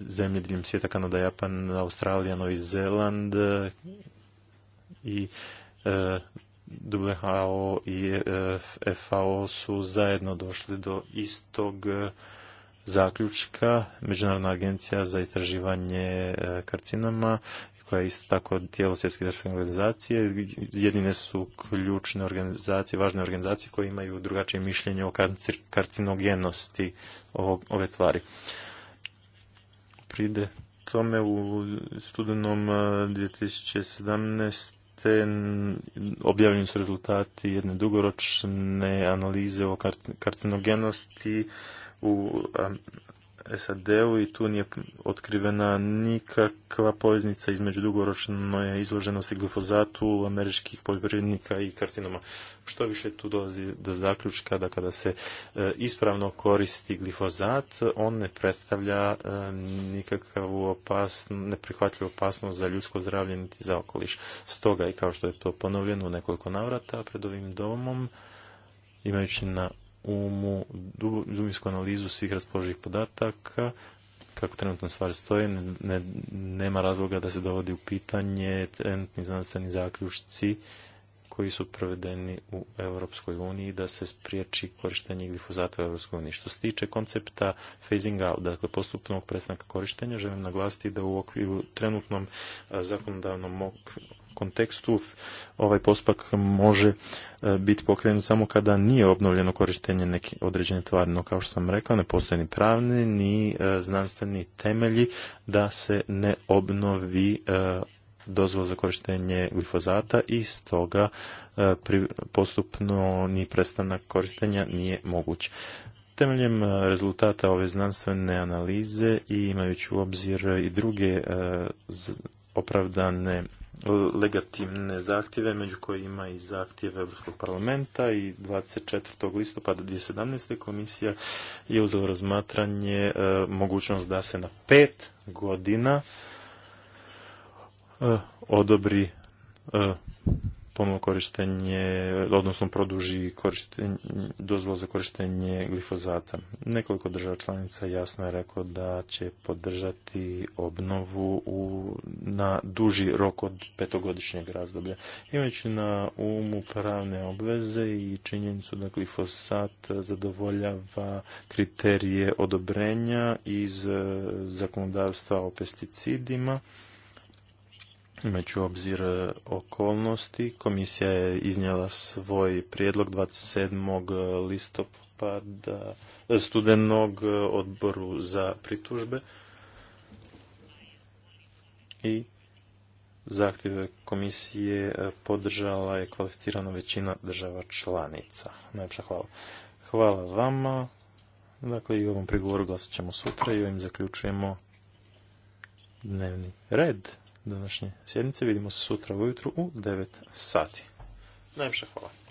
zemlje diljem svijeta, Kanada, Japan, Australija, Novi Zeland e, i e, WHO i e, FAO su zajedno došli do istog zaključka Međunarodna agencija za istraživanje karcinama koja je isto tako tijelo svjetske zdravstvene organizacije, jedine su ključne organizacije, važne organizacije koje imaju drugačije mišljenje o karcinogenosti ove tvari. Pride tome u studenom 2017 e, objavljeni su rezultati jedne dugoročne analize o karcinogenosti u SAD-u i tu nije otkrivena nikakva poveznica između dugoročne izloženosti glifozatu američkih poljoprivrednika i karcinoma. Što više tu dolazi do zaključka da kada se e, ispravno koristi glifozat, on ne predstavlja e, nikakvu opasnu, neprihvatljivu opasnost za ljudsko zdravlje niti za okoliš. Stoga i kao što je to ponovljeno u nekoliko navrata pred ovim domom, imajući na umu dubinsku analizu svih raspoloživih podataka, kako trenutno stvari stoje, nema razloga da se dovodi u pitanje trenutni znanstveni zaključci koji su provedeni u Europskoj uniji da se spriječi korištenje glifozata u Europskoj uniji. Što se tiče koncepta phasing out, dakle postupnog prestanka korištenja, želim naglasiti da u okviru trenutnom zakonodavnom kontekstu ovaj postupak može e, biti pokrenut samo kada nije obnovljeno korištenje neke određene tvari. No kao što sam rekla, ne postoje ni pravni ni e, znanstveni temelji da se ne obnovi e, dozvola za korištenje glifozata i stoga postupno ni prestanak korištenja nije moguć. Temeljem rezultata ove znanstvene analize i imajući u obzir i druge opravdane legitimne zahtjeve, među kojima i zahtjeve Europskog parlamenta i 24. listopada 2017. komisija je uzela razmatranje e, mogućnost da se na pet godina e, odobri e, ponovno korištenje, odnosno produži korištenje, za korištenje glifozata. Nekoliko država članica jasno je reklo da će podržati obnovu u, na duži rok od petogodišnjeg razdoblja. Imajući na umu pravne obveze i činjenicu da glifosat zadovoljava kriterije odobrenja iz eh, zakonodavstva o pesticidima, Imajući obzir e, okolnosti, komisija je iznijela svoj prijedlog 27. E, listopada e, studenog odboru za pritužbe i zahtjeve komisije podržala je kvalificirana većina država članica. Najpša hvala. Hvala vama. Dakle, i ovom prigovoru glasat ćemo sutra i ovim zaključujemo dnevni red današnje sjednice. Vidimo se sutra ujutru u 9 sati. Najviše hvala.